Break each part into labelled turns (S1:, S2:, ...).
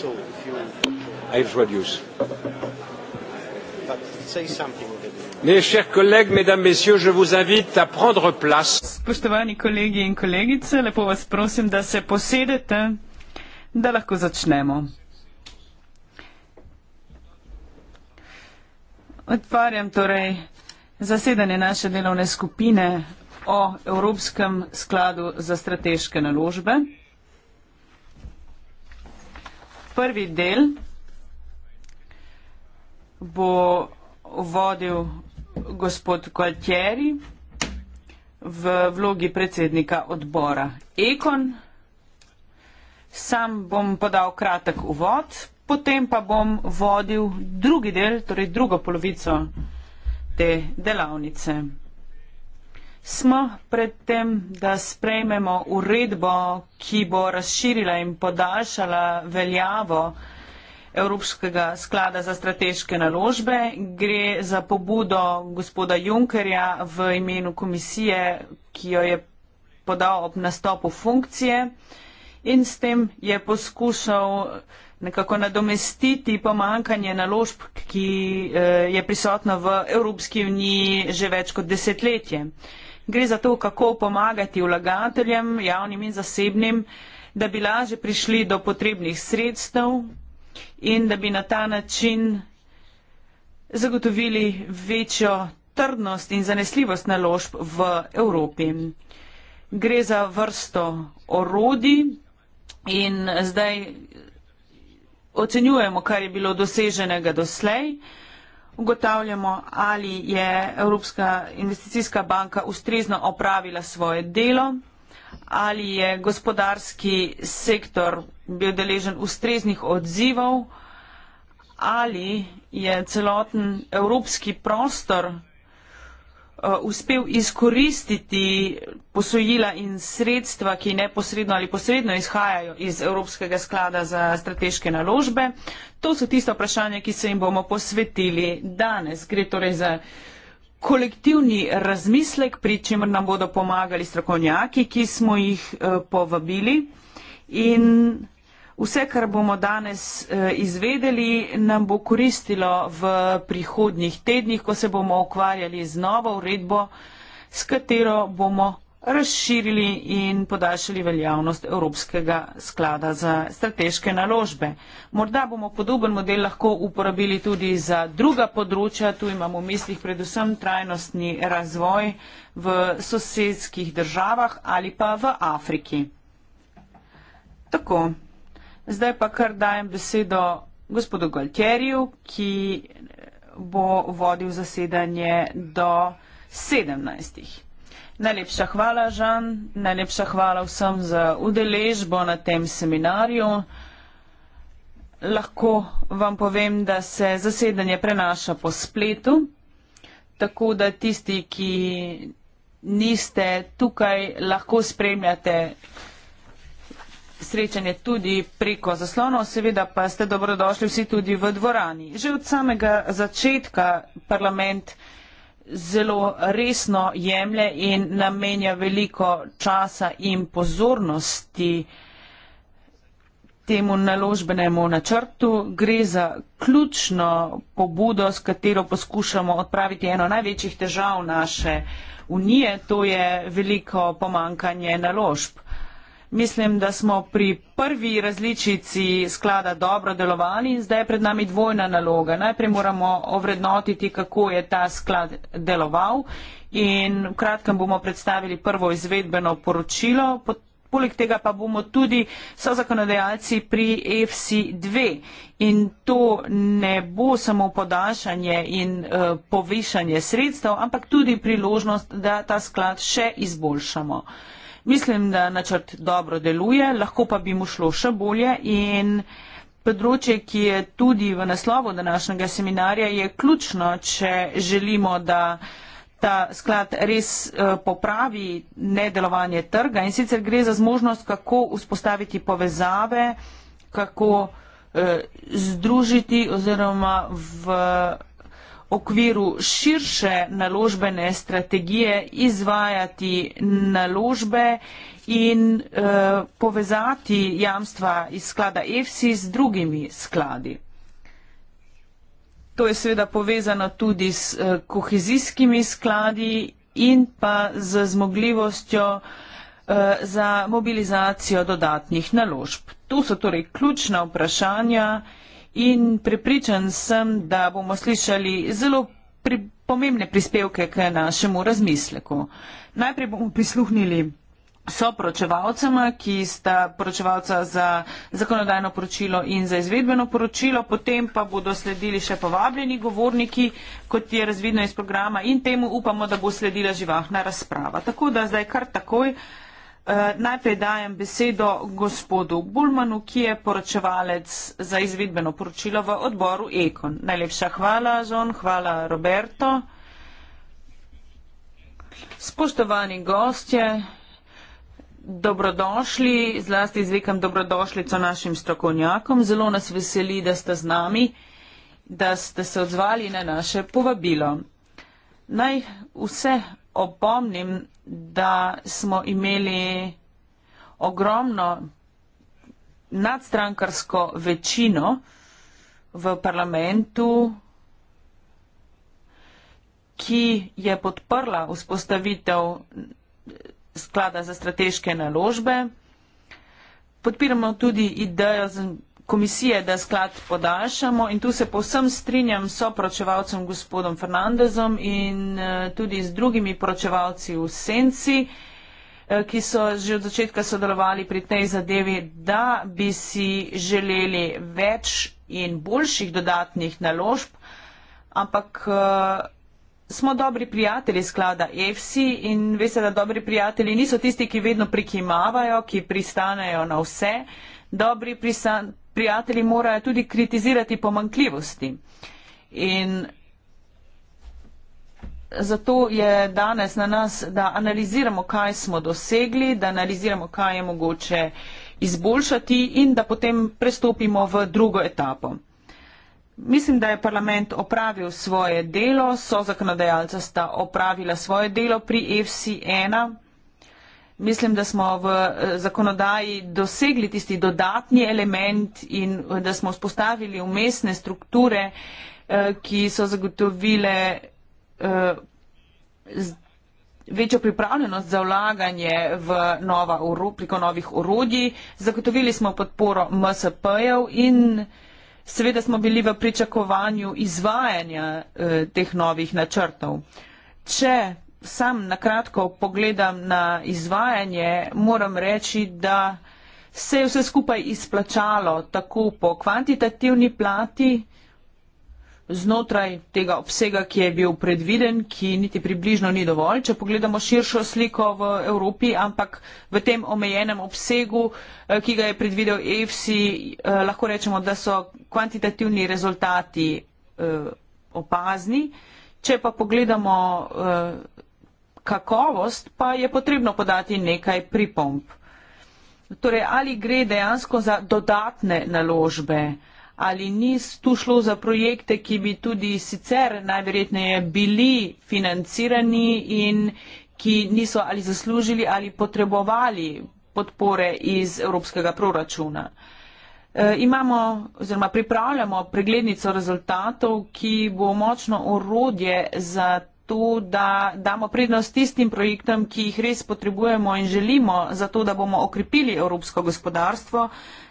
S1: So if you
S2: I introduce. Mes chers collègues, mesdames, messieurs, je vous invite à prendre place. Spoštovani kolegi in kolegice, lepo vas prosim, da se posedete, da lahko začnemo. Odparjam torej zasedanje naše delovne skupine o Evropskem skladu za strateške naložbe prvi del bo vodil gospod Gualtieri v vlogi predsednika odbora Ekon. Sam bom podal kratek uvod, potem pa bom vodil drugi del, torej drugo polovico te delavnice smo pred tem, da sprejmemo uredbo, ki bo razširila in podaljšala veljavo Evropskega sklada za strateške naložbe. Gre za pobudo gospoda Junkerja v imenu komisije, ki jo je podal ob nastopu funkcije in s tem je poskušal nekako nadomestiti pomankanje naložb, ki eh, je prisotno v Evropski uniji že več kot desetletje. Gre za to, kako pomagati vlagateljem, javnim in zasebnim, da bi laže prišli do potrebnih sredstev in da bi na ta način zagotovili večjo trdnost in zanesljivost naložb v Evropi. Gre za vrsto orodi in zdaj ocenjujemo, kar je bilo doseženega doslej ugotavljamo, ali je Evropska investicijska banka ustrezno opravila svoje delo, ali je gospodarski sektor bil deležen ustreznih odzivov, ali je celoten evropski prostor Eh, uspel izkoristiti posojila in sredstva, ki neposredno ali posredno izhajajo iz Evropskega sklada za strateške naložbe. To so tiste vprašanja, ki se jim bomo posvetili danes. Gre torej za kolektivni razmislek, pri čemer nam bodo pomagali strokovnjaki, ki smo jih eh, povabili. In Vse, kar bomo danes eh, izvedeli, nam bo koristilo v prihodnjih tednih, ko se bomo ukvarjali z novo uredbo, s katero bomo razširili in podaljšali veljavnost Evropskega sklada za strateške naložbe. Morda bomo podoben model lahko uporabili tudi za druga področja, tu imamo v mislih predvsem trajnostni razvoj v sosedskih državah ali pa v Afriki. Tako. Zdaj pa kar dajem besedo gospodu Galtjeriju, ki bo vodil zasedanje do 17. Najlepša hvala, Žan, najlepša hvala vsem za udeležbo na tem seminarju. Lahko vam povem, da se zasedanje prenaša po spletu, tako da tisti, ki niste tukaj, lahko spremljate srečanje tudi preko zaslonov, seveda pa ste dobrodošli vsi tudi v dvorani. Že od samega začetka parlament zelo resno jemlje in namenja veliko časa in pozornosti temu naložbenemu načrtu. Gre za ključno pobudo, s katero poskušamo odpraviti eno največjih težav naše unije, to je veliko pomankanje naložb. Mislim, da smo pri prvi različici sklada dobro delovali in zdaj je pred nami dvojna naloga. Najprej moramo ovrednotiti, kako je ta sklad deloval in v kratkem bomo predstavili prvo izvedbeno poročilo. Poleg tega pa bomo tudi so zakonodajalci pri e FC2 in to ne bo samo podaljšanje in e, eh, povišanje sredstev, ampak tudi priložnost, da ta sklad še izboljšamo. Mislim, da načrt dobro deluje, lahko pa bi mu šlo še bolje in področje, ki je tudi v naslovu današnjega seminarja, je ključno, če želimo, da ta sklad res eh, popravi nedelovanje trga in sicer gre za zmožnost, kako vzpostaviti povezave, kako eh, združiti oziroma v okviru širše naložbene strategije izvajati naložbe in eh, povezati jamstva iz sklada EFSI z drugimi skladi. To je seveda povezano tudi s eh, kohezijskimi skladi in pa z zmogljivostjo eh, za mobilizacijo dodatnih naložb. Tu so torej ključna vprašanja in prepričan sem, da bomo slišali zelo pri, pomembne prispevke k našemu razmisleku. Najprej bomo prisluhnili so poročevalcema, ki sta poročevalca za zakonodajno poročilo in za izvedbeno poročilo, potem pa bodo sledili še povabljeni govorniki, kot je razvidno iz programa in temu upamo, da bo sledila živahna razprava. Tako da zdaj kar takoj. Eh, najprej dajem besedo gospodu Bulmanu, ki je poročevalec za izvedbeno poročilo v odboru Ekon. Najlepša hvala, Zon, hvala, Roberto. Spoštovani gostje, dobrodošli, zlasti izvekam dobrodošlico našim strokovnjakom. Zelo nas veseli, da ste z nami, da ste se odzvali na naše povabilo. Naj vse opomnim, da smo imeli ogromno nadstrankarsko večino v parlamentu, ki je podprla vzpostavitev sklada za strateške naložbe. Podpiramo tudi idejo komisije, da sklad podaljšamo in tu se povsem strinjam s opročevalcem gospodom Fernandezom in eh, tudi z drugimi opročevalci v Senci, eh, ki so že od začetka sodelovali pri tej zadevi, da bi si želeli več in boljših dodatnih naložb, ampak eh, smo dobri prijatelji sklada EFSI in veste, da dobri prijatelji niso tisti, ki vedno prikimavajo, ki pristanejo na vse. Dobri prisa, prijatelji morajo tudi kritizirati pomankljivosti. In zato je danes na nas, da analiziramo, kaj smo dosegli, da analiziramo, kaj je mogoče izboljšati in da potem prestopimo v drugo etapo. Mislim, da je parlament opravil svoje delo, so zakonodajalca sta opravila svoje delo pri FC1 mislim, da smo v eh, zakonodaji dosegli tisti dodatni element in eh, da smo vzpostavili umestne strukture, eh, ki so zagotovile večjo pripravljenost za vlaganje v nova, preko novih orodij. Zagotovili smo podporo MSP-jev in seveda smo bili v pričakovanju izvajanja eh, teh novih načrtov. Če sam na kratko pogledam na izvajanje, moram reči, da se je vse skupaj izplačalo tako po kvantitativni plati znotraj tega obsega, ki je bil predviden, ki niti približno ni dovolj, če pogledamo širšo sliko v Evropi, ampak v tem omejenem obsegu, eh, ki ga je predvidel EFSI, eh, lahko rečemo, da so kvantitativni rezultati eh, opazni. Če pa pogledamo kakovost, pa je potrebno podati nekaj pripomp. Torej, ali gre dejansko za dodatne naložbe, ali ni tu šlo za projekte, ki bi tudi sicer najverjetneje bili financirani in ki niso ali zaslužili ali potrebovali podpore iz evropskega proračuna. E, imamo oziroma pripravljamo preglednico rezultatov, ki bo močno orodje za to, da damo prednost tistim projektom, ki jih res potrebujemo in želimo, zato da bomo okrepili evropsko gospodarstvo,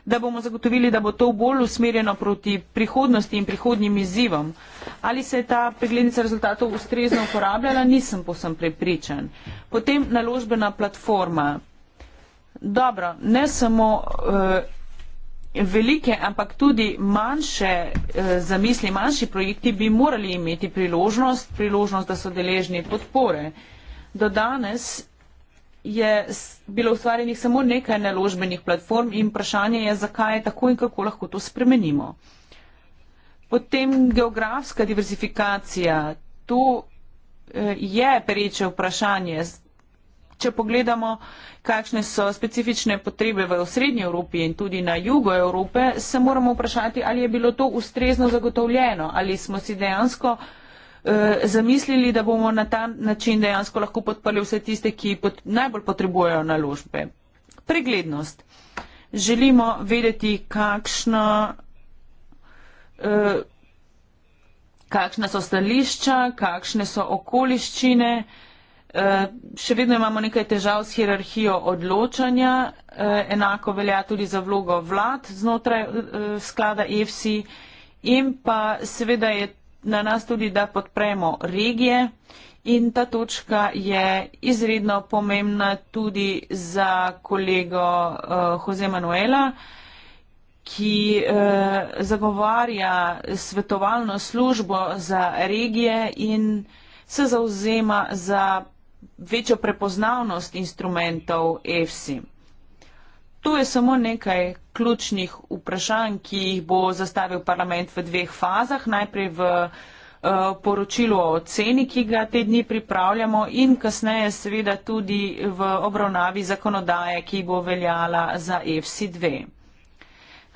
S2: da bomo zagotovili, da bo to bolj usmerjeno proti prihodnosti in prihodnjim izzivom. Ali se je ta preglednica rezultatov ustrezno uporabljala, nisem posem prepričan. Potem naložbena platforma. Dobro, ne samo. Uh, velike, ampak tudi manjše eh, zamisli, manjši projekti bi morali imeti priložnost, priložnost, da so deležni podpore. Do danes je bilo ustvarjenih samo nekaj naložbenih platform in vprašanje je, zakaj je tako in kako lahko to spremenimo. Potem geografska diversifikacija. Tu eh, je pereče vprašanje, Če pogledamo, kakšne so specifične potrebe v srednji Evropi in tudi na jugo Evrope, se moramo vprašati, ali je bilo to ustrezno zagotovljeno, ali smo si dejansko eh, zamislili, da bomo na ta način dejansko lahko podprli vse tiste, ki pot, najbolj potrebujejo naložbe. Preglednost. Želimo vedeti, kakšno. Eh, kakšna so stališča, kakšne so okoliščine, Eh, še vedno imamo nekaj težav s hierarhijo odločanja, eh, enako velja tudi za vlogo vlad znotraj eh, sklada EFSI in pa seveda je na nas tudi, da podpremo regije in ta točka je izredno pomembna tudi za kolego Jose Manuela ki eh, zagovarja svetovalno službo za regije in se zauzema za večjo prepoznavnost instrumentov EFSI. Tu je samo nekaj ključnih vprašanj, ki jih bo zastavil parlament v dveh fazah. Najprej v eh, poročilo o ceni, ki ga te dni pripravljamo in kasneje seveda tudi v obravnavi zakonodaje, ki bo veljala za EFSI 2.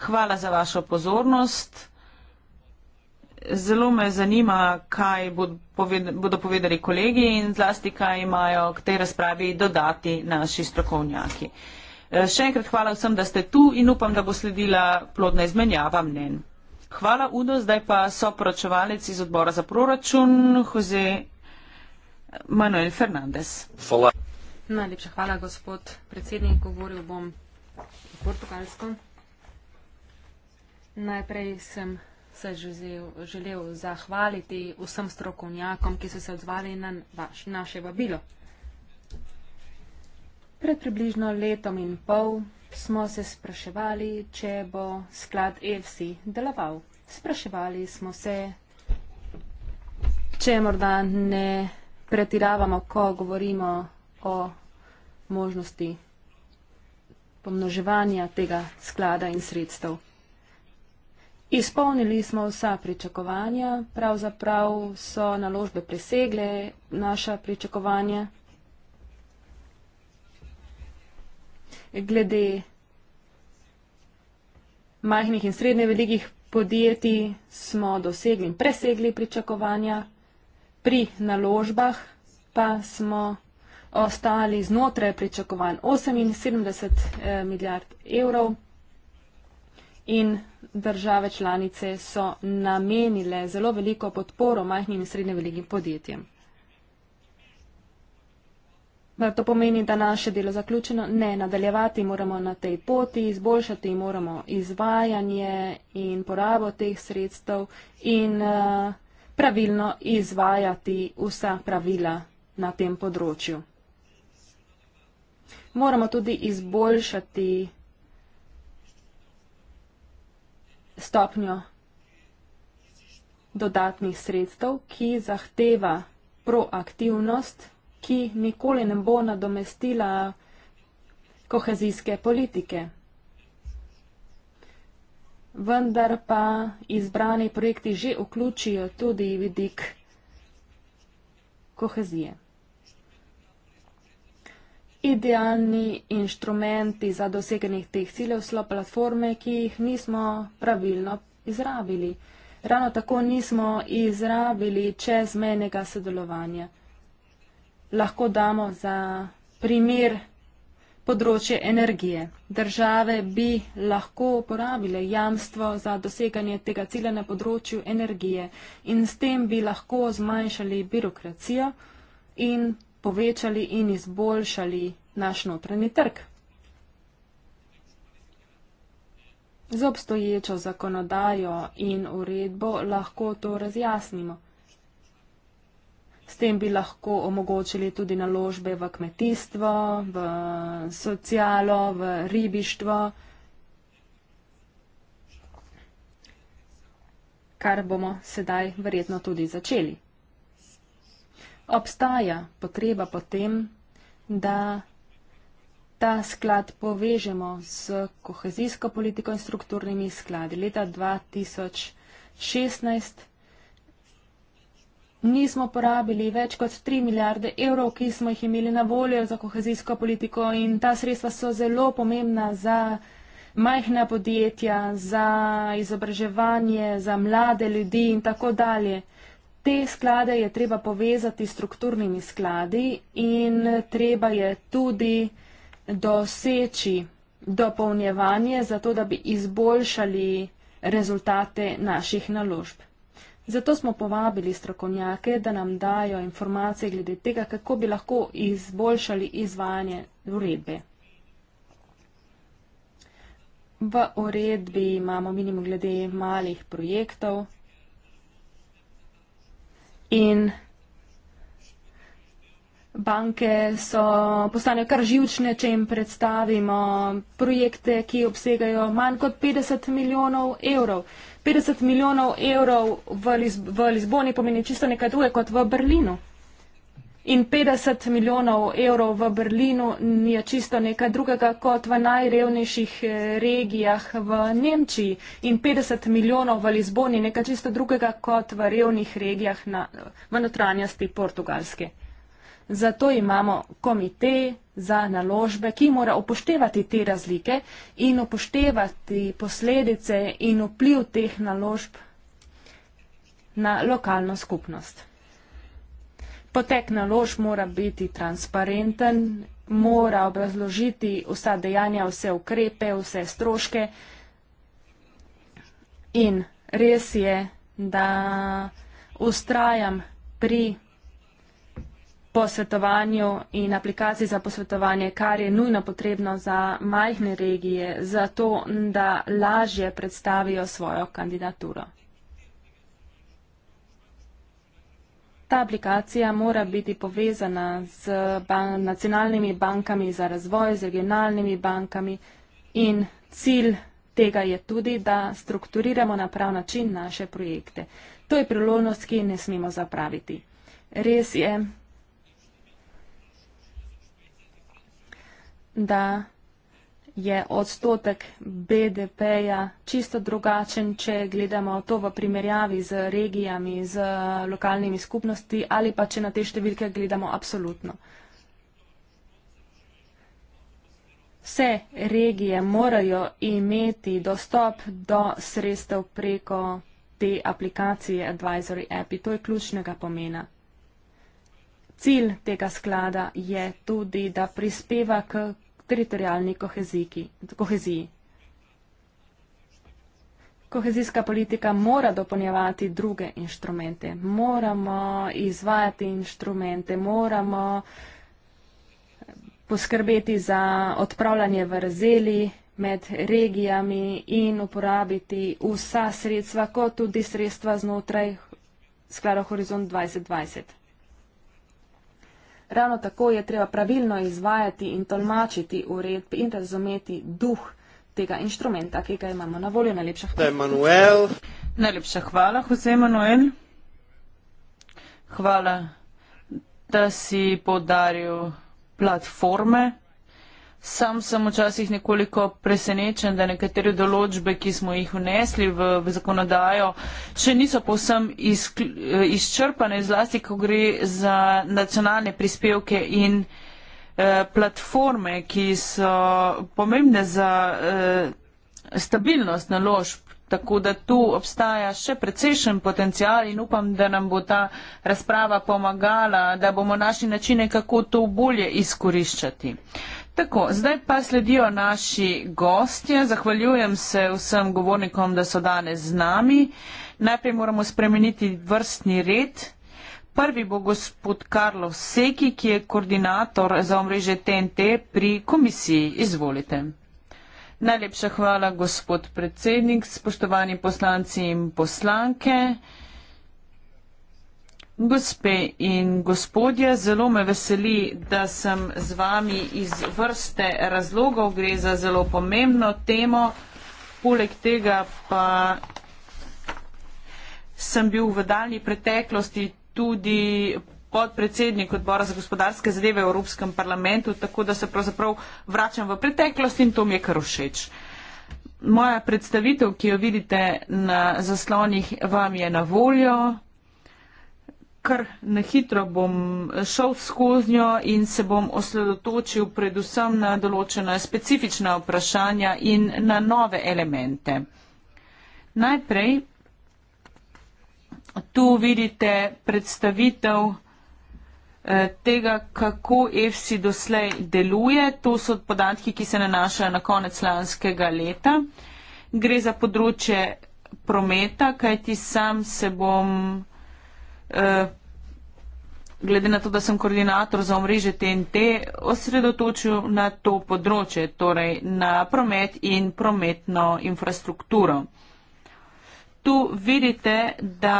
S2: Hvala za vašo pozornost zelo me zanima, kaj bodo povedali kolegi in zlasti, kaj imajo k tej razpravi dodati naši strokovnjaki. E, še enkrat hvala vsem, da ste tu in upam, da bo sledila plodna izmenjava mnen. Hvala Udo, zdaj pa so poročevalec iz odbora za proračun, Jose Manuel Fernandez. Hvala.
S3: Najlepša hvala, gospod predsednik. Govoril bom o portugalskem. Najprej sem se želel, želel zahvaliti vsem strokovnjakom, ki so se odzvali na vaš, naše vabilo. Pred približno letom in pol smo se spraševali, če bo sklad EFSI deloval. Spraševali smo se, če morda ne pretiravamo, ko govorimo o možnosti pomnoževanja tega sklada in sredstev. Izpolnili smo vsa pričakovanja, pravzaprav so naložbe presegle naša pričakovanja. Glede majhnih in srednje velikih podjetij smo dosegli in presegli pričakovanja, pri naložbah pa smo ostali znotraj pričakovanj 78 eh, milijard evrov. In države članice so namenile zelo veliko podporo majhnim in srednje velikim podjetjem. To pomeni, da naše delo zaključeno ne nadaljevati, moramo na tej poti izboljšati, moramo izvajanje in porabo teh sredstev in eh, pravilno izvajati vsa pravila na tem področju. Moramo tudi izboljšati stopnjo dodatnih sredstev, ki zahteva proaktivnost, ki nikoli ne bo nadomestila kohezijske politike. Vendar pa izbrani projekti že vključijo tudi vidik kohezije idealni inštrumenti za doseganje teh ciljev so platforme, ki jih nismo pravilno izrabili. Ravno tako nismo izrabili čezmenega sodelovanja. Lahko damo za primer področje energije. Države bi lahko uporabile jamstvo za doseganje tega cilja na področju energije in s tem bi lahko zmanjšali birokracijo in povečali in izboljšali naš notranji trg. Z obstoječo zakonodajo in uredbo lahko to razjasnimo. S tem bi lahko omogočili tudi naložbe v kmetijstvo, v socialo, v ribištvo, kar bomo sedaj verjetno tudi začeli obstaja potreba potem, da ta sklad povežemo z kohezijsko politiko in strukturnimi skladi. Leta 2016 nismo porabili več kot 3 milijarde evrov, ki smo jih imeli na voljo za kohezijsko politiko in ta sredstva so zelo pomembna za majhna podjetja, za izobraževanje, za mlade ljudi in tako dalje. Te sklade je treba povezati s strukturnimi skladi in treba je tudi doseči dopolnjevanje, zato da bi izboljšali rezultate naših naložb. Zato smo povabili strokovnjake, da nam dajo informacije glede tega, kako bi lahko izboljšali izvajanje uredbe. V uredbi imamo minimum glede malih projektov in banke so postane kar živčne, če jim predstavimo projekte, ki obsegajo manj kot 50 milijonov evrov. 50 milijonov evrov v, Lizb v Lizboni pomeni čisto nekaj druge kot v Berlinu. In 50 milijonov evrov v Berlinu je čisto nekaj drugega kot v najrevnejših eh, regijah v Nemčiji. In 50 milijonov v Lizboni je nekaj čisto drugega kot v revnih regijah na, v notranjosti Portugalske. Zato imamo komite za naložbe, ki mora upoštevati te razlike in upoštevati posledice in vpliv teh naložb na lokalno skupnost. Potek naložb mora biti transparenten, mora obrazložiti vsa dejanja, vse ukrepe, vse stroške. In res je, da ustrajam pri posvetovanju in aplikaciji za posvetovanje, kar je nujno potrebno za majhne regije, zato da lažje predstavijo svojo kandidaturo. Ta aplikacija mora biti povezana z ban nacionalnimi bankami za razvoj, z regionalnimi bankami in cilj tega je tudi, da strukturiramo na prav način naše projekte. To je priložnost, ki ne smemo zapraviti. Res je, da je odstotek BDP-ja čisto drugačen, če gledamo to v primerjavi z regijami, z eh, lokalnimi skupnosti ali pa če na te številke gledamo absolutno. Vse regije morajo imeti dostop do sredstev preko te aplikacije Advisory Appi. To je ključnega pomena. Cilj tega sklada je tudi, da prispeva k teritorijalni koheziji. Kohezijska politika mora dopolnjevati druge inštrumente. Moramo izvajati inštrumente, moramo poskrbeti za odpravljanje vrzeli med regijami in uporabiti vsa sredstva, kot tudi sredstva znotraj sklada Horizont 2020. Ravno tako je treba pravilno izvajati in tolmačiti uredb in razumeti duh tega inštrumenta, ki ga imamo na voljo. Najlepša
S1: hvala.
S2: Najlepša hvala, Jose Manuel. Hvala, da si podaril platforme. Sam sem včasih nekoliko presenečen, da nekatere določbe, ki smo jih unesli v, v zakonodajo, še niso povsem eh, izčrpane, zlasti, ko gre za nacionalne prispevke in eh, platforme, ki so pomembne za eh, stabilnost naložb. Tako da tu obstaja še precejšen potencial in upam, da nam bo ta razprava pomagala, da bomo našli načine, kako to bolje izkoriščati. Uh, Tako, zdaj pa sledijo naši gostje. Zahvaljujem se vsem govornikom, da so danes z nami. Najprej moramo spremeniti vrstni red. Prvi bo gospod Karlo Seki, ki je koordinator za omrežje TNT pri komisiji. Izvolite. Najlepša hvala, gospod predsednik, spoštovani poslanci in poslanke. Gospe in gospodje, zelo me veseli, da sem z vami iz vrste razlogov. Gre za zelo pomembno temo. Poleg tega pa sem bil v daljni preteklosti tudi podpredsednik odbora za gospodarske zadeve v Evropskem parlamentu, tako da se pravzaprav vračam v preteklost in to mi je kar všeč. Moja predstavitev, ki jo vidite na zaslonih, vam je na voljo kar na hitro bom šel skozi njo in se bom osredotočil predvsem na določena specifična vprašanja in na nove elemente. Najprej tu vidite predstavitev eh, tega, kako EFSI doslej deluje. To so podatki, ki se nanašajo na konec lanskega leta. Gre za področje prometa, kajti sam se bom Eh, glede na to, da sem koordinator za omrežje TNT, osredotočil na to področje, torej na promet in prometno infrastrukturo. Tu vidite, da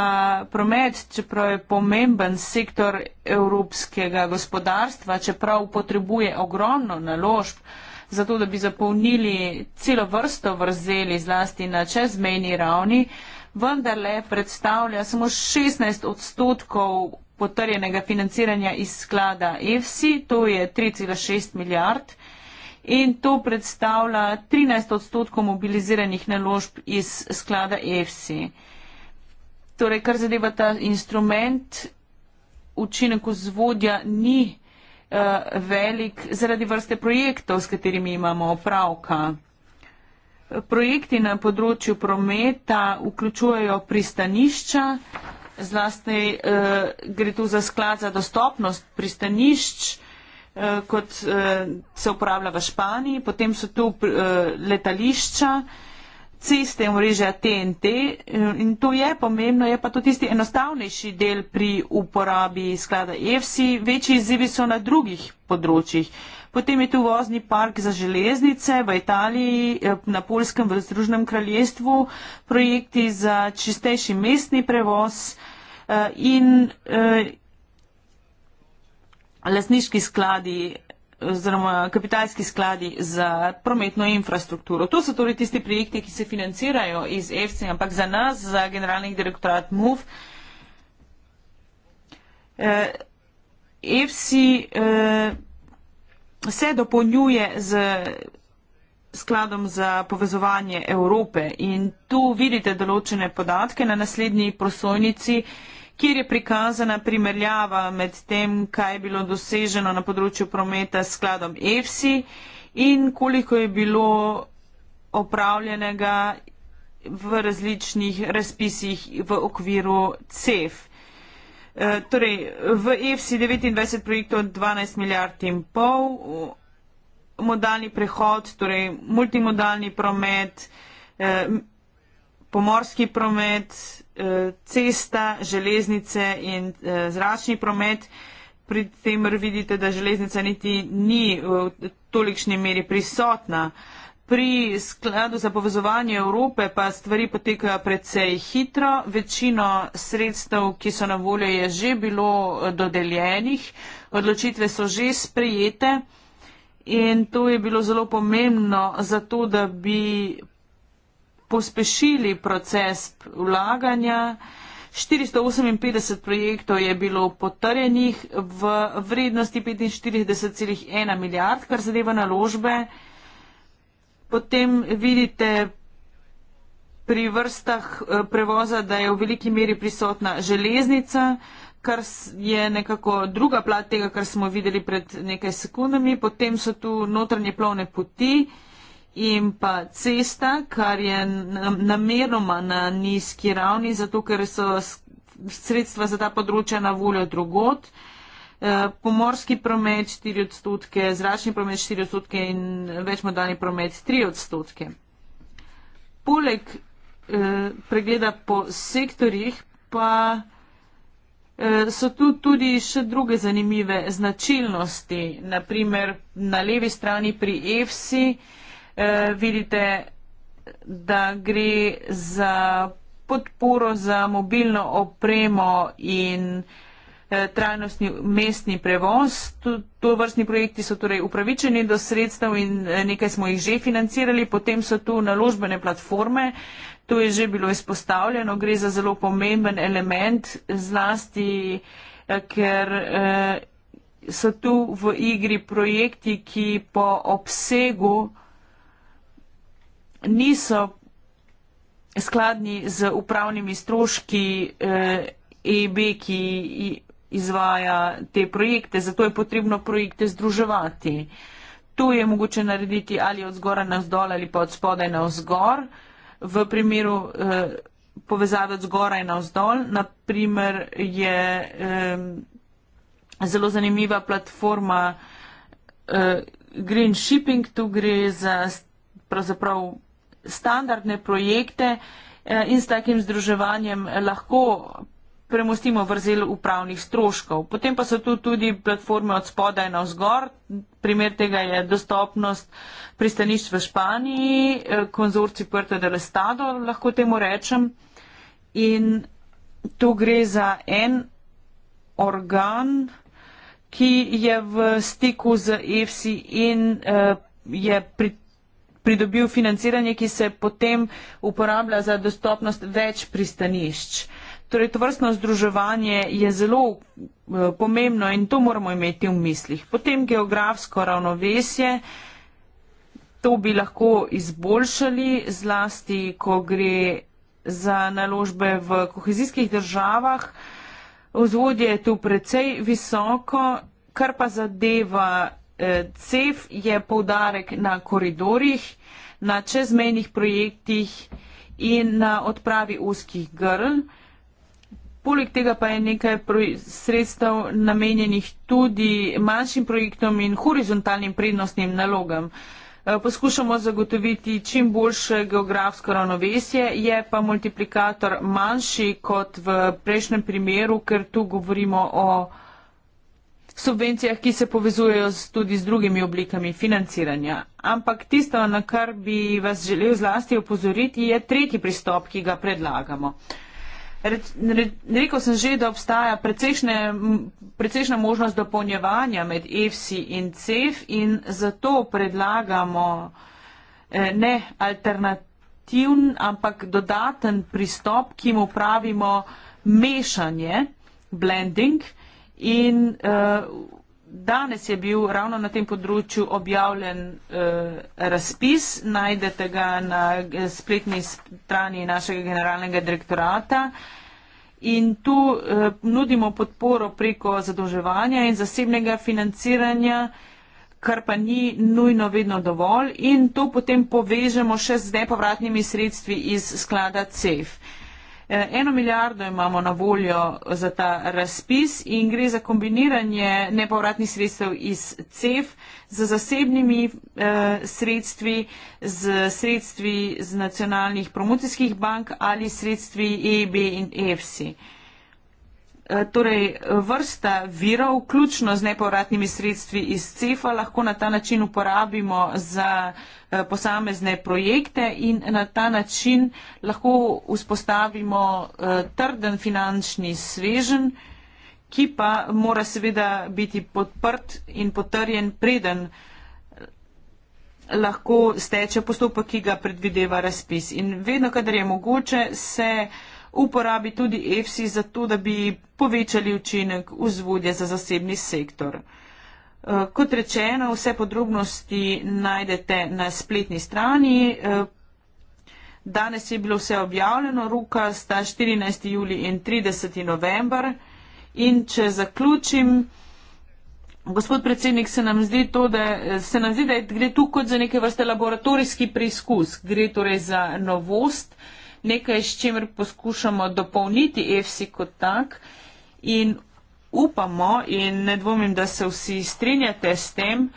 S2: promet, čeprav je pomemben sektor evropskega gospodarstva, čeprav potrebuje ogromno naložb, zato da bi zapolnili celo vrsto vrzeli zlasti na čezmejni ravni, uh, vendarle predstavlja samo 16 odstotkov potrjenega financiranja iz sklada EFSI, to je 3,6 milijard in to predstavlja 13 odstotkov mobiliziranih naložb iz sklada EFSI. Torej, kar zadeva ta instrument, učinek vzvodja ni uh, velik zaradi vrste projektov, s katerimi imamo opravka. Projekti na področju prometa vključujejo pristanišča, zlasti eh, gre tu za sklad za dostopnost pristanišč, eh, kot eh, se uporablja v Španiji, potem so tu eh, letališča, ceste in mreže TNT eh, in to je pomembno, je pa to tisti enostavnejši del pri uporabi sklada EFSI, večji izzivi so na drugih področjih. Potem je tu vozni park za železnice v Italiji, eh, na Polskem, v Združenem kraljestvu, projekti za čistejši mestni prevoz eh, in eh, lasniški skladi oziroma kapitalski skladi za prometno infrastrukturo. To so torej tisti projekti, ki se financirajo iz EFC, ampak za nas, za generalni direktorat MUF, EFC eh, se dopolnjuje z skladom za povezovanje Evrope. In tu vidite določene podatke na naslednji prosojnici, kjer je prikazana primerjava med tem, kaj je bilo doseženo na področju prometa s skladom EFSI in koliko je bilo opravljenega v različnih razpisih v okviru CEF. Eh, torej, v EFSI 29 projektov 12 milijard in pol, modalni prehod, torej multimodalni promet, eh, pomorski promet, eh, cesta, železnice in zračni promet. Pri tem vidite, da železnica niti ni v tolikšni meri prisotna pri skladu za povezovanje Evrope pa stvari potekajo precej hitro. Večino sredstev, ki so na voljo, je že bilo dodeljenih, odločitve so že sprejete in to je bilo zelo pomembno za to, da bi pospešili proces vlaganja. 458 projektov je bilo potrjenih v vrednosti 45,1 milijard, kar zadeva naložbe potem vidite pri vrstah eh, prevoza, da je v veliki meri prisotna železnica, kar je nekako druga plat tega, kar smo videli pred nekaj sekundami. Potem so tu notranje plovne poti in pa cesta, kar je nameroma na nizki ravni, zato ker so sredstva za ta področja na voljo drugot. Eh, pomorski promet 4 odstotke, zračni promet 4 odstotke in večmodalni promet 3 odstotke. Poleg eh, pregleda po sektorjih pa eh, so tu tudi še druge zanimive značilnosti. Naprimer na levi strani pri EFSI eh, vidite, da gre za podporo za mobilno opremo in eh, Eh, trajnostni mestni prevoz. To vrstni projekti so torej upravičeni do sredstev in eh, nekaj smo jih že financirali. Potem so tu naložbene platforme. To je že bilo izpostavljeno. Gre za zelo pomemben element zlasti, eh, ker so tu v igri projekti, ki po obsegu niso skladni z upravnimi stroški eh, EB, ki izvaja te projekte, zato je potrebno projekte združevati. To je mogoče narediti ali od zgora na vzdol ali pa od spodaj na vzgor. V primeru eh, povezave od zgoraj na vzdol, naprimer, je eh, zelo zanimiva platforma eh, Green Shipping, tu gre za pravzaprav standardne projekte eh, in s takim združevanjem lahko premostimo vrzel upravnih stroškov. Potem pa so tu tudi platforme od spodaj na vzgor. Primer tega je dostopnost pristanišč v Španiji, eh, konzorci Puerto del Estado, lahko temu rečem. In tu gre za en organ, ki je v stiku z EFSI in uh, je pri, pridobil financiranje, ki se potem uporablja za dostopnost več pristanišč. Torej, to vrstno združevanje je zelo eh, pomembno in to moramo imeti v mislih. Potem geografsko ravnovesje, to bi lahko izboljšali zlasti, ko gre za naložbe v kohezijskih državah. Vzvodje je tu precej visoko, kar pa zadeva eh, CEF je poudarek na koridorjih, na čezmejnih projektih in na odpravi uskih grl. Poleg tega pa je nekaj sredstev namenjenih tudi manjšim projektom in horizontalnim prednostnim nalogam. Eh, poskušamo zagotoviti čim boljše geografsko ravnovesje, je pa multiplikator manjši kot v prejšnjem primeru, ker tu govorimo o subvencijah, ki se povezujejo tudi z drugimi oblikami financiranja. Ampak tisto, na kar bi vas želel zlasti opozoriti, je tretji pristop, ki ga predlagamo. Rekel sem že, da obstaja precejšna možnost dopolnjevanja med EFC in CEF in zato predlagamo eh, ne alternativen, ampak dodaten pristop, ki mu pravimo mešanje, blending in uh, Danes je bil ravno na tem področju objavljen eh, razpis, najdete ga na spletni strani našega generalnega direktorata. In tu eh, nudimo podporo preko zadolževanja in zasebnega financiranja, kar pa ni nujno vedno dovolj. In to potem povežemo še z nepovratnimi sredstvi iz sklada CEF. Eh, Eh, eno milijardo imamo na voljo za ta razpis in gre za kombiniranje nepovratnih sredstev iz CEF z zasebnimi eh, sredstvi, z sredstvi z nacionalnih promocijskih bank ali sredstvi EIB e in EFSI. Eh, Eh, torej, vrsta virov, vključno z nepovratnimi sredstvi iz CEFA, lahko na ta način uporabimo za eh, posamezne projekte in na ta način lahko vzpostavimo eh, trden finančni svežen, ki pa mora seveda biti podprt in potrjen preden lahko steče postopek, ki ga predvideva razpis. In vedno, kadar je mogoče, se uporabi tudi EFSI za to, da bi povečali učinek vzvodja za zasebni sektor. Eh, kot rečeno, vse podrobnosti najdete na spletni strani. Eh, danes je bilo vse objavljeno, ruka sta 14. juli in 30. november. In če zaključim, gospod predsednik, se nam zdi to, da, eh, se nam zdi, da gre tu kot za neke vrste laboratorijski preizkus, gre torej za novost nekaj, s čimer poskušamo dopolniti EFSI kot tak in upamo in ne dvomim, da se vsi strinjate s tem,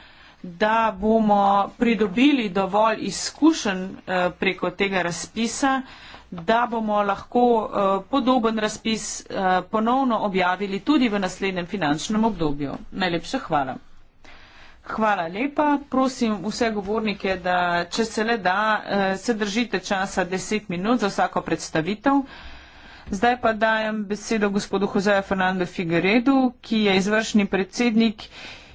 S2: da bomo pridobili dovolj izkušenj eh, preko tega razpisa, da bomo lahko eh, podoben razpis eh, ponovno objavili tudi v naslednjem finančnem obdobju. Najlepša hvala. Hvala lepa. Prosim vse govornike, da če se le da, eh, se držite časa 10 minut za vsako predstavitev. Zdaj pa dajem besedo gospodu Joseju Fernando Figueredu, ki je izvršni predsednik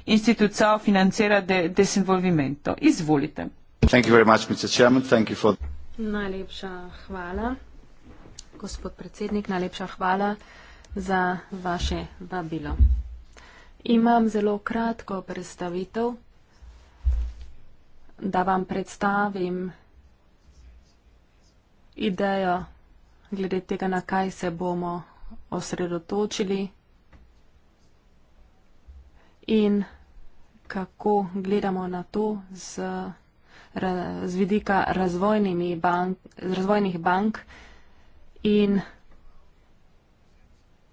S2: institucija financira de desinvolvimento. Izvolite. Much, for... Najlepša
S3: hvala, gospod predsednik, najlepša hvala za vaše vabilo. Imam zelo kratko predstavitev, da vam predstavim idejo glede tega, na kaj se bomo osredotočili in kako gledamo na to z, z vidika razvojnih bank in razvojnih bank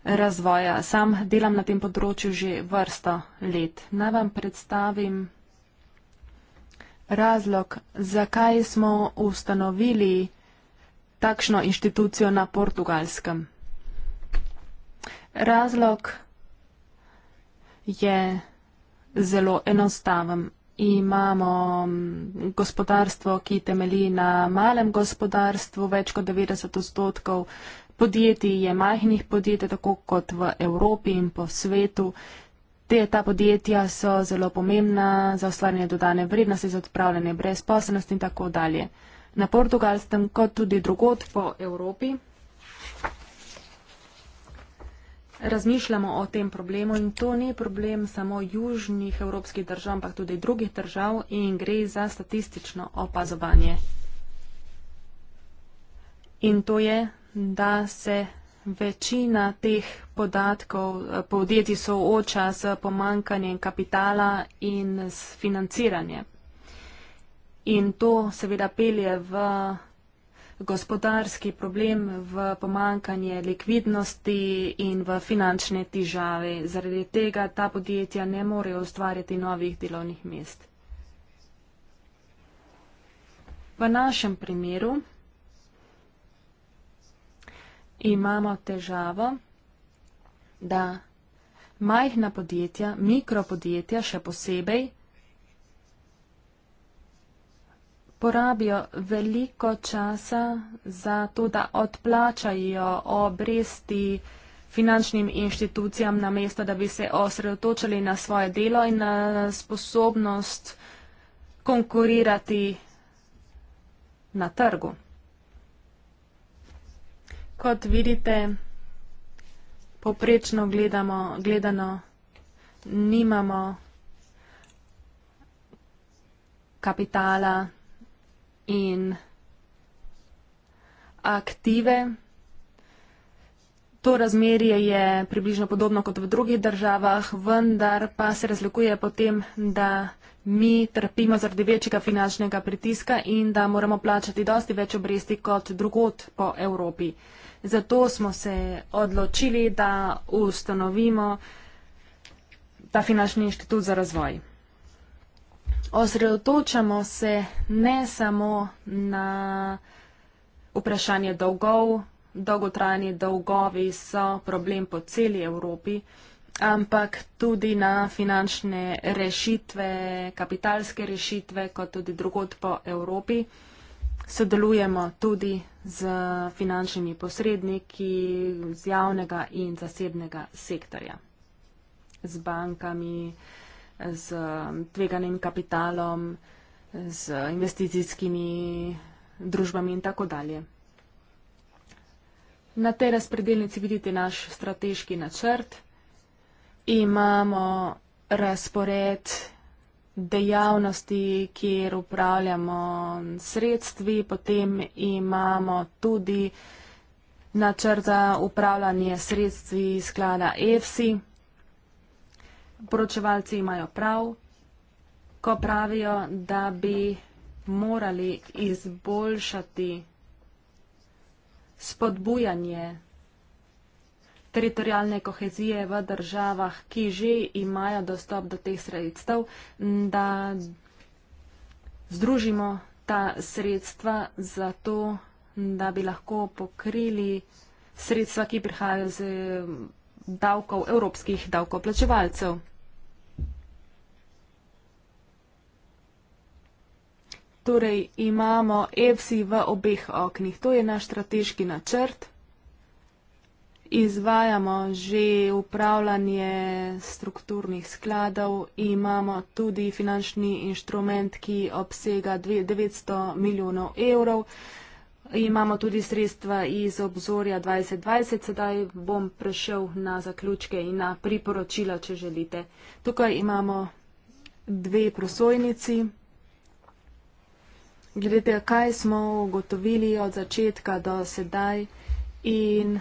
S3: razvoja. Sam delam na tem področju že vrsto let. Naj vam predstavim razlog, zakaj smo ustanovili takšno inštitucijo na portugalskem. Razlog je zelo enostaven. Imamo mm, gospodarstvo, ki temelji na malem gospodarstvu, več kot 90 odstotkov podjetij, je majhnih podjetij, tako kot v Evropi in po svetu. Te, ta podjetja so zelo pomembna za ustvarjanje dodane vrednosti, za odpravljanje brezposobnosti in tako dalje. Na portugalskem, kot tudi drugot po Evropi, razmišljamo o tem problemu in to ni problem samo južnih evropskih držav, ampak tudi drugih držav in gre za statistično opazovanje. In to je da se večina teh podatkov eh, podjetij sooča z pomankanjem kapitala in s financiranjem. In to seveda pelje v gospodarski problem, v pomankanje likvidnosti in v finančne težave. Zaradi tega ta podjetja ne morejo ustvarjati novih delovnih mest. V našem primeru imamo težavo, da majhna podjetja, mikropodjetja še posebej, porabijo veliko časa za to, da odplačajo obresti finančnim inštitucijam, namesto da bi se osredotočili na svoje delo in na sposobnost konkurirati na trgu kot vidite, poprečno gledamo, gledano, nimamo kapitala in aktive. To razmerje je približno podobno kot v drugih državah, vendar pa se razlikuje potem, da mi trpimo zaradi večjega finančnega pritiska in da moramo plačati dosti več obresti kot drugot po Evropi. Zato smo se odločili, da ustanovimo ta finančni inštitut za razvoj. Osredotočamo se ne samo na vprašanje dolgov, dolgotrajni dolgovi so problem po celi Evropi, ampak tudi na finančne rešitve, kapitalske rešitve, kot tudi drugot po Evropi sodelujemo tudi z finančnimi posredniki z javnega in zasebnega sektorja, z bankami, z um, tveganim kapitalom, z investicijskimi družbami in tako dalje. Na tej razpredelnici vidite naš strateški načrt. Imamo razpored dejavnosti, kjer upravljamo sredstvi, potem imamo tudi načrt za upravljanje sredstvi sklada EFSI. Poročevalci imajo prav, ko pravijo, da bi morali izboljšati spodbujanje teritorijalne kohezije v državah, ki že imajo dostop do teh sredstev, da združimo ta sredstva za to, da bi lahko pokrili sredstva, ki prihajajo z davkov, evropskih davkoplačevalcev. Torej imamo EFSI v obeh oknih. To je naš strateški načrt. Izvajamo že upravljanje strukturnih skladov, imamo tudi finančni inštrument, ki obsega 900 milijonov evrov. Imamo tudi sredstva iz obzorja 2020, sedaj bom prešel na zaključke in na priporočila, če želite. Tukaj imamo dve prosojnici. Gledajte, kaj smo ugotovili od začetka do sedaj in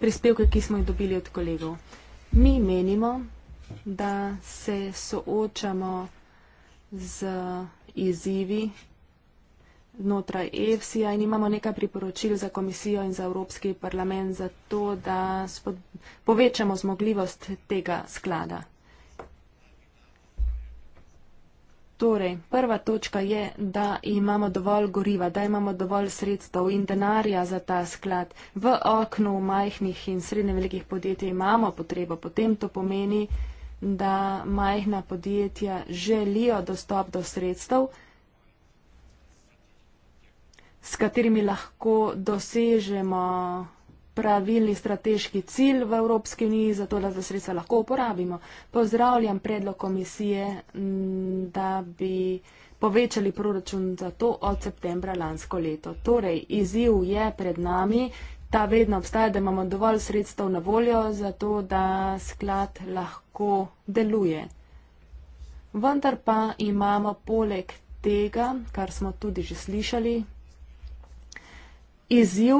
S3: prispevke, ki smo jih dobili od kolegov. Mi menimo, da se soočamo z izzivi znotraj EFSI-ja in imamo nekaj priporočil za komisijo in za Evropski parlament za to, da povečamo zmogljivost tega sklada. Torej, prva točka je, da imamo dovolj goriva, da imamo dovolj sredstev in denarja za ta sklad. V oknu majhnih in srednje velikih podjetij imamo potrebo. Potem to pomeni, da majhna podjetja želijo dostop do sredstev, s katerimi lahko dosežemo pravilni strateški cilj v Evropski uniji, zato da za sredstva lahko uporabimo. Pozdravljam predlog komisije, da bi povečali proračun za to od septembra lansko leto. Torej, izziv je pred nami, ta vedno obstaja, da imamo dovolj sredstev na voljo, zato da sklad lahko deluje. Vendar pa imamo poleg tega, kar smo tudi že slišali, izziv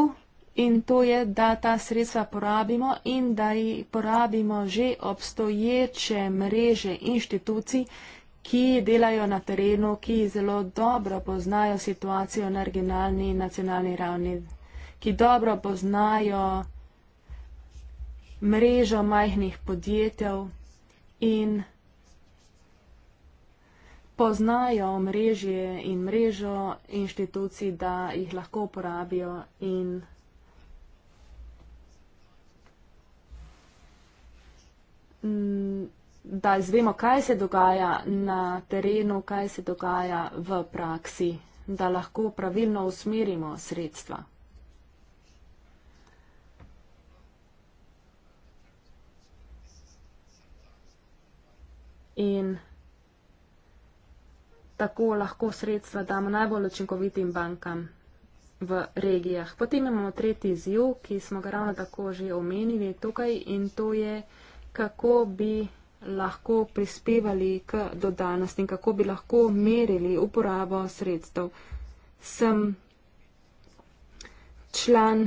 S3: in to je, da ta sredstva porabimo in da jih porabimo že obstoječe mreže inštitucij, ki delajo na terenu, ki zelo dobro poznajo situacijo na regionalni in nacionalni ravni, ki dobro poznajo mrežo majhnih podjetev in poznajo mrežje in mrežo inštitucij, da jih lahko uporabijo in da izvemo, kaj se dogaja na terenu, kaj se dogaja v praksi, da lahko pravilno usmerimo sredstva. In tako lahko sredstva damo najbolj učinkovitim bankam v regijah. Potem imamo tretji izjiv, ki smo ga ravno tako že omenili tukaj in to je kako bi lahko prispevali k dodanosti in kako bi lahko merili uporabo sredstev. Sem član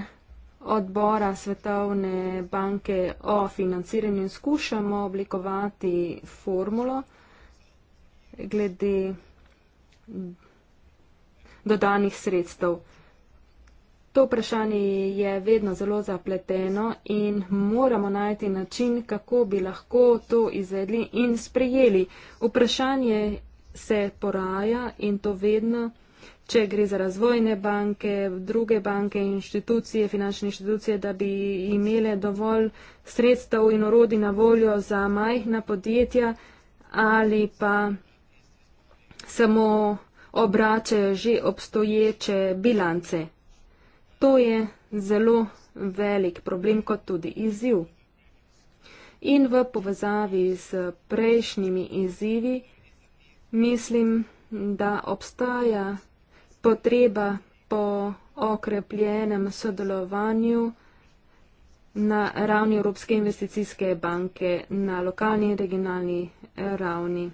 S3: odbora Svetovne banke o financiranju in skušamo oblikovati formulo glede dodanih sredstev. To vprašanje je vedno zelo zapleteno in moramo najti način, kako bi lahko to izvedli in sprejeli. Vprašanje se poraja in to vedno, če gre za razvojne banke, druge banke, inštitucije, finančne inštitucije, da bi imele dovolj sredstev in orodi na voljo za majhna podjetja ali pa samo obračajo že obstoječe bilance. To je zelo velik problem kot tudi izziv. In v povezavi s prejšnjimi izzivi mislim, da obstaja potreba po okrepljenem sodelovanju na ravni Evropske investicijske banke, na lokalni in regionalni ravni.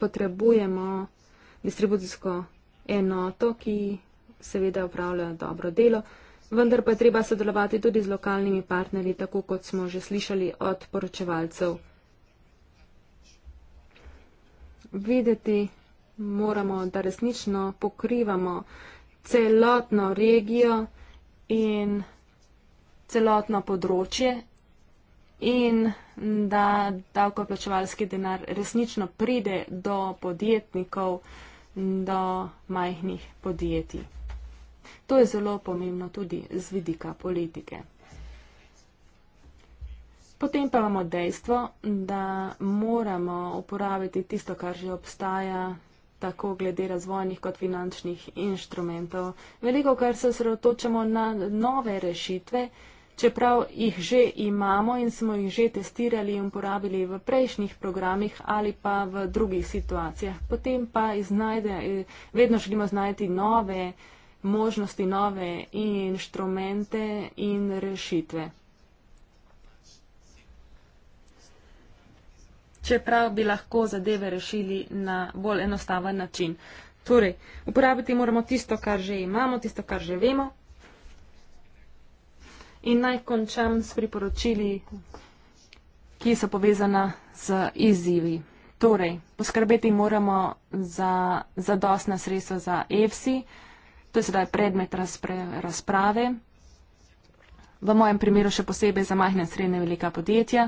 S3: Potrebujemo distribucijsko enoto, ki seveda upravljajo dobro delo, vendar pa je treba sodelovati tudi z lokalnimi partnerji, tako kot smo že slišali od poročevalcev. Videti moramo, da resnično pokrivamo celotno regijo in celotno področje in da davkoplačevalski denar resnično pride do podjetnikov, do majhnih podjetij. To je zelo pomembno tudi z vidika politike. Potem pa imamo dejstvo, da moramo uporabiti tisto, kar že obstaja, tako glede razvojnih kot finančnih inštrumentov. Veliko, kar se osredotočamo na nove rešitve, čeprav jih že imamo in smo jih že testirali in uporabili v prejšnjih programih ali pa v drugih situacijah. Potem pa iznajde, vedno želimo znajti nove rešitve možnosti nove inštrumente in rešitve. Čeprav bi lahko zadeve rešili na bolj enostaven način. Torej, uporabiti moramo tisto, kar že imamo, tisto, kar že vemo. In naj končam s priporočili, ki so povezana z izzivi. Torej, poskrbeti moramo za zadostna sredstva za EFSI. To je sedaj predmet razpre, razprave. V mojem primeru še posebej za majhne in srednje velika podjetja.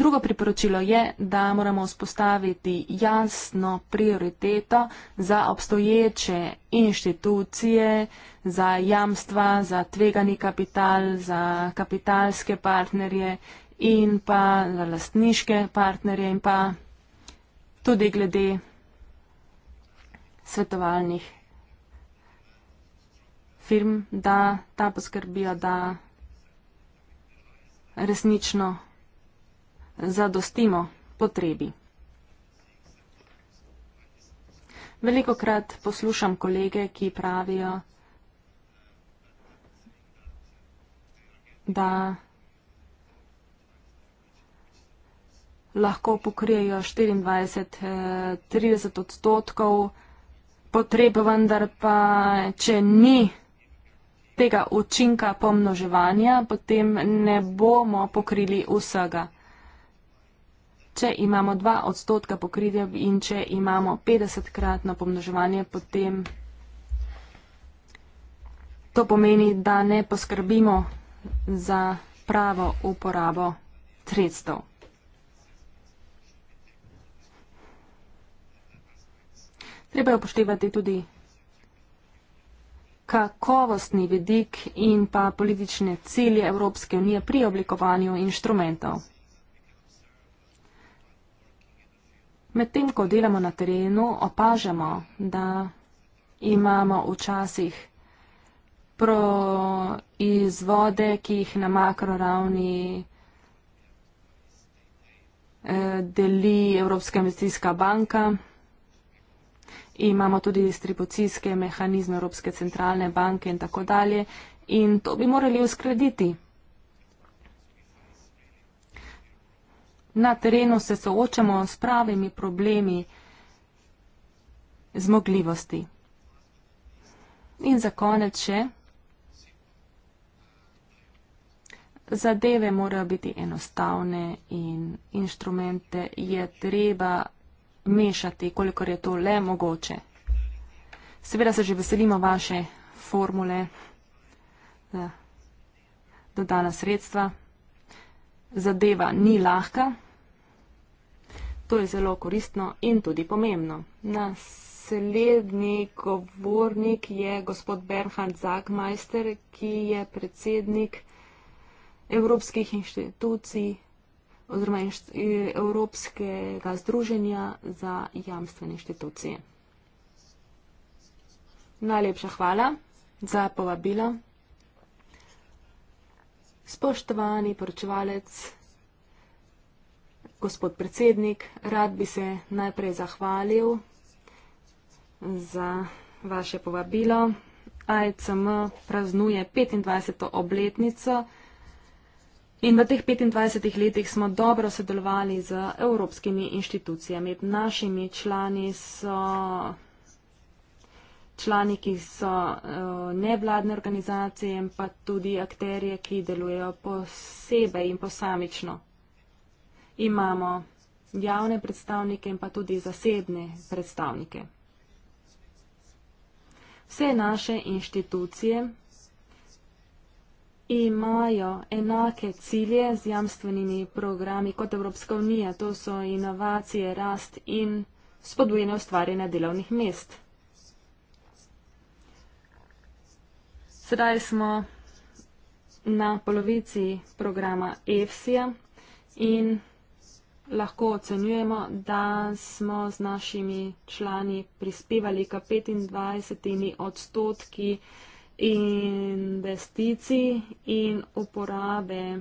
S3: Drugo priporočilo je, da moramo vzpostaviti jasno prioriteto za obstoječe inštitucije, za jamstva, za tvegani kapital, za kapitalske partnerje in pa za lastniške partnerje in pa tudi glede svetovalnih film, da ta poskrbijo, da resnično zadostimo potrebi. Veliko krat poslušam kolege, ki pravijo, da lahko pokrijejo 24-30 eh, odstotkov potreb, vendar pa, če ni tega učinka pomnoževanja, potem ne bomo pokrili vsega. Če imamo 2 odstotka pokritja in če imamo 50 kratno pomnoževanje, potem to pomeni, da ne poskrbimo za pravo uporabo sredstev. Treba je upoštevati tudi kakovostni vidik in pa politične cilje Evropske unije pri oblikovanju inštrumentov. Medtem, ko delamo na terenu, opažamo, da imamo včasih proizvode, ki jih na makroravni eh, deli Evropska investicijska banka imamo tudi distribucijske mehanizme Evropske centralne banke in tako dalje in to bi morali uskladiti. Na terenu se soočamo s pravimi problemi zmogljivosti. In za konec še, zadeve morajo biti enostavne in inštrumente je treba mešati, kolikor je to le mogoče. Seveda se že veselimo vaše formule za dodana sredstva. Zadeva ni lahka. To je zelo koristno in tudi pomembno. Naslednji govornik je gospod Bernhard Zagmeister, ki je predsednik evropskih inštitucij oziroma Evropskega združenja za jamstvene inštitucije. Najlepša hvala za povabilo. Spoštovani poročevalec, gospod predsednik, rad bi se najprej zahvalil za vaše povabilo. ICM praznuje 25. obletnico. In v teh 25 letih smo dobro sodelovali z evropskimi inštitucijami. Našimi člani so člani, ki so eh, nevladne organizacije in pa tudi akterje, ki delujejo posebej in posamično. Imamo javne predstavnike in pa tudi zasebne predstavnike. Vse naše inštitucije imajo enake cilje z jamstvenimi programi kot Evropska unija. To so inovacije, rast in spodbujene ustvarjene delovnih mest. Sedaj smo na polovici programa EFSIA in lahko ocenjujemo, da smo z našimi člani prispevali k 25 odstotki investicij in uporabe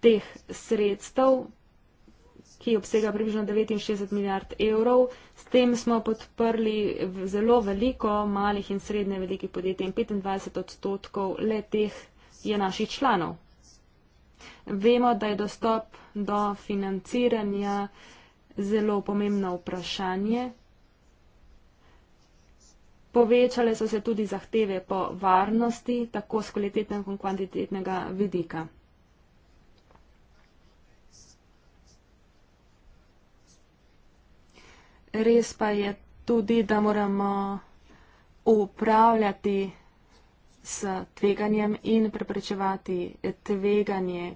S3: teh sredstev, ki obsega približno 69 milijard evrov. S tem smo podprli zelo veliko malih in srednje velikih podjetij in 25 odstotkov le teh je naših članov. Vemo, da je dostop do financiranja zelo pomembno vprašanje. Povečale so se tudi zahteve po varnosti, tako z kvalitetnega kot kvantitetnega vidika. Res pa je tudi, da moramo upravljati s tveganjem in preprečevati tveganje,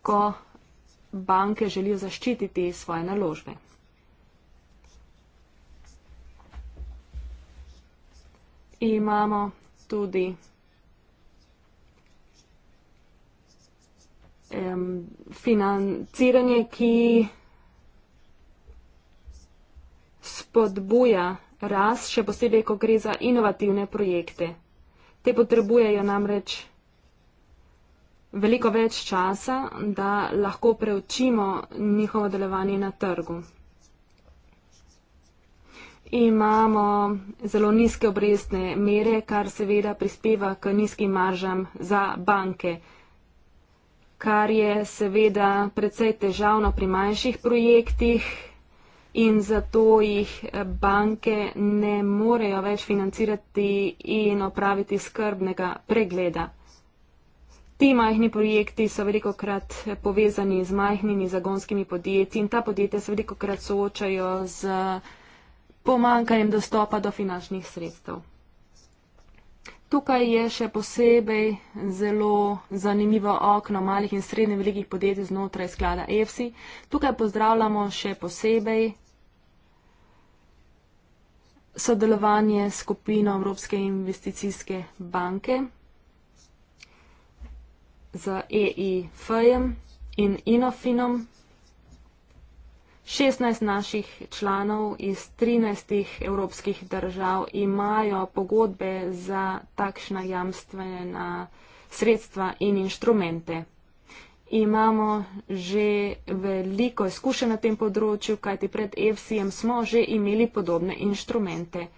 S3: ko banke želijo zaščititi svoje naložbe. imamo tudi um, financiranje, ki spodbuja rast, še posebej, ko gre za inovativne projekte. Te potrebujejo namreč veliko več časa, da lahko preučimo njihovo delovanje na trgu imamo zelo nizke obrestne mere, kar seveda prispeva k nizkim maržam za banke, kar je seveda precej težavno pri manjših projektih in zato jih banke ne morejo več financirati in opraviti skrbnega pregleda. Ti majhni projekti so veliko krat povezani z majhnimi zagonskimi podjetji in ta podjetja se veliko krat soočajo z pomankanjem dostopa do finančnih sredstev. Tukaj je še posebej zelo zanimivo okno malih in srednje velikih podjetij znotraj sklada EFSI. Tukaj pozdravljamo še posebej sodelovanje s skupino Evropske investicijske banke z EIF-jem in INOFINOM. 16 naših članov iz 13 evropskih držav imajo pogodbe za takšna jamstvena sredstva in inštrumente. Imamo že veliko izkušen na tem področju, kajti pred EFSI-jem smo že imeli podobne inštrumente.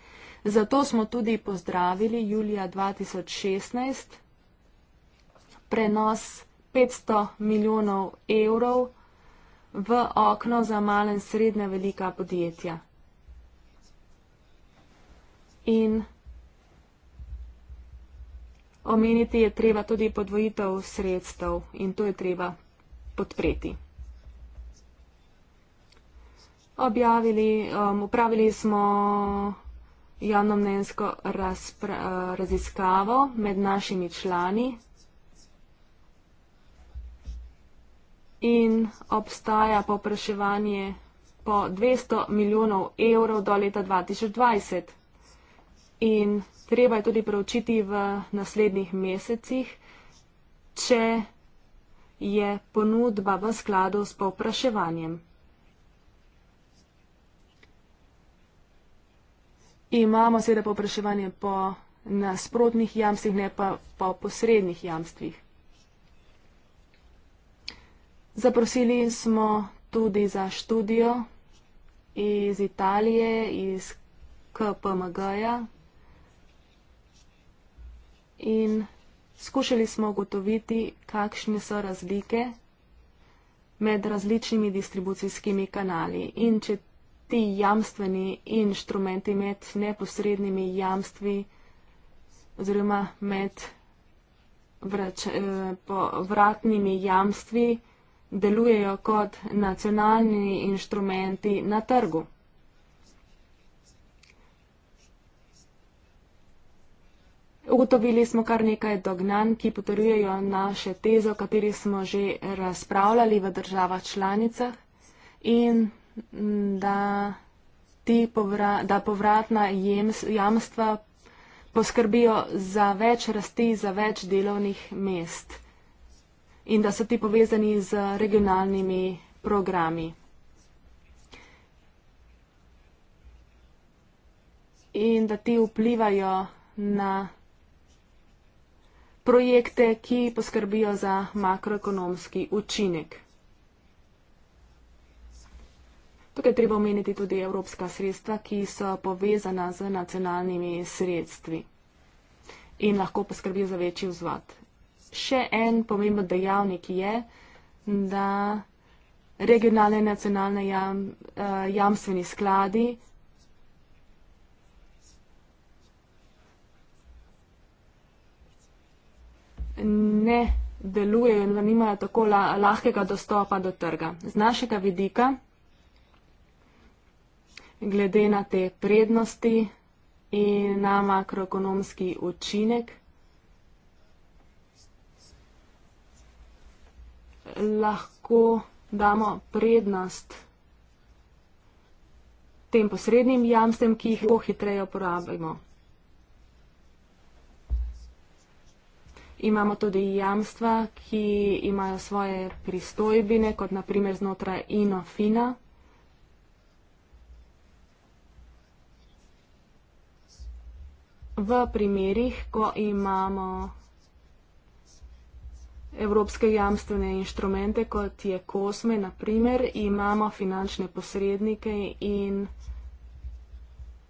S3: Zato smo tudi pozdravili julija 2016 prenos 500 milijonov evrov v okno za malen srednja velika podjetja. In omeniti je treba tudi podvojitev sredstev in to je treba podpreti. Objavili, um, upravili smo javnomnensko raziskavo med našimi člani, in obstaja popraševanje po 200 milijonov evrov do leta 2020. In treba je tudi preučiti v naslednjih mesecih, če je ponudba v skladu s popraševanjem. Imamo seveda popraševanje po nasprotnih jamstvih, ne pa po posrednih jamstvih. Zaprosili smo tudi za študijo iz Italije, iz KPMG-ja in skušali smo ugotoviti, kakšne so razlike med različnimi distribucijskimi kanali in če ti jamstveni inštrumenti med neposrednimi jamstvi oziroma med vrač, eh, vratnimi jamstvi delujejo kot nacionalni inštrumenti na trgu. Ugotovili smo kar nekaj dognan, ki potrjujejo naše teze, o katerih smo že razpravljali v državah članicah in da, povra, da povratna jamstva poskrbijo za več rasti, za več delovnih mest in da so ti povezani z regionalnimi programi. In da ti vplivajo na projekte, ki poskrbijo za makroekonomski učinek. Tukaj treba omeniti tudi evropska sredstva, ki so povezana z nacionalnimi sredstvi in lahko poskrbijo za večji vzvod še en pomemben dejavnik je, da regionalne in nacionalne jam, uh, jamstveni skladi ne delujejo in da nimajo tako la, lahkega dostopa do trga. Z našega vidika, glede na te prednosti in na makroekonomski učinek, lahko damo prednost tem posrednim jamstvem, ki jih lahko hitreje uporabimo. Imamo tudi jamstva, ki imajo svoje pristojbine, kot naprimer znotraj inofina. V primerih, ko imamo evropske jamstvene inštrumente, kot je Kosme, naprimer, imamo finančne posrednike in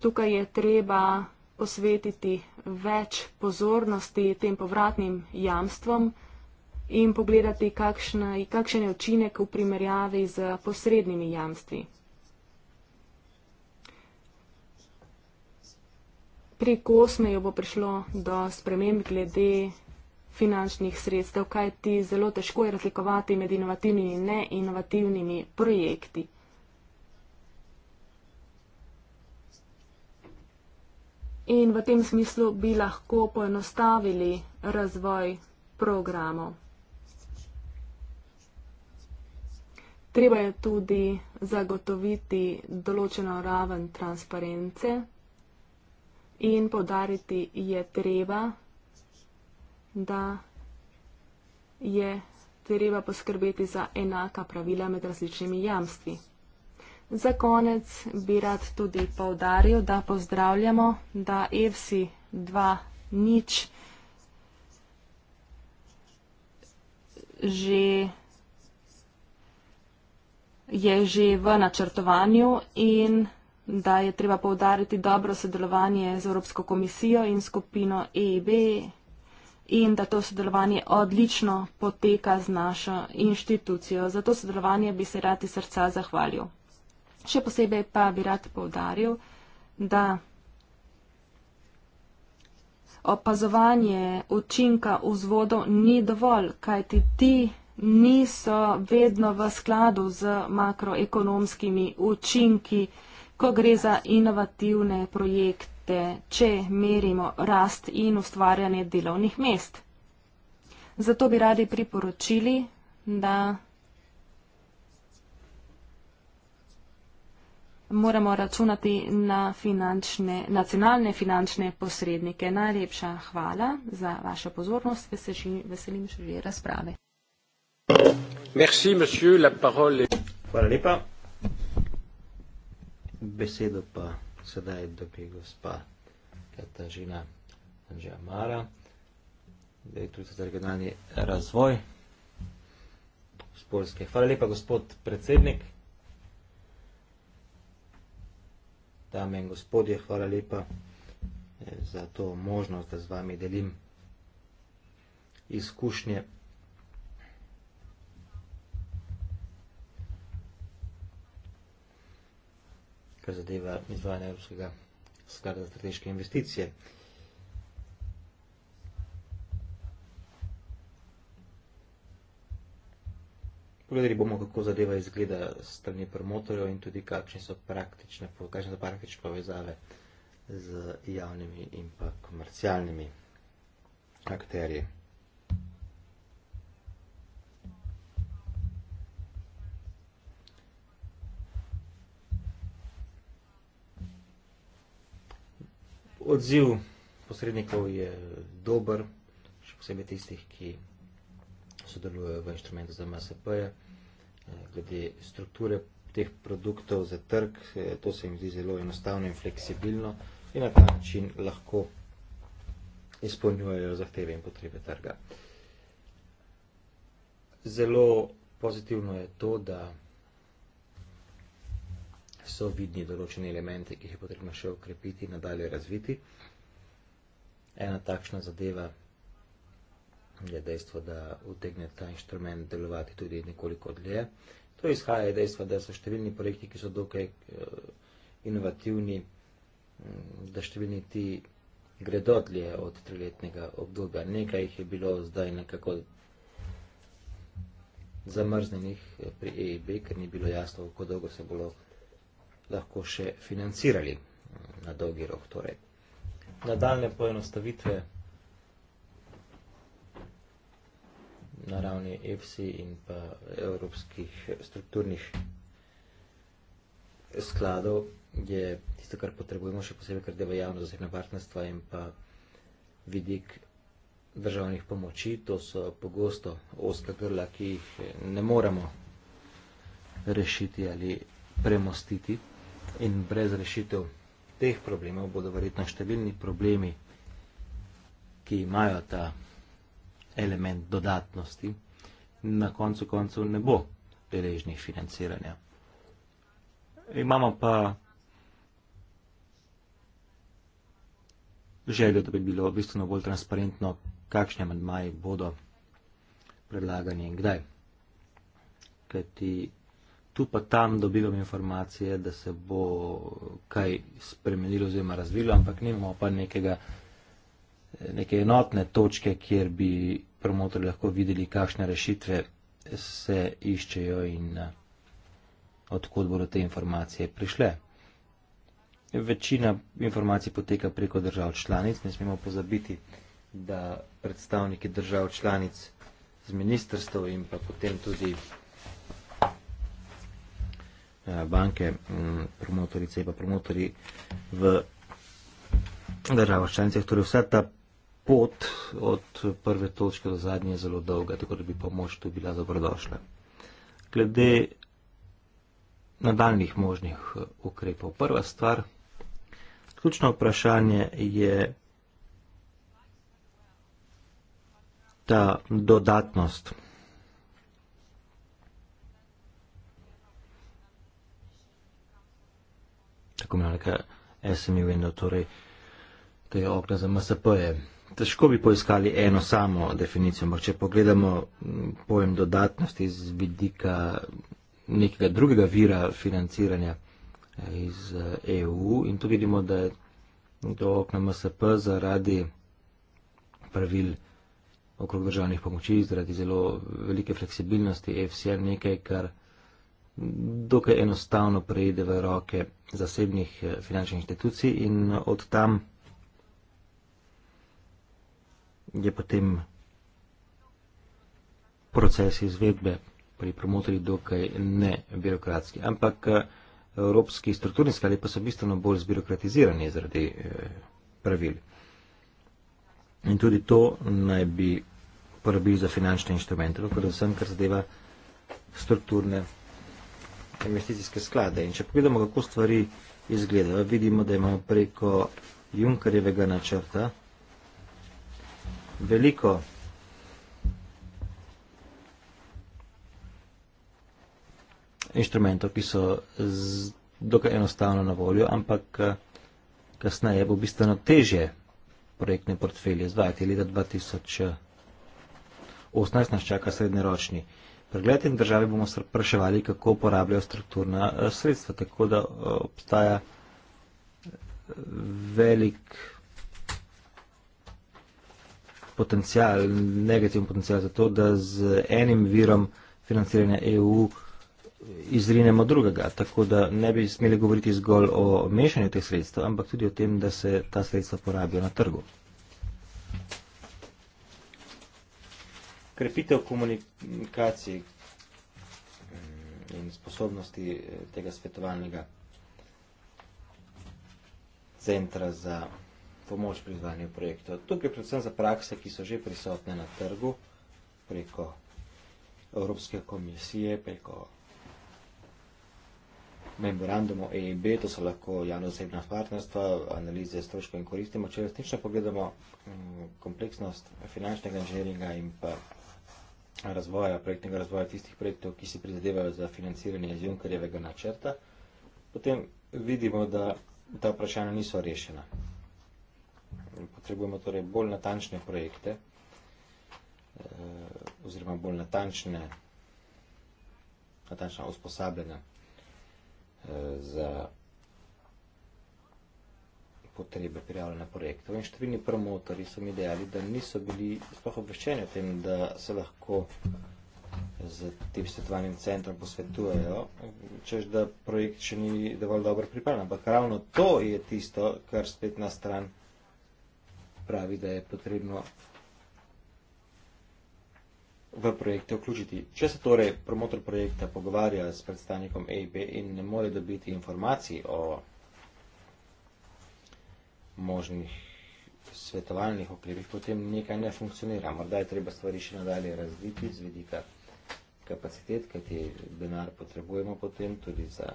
S3: tukaj je treba posvetiti več pozornosti tem povratnim jamstvom in pogledati, kakšna, kakšen je učinek v primerjavi z posrednimi jamstvi. Pri Kosmeju bo prišlo do sprememb glede finančnih sredstev, kaj ti zelo težko je razlikovati med inovativnimi in neinovativnimi projekti. In v tem smislu bi lahko poenostavili razvoj programov. Treba je tudi zagotoviti določeno raven transparence in povdariti je treba da je treba poskrbeti za enaka pravila med različnimi jamstvi. Za konec bi rad tudi povdaril, da pozdravljamo, da EFSI 2.0 že je že v načrtovanju in da je treba povdariti dobro sodelovanje z Evropsko komisijo in skupino EIB, in da to sodelovanje odlično poteka z našo inštitucijo. Za to sodelovanje bi se rad iz srca zahvalil. Še posebej pa bi rad povdaril, da opazovanje učinka vzvodov ni dovolj, kajti ti niso vedno v skladu z makroekonomskimi učinki, ko gre za inovativne projekte rezultate, če merimo rast in ustvarjanje delovnih mest. Zato bi radi priporočili, da moramo računati na finančne, nacionalne finančne posrednike. Najlepša hvala za vašo pozornost. Veselim se že razprave.
S1: Merci, monsieur, la parole... Hvala lepa. Besedo pa sedaj dobi gospa Katažina Anžamara, direktorica za regionalni razvoj z Polske. Hvala lepa, gospod predsednik. Dame in gospodje, hvala lepa eh, za to možnost, da z vami delim izkušnje. kar zadeva izvajanje Evropskega sklada za strateške investicije. Pogledali bomo, kako zadeva izgleda strani promotorjev in tudi kakšne so praktične, kakšne so praktične povezave z javnimi in pa komercialnimi akterji. odziv posrednikov je dober, še posebej tistih, ki sodelujejo v inštrumentu za MSP. -je. Eh, glede strukture teh produktov za trg, eh, to se jim zdi zelo enostavno in fleksibilno in na ta način lahko izpolnjujejo zahteve in potrebe trga. Zelo pozitivno je to, da so vidni določeni elementi, ki jih je potrebno še ukrepiti in nadalje razviti. Ena takšna zadeva je dejstvo, da utegne ta inštrument delovati tudi nekoliko dlje. To izhaja iz dejstva, da so številni projekti, ki so dokaj eh, inovativni, mm, da številni ti gredo dlje od triletnega obdobja. Nekaj jih je bilo zdaj nekako zamrznenih eh, pri EIB, ker ni bilo jasno, kako dolgo se bo lahko lahko še financirali mm, na dolgi rok. Torej. Nadaljne poenostavitve na ravni EFSI in pa evropskih strukturnih skladov je tisto, kar potrebujemo še posebej, ker deva javno zasebne partnerstva in pa vidik državnih pomoči. To so pogosto oska grla, ki jih ne moremo rešiti ali premostiti in brez rešitev teh problemov bodo verjetno številni problemi, ki imajo ta element dodatnosti, na koncu koncev ne bo deležnih financiranja. Imamo pa željo, da bi bilo bistveno bolj transparentno, kakšne amandmaji bodo predlagani in kdaj. Kajti tu pa tam dobivam informacije, da se bo kaj spremenilo oziroma razvilo, ampak nimamo pa nekega, neke enotne točke, kjer bi promotori lahko videli, kakšne rešitve se iščejo in eh, odkud bodo te informacije prišle. Večina informacij poteka preko držav članic, ne smemo pozabiti, da predstavniki držav članic z ministrstvo in pa potem tudi Eh, banke, mm, promotorice in pa promotori v državah članicah. Torej vsa ta pot od prve točke do zadnje je zelo dolga, tako da bi pomoč tu bila dobrodošla. Glede nadaljnih možnih eh, ukrepov. Prva stvar, ključno vprašanje je ta dodatnost. komunalke SMU in no, torej tega okna za MSP. -je. Težko bi poiskali eno samo definicijo, ampak če pogledamo pojem dodatnosti z vidika nekega drugega vira financiranja eh, iz EU eh, e in tu vidimo, da je do okna MSP zaradi pravil okrog državnih pomoči, zaradi zelo velike fleksibilnosti e FCN nekaj, kar dokaj enostavno preide v roke zasebnih eh, finančnih institucij in eh, od tam je potem proces izvedbe pri promotorji dokaj ne birokratski. Ampak eh, evropski strukturni skladi pa so bistveno bolj zbirokratizirani zaradi pravil. In tudi to naj bi porabili za finančne inštrumente, no, predvsem kar zadeva strukturne investicijske sklade. In če pogledamo, kako stvari izgledajo, vidimo, da imamo preko Junkerjevega načrta veliko inštrumentov, ki so dokaj enostavno na voljo, ampak eh, kasneje bo bistveno težje projektne portfelje zvajati leta 2018 eh, nas čaka srednjeročni pregled in države bomo spraševali, kako uporabljajo strukturna eh, sredstva. Tako da eh, obstaja eh, velik potencial, negativen potencial za to, da z enim virom financiranja EU izrinemo drugega. Tako da ne bi smeli govoriti zgolj o mešanju teh sredstev, ampak tudi o tem, da se ta sredstva porabijo na trgu. krepitev komunikacij mm, in sposobnosti eh, tega svetovalnega centra za pomoč pri izvajanju projektov. Tukaj predvsem za prakse, ki so že prisotne na trgu preko Evropske komisije, preko memorandumov EIB, to so lahko javno zasebna partnerstva, analize stroškov in koristimo. Če resnično pogledamo mm, kompleksnost finančnega inženiringa in pa razvoja, projektnega razvoja tistih projektov, ki si prizadevajo za financiranje iz Junkerjevega načrta, potem vidimo, da ta vprašanja niso rešena. Potrebujemo torej bolj natančne projekte eh, oziroma bolj natančne, natančna usposabljena eh, za projekte, potrebe prijavljanja projektov. In številni promotori so mi dejali, da niso bili sploh obveščeni o tem, da se lahko z tem svetovanjem centrom posvetujejo, čež da projekt še ni dovolj dobro pripravljen. Ampak ravno to je tisto, kar spet na stran pravi, da je potrebno v projekte vključiti. Če se torej promotor projekta pogovarja s predstavnikom EIB in ne more dobiti informacij o možnih svetovalnih okrepih, potem nekaj ne funkcionira. Morda je treba stvari še nadalje razviti z vidika kapacitet, kajti denar potrebujemo potem tudi za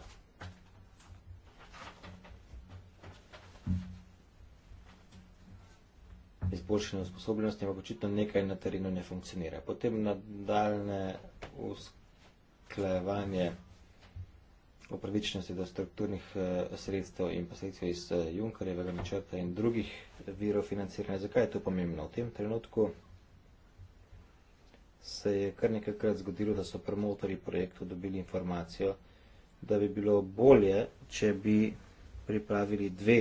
S1: izboljšeno sposobnost, ampak očitno nekaj na terenu ne funkcionira. Potem nadaljne usklajevanje. Usk upravičnosti do strukturnih eh, sredstev in pa sredstev iz eh, Junkarjevega načrta in drugih virov financiranja. Zakaj je to pomembno? V tem trenutku se je kar nekajkrat zgodilo, da so promotori projektu dobili informacijo, da bi bilo bolje, če bi pripravili dve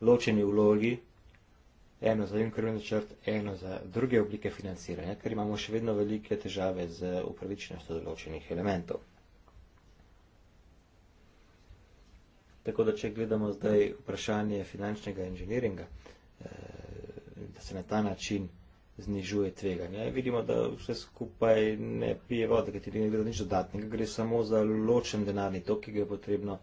S1: ločeni vlogi, eno za Junkarjev načrt, eno za druge oblike financiranja, ker imamo še vedno velike težave z upravičnostjo določenih elementov. Tako da, če gledamo zdaj vprašanje finančnega inženiringa, eh, da se na ta način znižuje tveganje, vidimo, da vse skupaj ne pije vode, ker ti ne gre za nič dodatnega, gre samo za ločen denarni tok, ki ga je potrebno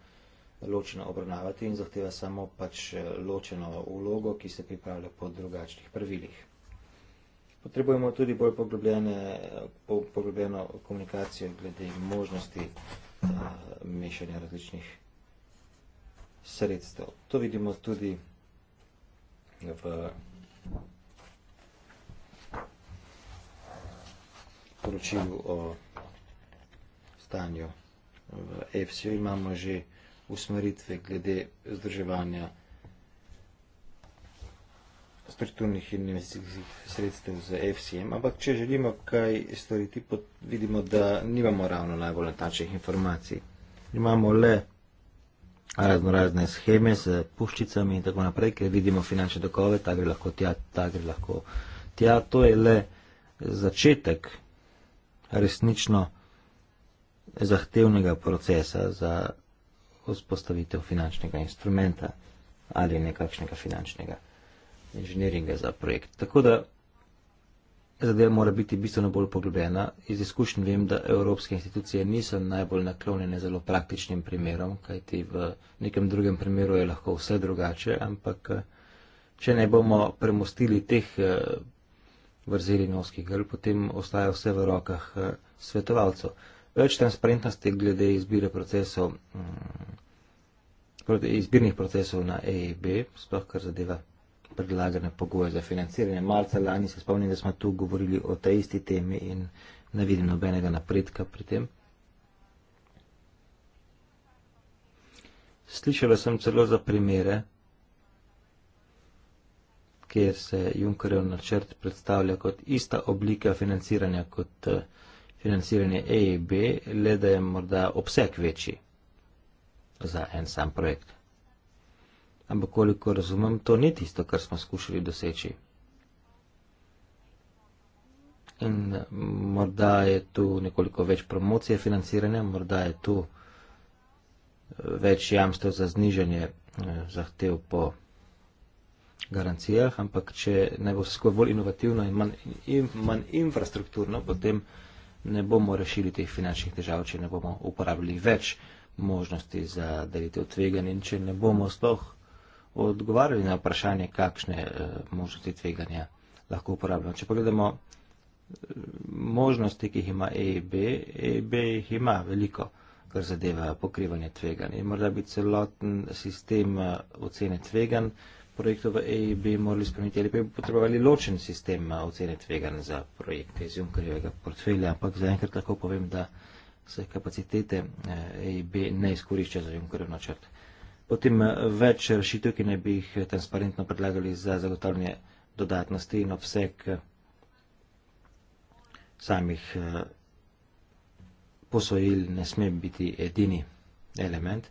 S1: ločeno obravnavati in zahteva samo pač eh, ločeno vlogo, ki se pripravlja po drugačnih pravilih. Potrebujemo tudi bolj poglobljeno komunikacijo glede možnosti eh, mešanja različnih sredstev. To vidimo tudi v poročilu o stanju v EFSI. Imamo že usmeritve glede združevanja strukturnih in investicijskih sredstev z EFSI-jem, ampak če želimo kaj storiti, vidimo, da nimamo ravno najbolj natačnih informacij. Imamo le razno razne scheme z puščicami in tako naprej, ker vidimo finančne tokove, ta gre lahko tja, ta gre lahko tja. To je le začetek resnično zahtevnega procesa za vzpostavitev finančnega instrumenta ali nekakšnega finančnega inženiringa za projekt. Tako da zadeva mora biti bistveno bolj poglobljena. Iz izkušenj vem, da evropske institucije niso najbolj naklonjene zelo praktičnim primerom, kajti v nekem drugem primeru je lahko vse drugače, ampak eh, če ne bomo premostili teh eh, vrzeli noskih grl, potem ostaja vse v rokah eh, svetovalcev. Več transparentnosti glede izbire procesov, mm, izbirnih procesov na EEB, sploh kar zadeva predlagane pogoje za financiranje. Marca lani se spomnim, da smo tu govorili o tej isti temi in ne vidim nobenega napredka pri tem. Slišala sem celo za primere, kjer se Junkerjev načrt predstavlja kot ista oblika financiranja kot eh, financiranje EIB, le da je morda obseg večji za en sam projekt ampak koliko razumem, to ni tisto, kar smo skušali doseči. In eh, morda je tu nekoliko več promocije financiranja, morda je tu eh, več jamstev za znižanje eh, zahtev po garancijah, ampak če ne bo vse skupaj bolj inovativno in manj, in manj infrastrukturno, potem ne bomo rešili teh finančnih težav, če ne bomo uporabili več možnosti za delitev tveganj in če ne bomo sploh odgovarjali na vprašanje, kakšne eh, možnosti tveganja lahko uporabljamo. Če pogledamo eh, možnosti, ki jih ima EIB, EIB jih ima veliko, kar zadeva pokrivanje tveganja. Morda bi celoten sistem eh, ocene tveganj projektov v EIB morali spremeniti ali pa bi potrebovali ločen sistem ocene tveganj za projekte iz Junkerjevega portfelja, ampak zaenkrat lahko povem, da se kapacitete EIB e ne izkorišča za Junkerjev načrt potem eh, več rešitev, ki ne bi jih eh, transparentno predlagali za zagotavljanje dodatnosti in obseg eh, samih posojil ne sme biti edini element.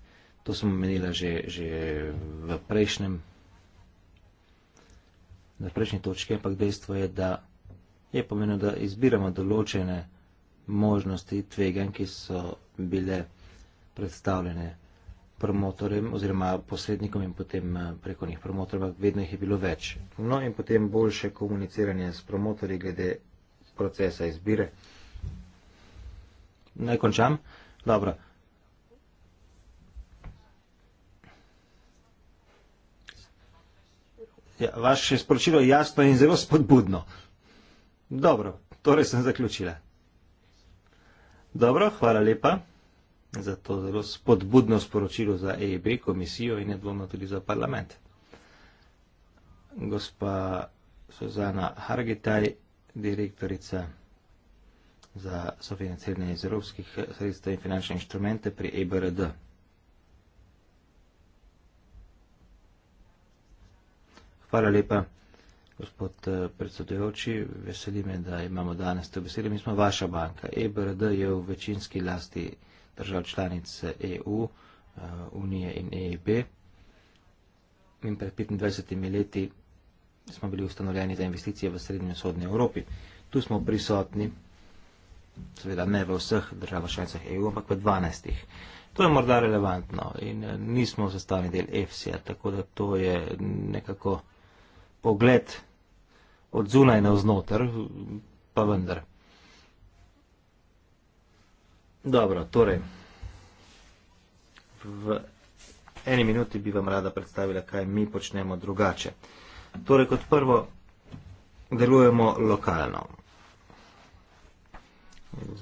S1: To sem omenila že, že v prejšnjem, na prejšnji točki, ampak dejstvo je, da je pomenilo, da izbiramo določene možnosti tvegan, ki so bile predstavljene promotorjem oziroma posrednikom in potem eh, preko njih promotorjem, vedno jih je bilo več. No in potem boljše komuniciranje s promotorji glede procesa izbire. Naj končam? Dobro. Ja, vaše sporočilo je jasno in zelo spodbudno. Dobro, torej sem zaključila. Dobro, hvala lepa. Zato zelo spodbudno sporočilo za EIB, komisijo in nedvomno tudi za parlament. Gospa Suzana Hargitaj, direktorica za sofinanciranje iz evropskih sredstev in finančne inštrumente pri EBRD. Hvala lepa, gospod eh, predsedujoči. Veseli me, da imamo danes to besedo. Mi smo vaša banka. EBRD je v večinski lasti držav članice EU, uh, eh, Unije in EIB. In pred 25 leti smo bili ustanovljeni za investicije v srednjo-sodni Evropi. Tu smo prisotni, seveda ne v vseh državah članicah EU, ampak v 12. To je morda relevantno in eh, nismo sestavni del EFSI-ja, tako da to je nekako pogled od zunaj na vznoter, pa vendar. Dobro, torej, v eni minuti bi vam rada predstavila, kaj mi počnemo drugače. Torej, kot prvo, delujemo lokalno.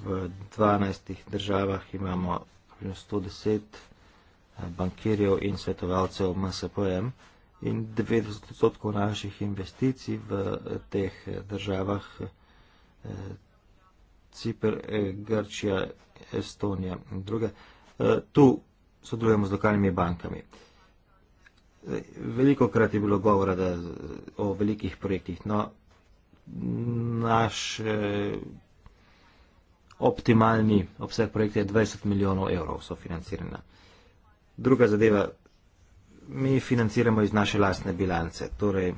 S1: V 12 državah imamo 110 eh, bankirjev in svetovalcev MSPM in 90% naših investicij v eh, teh eh, državah Cipr, Grčija, Estonija in druge, e, tu sodelujemo z lokalnimi bankami. E, Veliko krat je bilo govora da, o velikih projektih. No, naš eh, optimalni obseg projekta je 20 milijonov evrov sofinancirana. Druga zadeva, mi financiramo iz naše lastne bilance. Torej,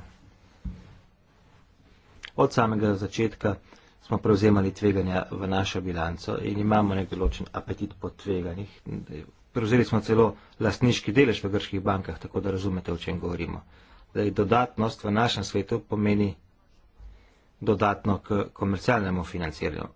S1: od samega začetka eh, smo prevzemali tveganja v našo bilanco in imamo nek določen apetit po tveganjih. Prevzeli smo celo lastniški delež v grških bankah, tako da razumete, o čem govorimo. Da je dodatnost v našem svetu pomeni dodatno k komercialnemu financiranju.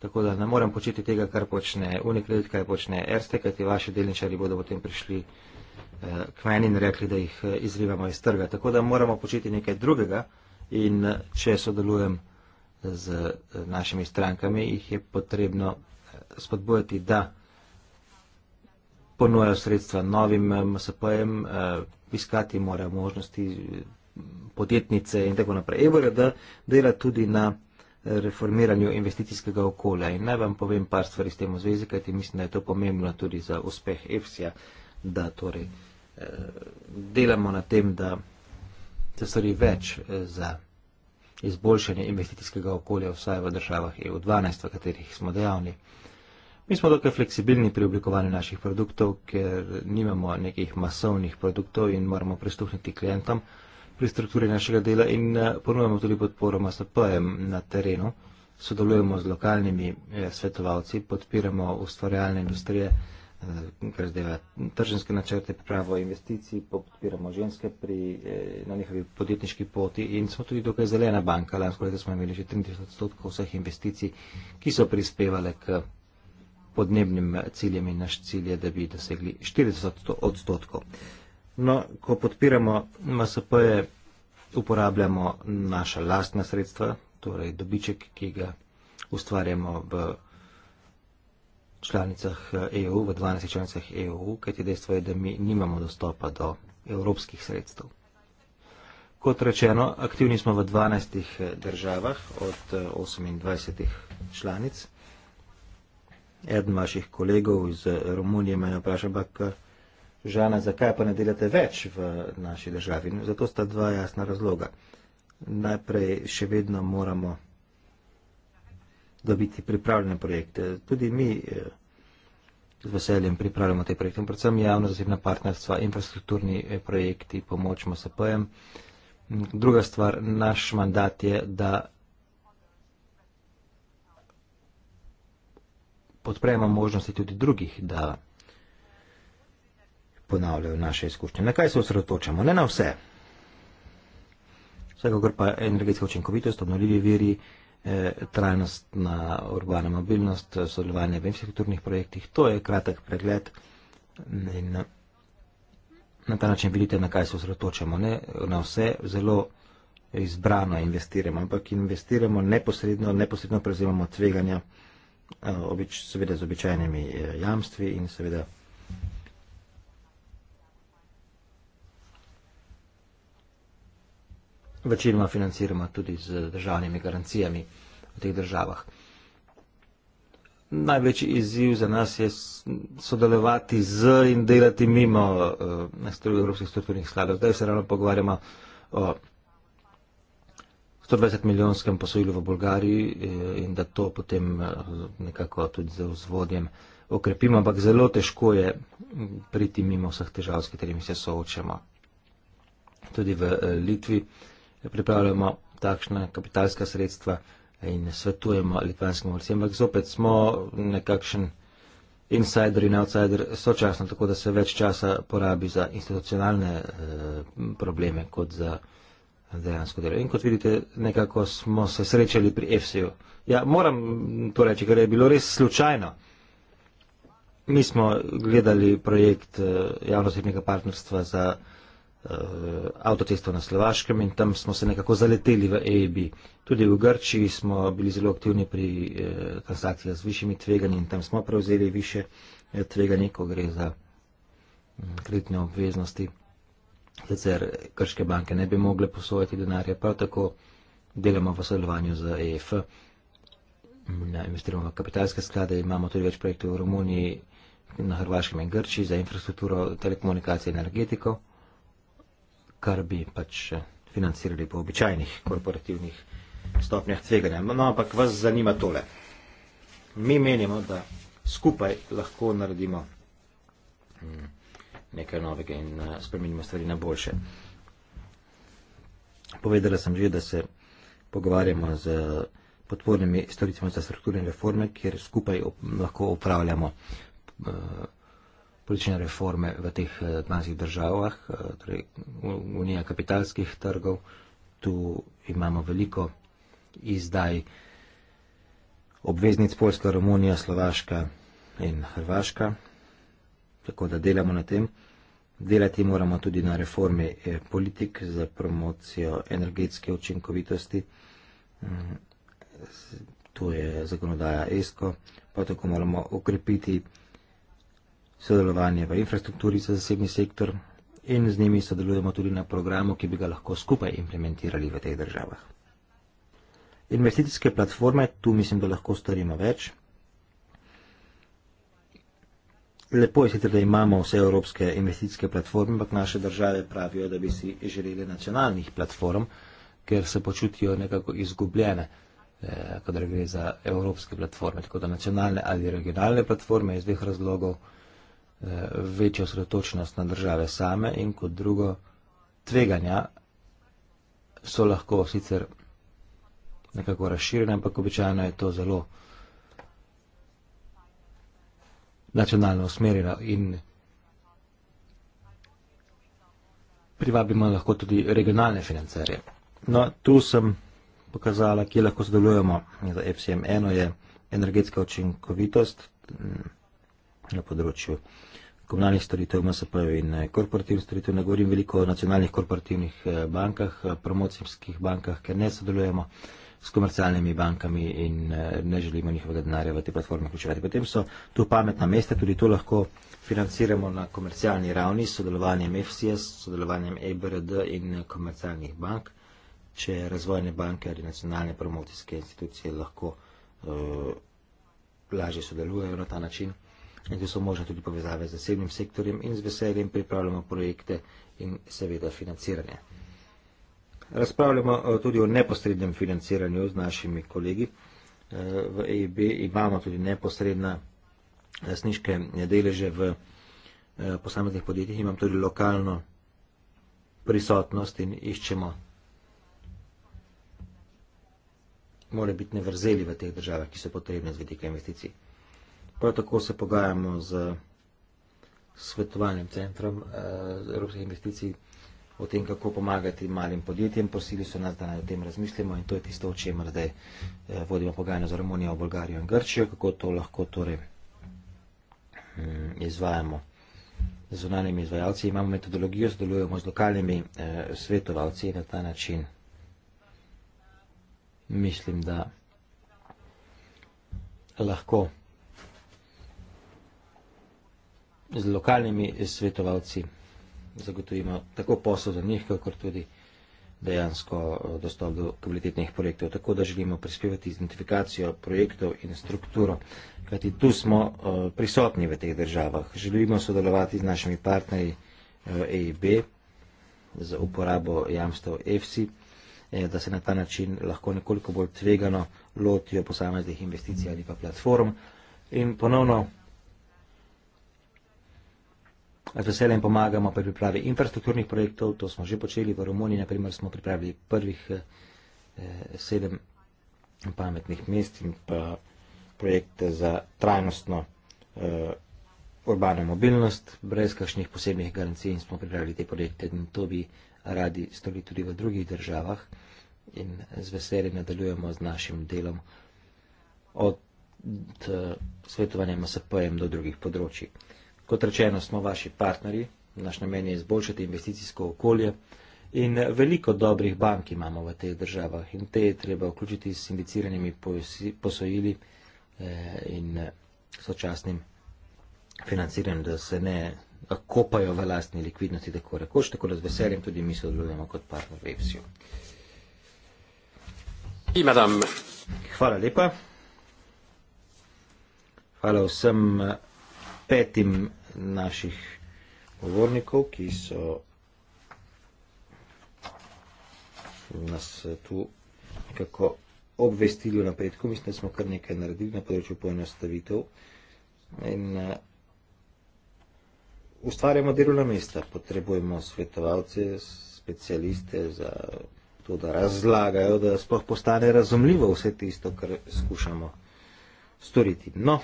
S1: Tako da ne morem početi tega, kar počne Unicredit, kaj počne Erste, kajti vaši delničari bodo potem prišli eh, k meni in rekli, da jih eh, izrivamo iz trga. Tako da moramo početi nekaj drugega in eh, če sodelujem z eh, našimi strankami, jih je potrebno eh, spodbujati, da ponujajo sredstva novim eh, MSP-jem, iskati morajo možnosti podjetnice in tako naprej. Evo da dela tudi na reformiranju investicijskega okolja. In naj vam povem par stvari s tem v zvezi, kajti mislim, da je to pomembno tudi za uspeh EFSI-ja, da torej delamo na tem, da se stvari več za izboljšanje investicijskega okolja vsaj v državah EU12, v katerih smo dejavni. Mi smo dokaj fleksibilni pri oblikovanju naših produktov, ker nimamo nekih masovnih produktov in moramo pristopiti klientom pri strukturi našega dela in eh, ponujemo tudi podporo MSP-jem na terenu, sodelujemo z lokalnimi eh, svetovalci, podpiramo ustvarjalne industrije. Eh, kar zdaj tržinske načrte, pravo investicij, podpiramo ženske pri, eh, na njihovi podjetniški poti in smo tudi dokaj zelena banka. Lansko leto smo imeli že 30 odstotkov vseh investicij, ki so prispevale k podnebnim ciljem in naš cilj je, da bi dosegli 40 odstotkov. No, ko podpiramo MSP-je, uporabljamo naša lastna sredstva, torej dobiček, ki ga ustvarjamo v članicah EU, eh, e v 12 članicah EU, kajti dejstvo je, da mi nimamo dostopa do evropskih sredstev. Kot rečeno, aktivni smo v 12 eh, državah od 28 eh, članic. Eden vaših kolegov iz Romunije me je vprašal, ampak Žana, zakaj pa ne delate več v naši državi? Zato sta dva jasna razloga. Najprej še vedno moramo dobiti pripravljene projekte. Tudi mi eh, z veseljem pripravljamo te projekte, predvsem javno-zasebna partnerstva, infrastrukturni eh, projekti, pomoč MSP-jem. Druga stvar, naš mandat je, da podpremo možnosti tudi drugih, da ponavljajo naše izkušnje. Na kaj se osredotočamo? Ne na vse. Vsekakor pa energetska učinkovitost, obnovljivi viri, Eh, trajnostna urbana mobilnost, sodelovanje v infrastrukturnih projektih. To je kratek pregled in na ta način vidite, na kaj se osredotočamo. Ne na vse zelo izbrano investiramo, ampak investiramo neposredno, neposredno prevzemamo tveganja, eh, obič, seveda z običajnimi eh, jamstvi in seveda večinoma financiramo tudi z državnimi garancijami v teh državah. Največji izziv za nas je sodelovati z in delati mimo uh, evropskih strukturnih skladov. Zdaj se ravno pogovarjamo o 120 milijonskem posojilu v Bolgariji eh, in da to potem eh, nekako tudi z vzvodjem okrepimo, ampak zelo težko je priti mimo vseh težav, s katerimi se soočamo. Tudi v Litvi. Uh, Ja, pripravljamo takšna kapitalska sredstva in svetujemo litvanskim vrstim, ampak zopet smo nekakšen insider in outsider sočasno, tako da se več časa porabi za institucionalne e, probleme kot za dejansko delo. In kot vidite, nekako smo se srečali pri FCU. Ja, moram to reči, ker je bilo res slučajno. Mi smo gledali projekt eh, javnostnega partnerstva za Eh, avtocesto na Slovaškem in tam smo se nekako zaleteli v EIB. Tudi v Grčiji smo bili zelo aktivni pri eh, transakcijah z višjimi tveganji in tam smo prevzeli više eh, tveganje, ko gre za mm, kreditne obveznosti. Sicer grške banke ne bi mogle posojati denarja, prav tako delamo v sodelovanju z EF, mm, ja, investiramo v kapitalske sklade, imamo tudi več projektov v Romuniji, na Hrvaškem in Grčiji za infrastrukturo telekomunikacije in energetiko kar bi pač financirali po običajnih korporativnih stopnjah tveganja. No, ampak vas zanima tole. Mi menimo, da skupaj lahko naredimo mm, nekaj novega in eh, spremenimo stvari na boljše. Povedala sem že, da se pogovarjamo z podpornimi storitvami za strukturne reforme, kjer skupaj op lahko upravljamo eh, politične reforme v teh 12 eh, državah, eh, torej Unija kapitalskih trgov. Tu imamo veliko izdaj obveznic Poljska, Romunija, Slovaška in Hrvaška, tako da delamo na tem. Delati moramo tudi na reformi eh, politik za promocijo energetske učinkovitosti. Mm, to je zakonodaja ESCO, pa tako moramo ukrepiti sodelovanje v infrastrukturi za zasebni sektor in z njimi sodelujemo tudi na programu, ki bi ga lahko skupaj implementirali v teh državah. Investicijske platforme, tu mislim, da lahko storimo več. Lepo je sicer, da imamo vse evropske investicijske platforme, ampak naše države pravijo, da bi si želeli nacionalnih platform, ker se počutijo nekako izgubljene, eh, kadar gre za evropske platforme. Tako da nacionalne ali regionalne platforme iz dveh razlogov eh, Eh, večjo sredotočnost na države same in kot drugo, tveganja so lahko sicer nekako razširjene, ampak običajno je to zelo nacionalno usmerjeno in privabimo lahko tudi regionalne financerje. No, tu sem pokazala, kje lahko sodelujemo. Za FCM1 je energetska učinkovitost na področju komunalnih storitev, MSP-a in eh, korporativnih storitev. Ne govorim veliko o nacionalnih korporativnih eh, bankah, eh, promocijskih bankah, ker ne sodelujemo s komercialnimi bankami in ne želimo njihovega denarja v te platforme vključevati. Potem so tu pametna mesta, tudi to lahko financiramo na komercialni ravni s sodelovanjem FCS, s sodelovanjem EBRD in komercialnih bank, če razvojne banke ali nacionalne promocijske institucije lahko uh, lažje sodelujejo na ta način in ki so možne tudi povezave z zasebnim sektorjem in z veseljem pripravljamo projekte in seveda financiranje. Razpravljamo eh, tudi o neposrednem financiranju z našimi kolegi. Eh, v EIB imamo tudi neposredna lasniške deleže v eh, posameznih podjetjih, imam tudi lokalno prisotnost in iščemo mora biti nevrzeli v teh državah, ki so potrebne z vidika investicij. Prav tako se pogajamo z svetovalnim centrom eh, Evropskih investicij o tem, kako pomagati malim podjetjem. Prosili so nas, da o tem razmislimo in to je tisto, o čemer zdaj eh, vodimo pogajanje z Romunijo, Bolgarijo in Grčijo, kako to lahko torej mm, izvajamo z zunanjimi izvajalci. Imamo metodologijo, sodelujemo z lokalnimi eh, svetovalci na ta način. Mislim, da lahko z lokalnimi svetovalci zagotovimo tako posel za njih, kakor tudi dejansko eh, dostop do kvalitetnih projektov. Tako da želimo prispevati identifikacijo projektov in strukturo, kajti tu smo eh, prisotni v teh državah. Želimo sodelovati z našimi partnerji EIB eh, za uporabo jamstev EFSI, da se na ta način lahko nekoliko bolj tvegano lotijo posameznih investicij ali pa platform. In ponovno Z veseljem pomagamo pri pripravi infrastrukturnih projektov, to smo že počeli v Romuniji, naprimer smo pripravili prvih eh, sedem pametnih mest in pa projekte za trajnostno eh, urbano mobilnost, brez kakšnih posebnih garancij in smo pripravili te projekte in to bi radi storili tudi v drugih državah in z veseljem nadaljujemo z našim delom od, od eh, svetovanja MSP-jem do drugih področjih. Kot rečeno, smo vaši partnerji, naš namen je izboljšati investicijsko okolje in veliko dobrih bank imamo v teh državah in te je treba vključiti s indiciranimi posojili eh, in sočasnim financiranjem, da se ne kopajo v lastni likvidnosti, tako rekoč, tako da z veseljem tudi mi sodelujemo kot partner v EPSI-ju. Hvala lepa. Hvala vsem petim naših govornikov, ki so nas tu nekako obvestili v napredku. Mislim, da smo kar nekaj naredili na področju poenostavitev in eh, ustvarjamo delovna mesta. Potrebujemo svetovalce, specialiste za to, da razlagajo, da sploh postane razumljivo vse tisto, kar skušamo storiti. No,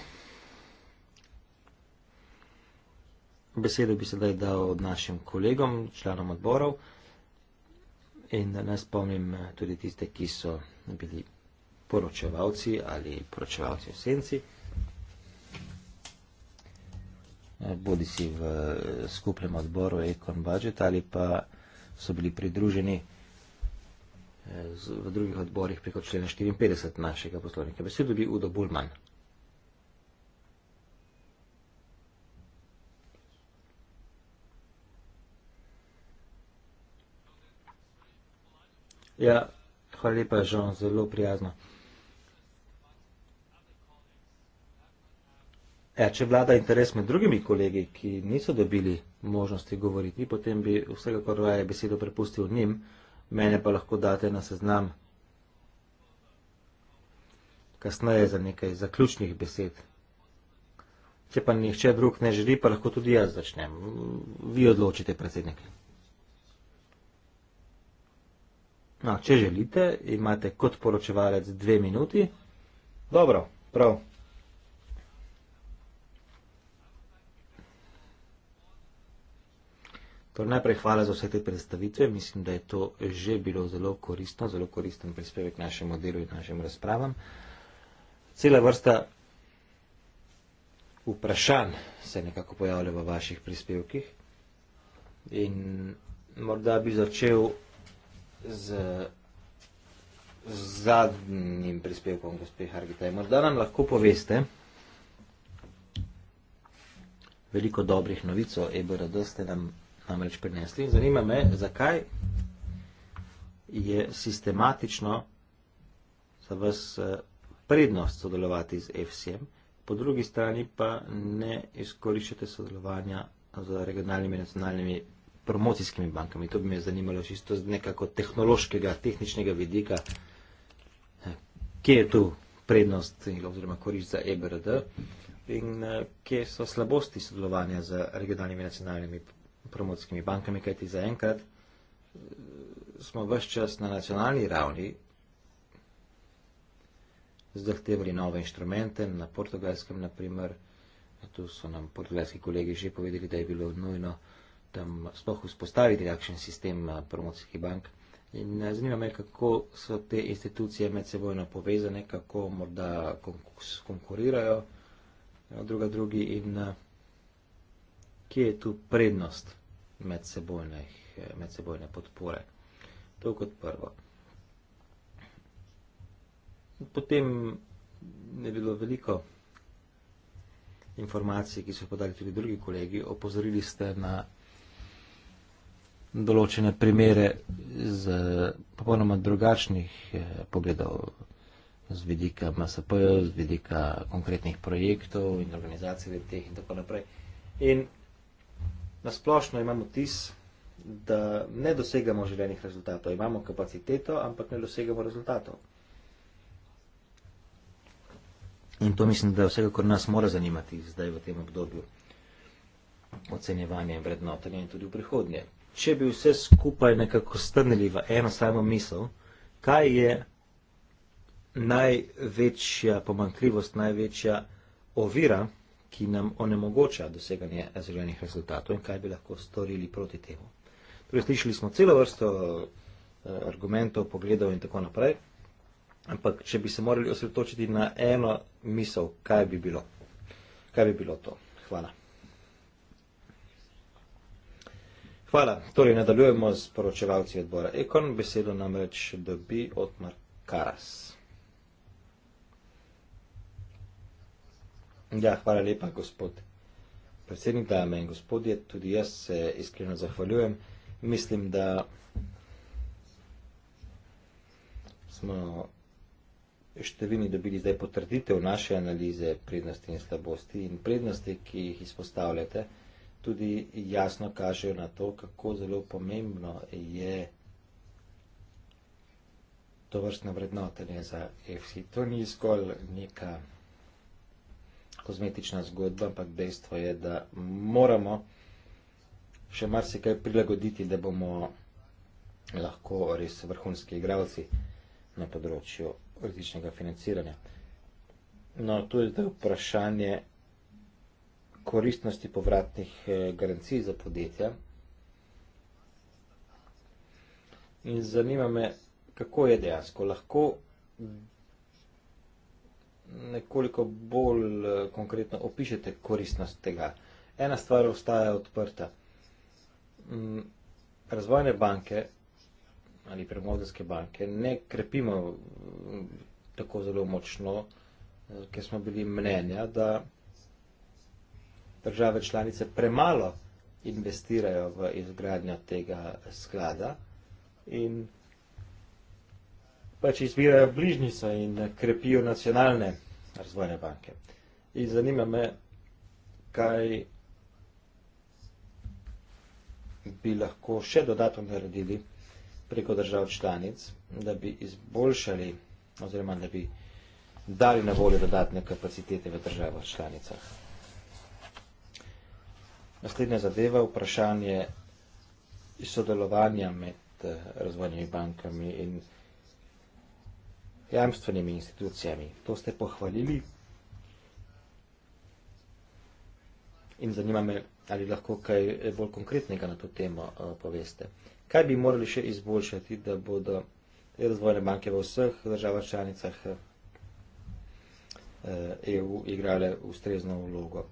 S1: besedo bi sedaj dal našim kolegom, članom odborov in da nas spomnim eh, tudi tiste, ki so bili poročevalci ali poročevalci v senci, eh, bodi si v eh, skupnem odboru Econ Budget ali pa so bili pridruženi v drugih odborih preko člena 54 našega poslovnika. Besedo bi Udo Bulman. Ja, hvala lepa, Žan, zelo prijazno. Ja, če vlada interes med drugimi kolegi, ki niso dobili možnosti govoriti, potem bi vsega kar raje besedo prepustil njim, mene pa lahko date na seznam kasneje za nekaj zaključnih besed. Če pa nihče drug ne želi, pa lahko tudi jaz začnem. Vi odločite, predsednik. No, če želite, imate kot poročevalec dve minuti. Dobro, prav. Torej najprej hvala za vse te predstavitve. Mislim, da je to že bilo zelo koristno, zelo koristen prispevek našemu delu in našim razpravam. Cela vrsta vprašanj se nekako pojavlja v vaših prispevkih. In morda bi začel z zadnjim prispevkom, gospe Hargitaj. Morda nam lahko poveste veliko dobrih novic o EBRD ste nam namreč prinesli. Zanima me, zakaj je sistematično za vas eh, prednost sodelovati z EFSIM, po drugi strani pa ne izkoriščate sodelovanja z regionalnimi in nacionalnimi promocijskimi bankami. To bi me zanimalo čisto z nekako tehnološkega, tehničnega vidika, kje je tu prednost oziroma korist za EBRD in kje so slabosti sodelovanja z regionalnimi nacionalnimi promocijskimi bankami, kajti zaenkrat smo vse čas na nacionalni ravni zahtevali nove inštrumente, na portugalskem naprimer, tu so nam portugalski kolegi že povedali, da je bilo nujno tam sploh vzpostaviti takšen sistem eh, promocijskih bank. In eh, zanima me, kako so te institucije medsebojno povezane, kako morda konkurirajo eh, druga drugi in kje je tu prednost medsebojne, medsebojne podpore. To kot prvo. Potem je bilo veliko informacij, ki so podali tudi drugi kolegi. Opozorili ste na določene primere z popolnoma drugačnih eh, pogledov, z vidika MSP-ja, z vidika konkretnih projektov in organizacij v teh in tako naprej. In nasplošno imamo tis, da ne dosegamo željenih rezultatov. Imamo kapaciteto, ampak ne dosegamo rezultatov. In to mislim, da vsega, kar nas mora zanimati zdaj v tem obdobju ocenjevanja in vrednotenja in tudi v prihodnje če bi vse skupaj nekako strnili v eno samo misel, kaj je največja pomankljivost, največja ovira, ki nam onemogoča doseganje zaželenih rezultatov in kaj bi lahko storili proti temu. Torej, slišali smo celo vrsto eh, argumentov, pogledov in tako naprej, ampak če bi se morali osredotočiti na eno misel, kaj bi bilo, kaj bi bilo to. Hvala. Hvala. Torej, nadaljujemo z poročevalci odbora Ekon. Besedo namreč dobi Otmar Karas. Ja, hvala lepa, gospod predsednik, dame in gospodje. Tudi jaz se iskreno zahvaljujem. Mislim, da smo številni dobili zdaj potrditev naše analize prednosti in slabosti in prednosti, ki jih izpostavljate tudi jasno kažejo na to, kako zelo pomembno je to vrstno vrednotenje za EFSI. To ni zgolj neka kozmetična zgodba, ampak dejstvo je, da moramo še marsikaj prilagoditi, da bomo lahko res vrhunski igralci na področju političnega financiranja. No, tu je to vprašanje, koristnosti povratnih eh, garancij za podjetja. In zanima me, kako je dejansko lahko nekoliko bolj eh, konkretno opišete koristnost tega. Ena stvar ostaja odprta. Mm, razvojne banke ali premogljske banke ne krepimo mm, tako zelo močno, eh, ker smo bili mnenja, da države članice premalo investirajo v izgradnjo tega sklada in pač izbirajo bližnjico in krepijo nacionalne razvojne banke. In zanima me, kaj bi lahko še dodatno naredili preko držav članic, da bi izboljšali oziroma da bi dali na voljo dodatne kapacitete v državah članicah. Naslednja zadeva je vprašanje sodelovanja med eh, razvojnimi bankami in jamstvenimi institucijami. To ste pohvalili in zanima me, ali lahko kaj eh, bolj konkretnega na to temo eh, poveste. Kaj bi morali še izboljšati, da bodo te razvojne banke v vseh državah članicah EU e igrale ustrezno vlogo?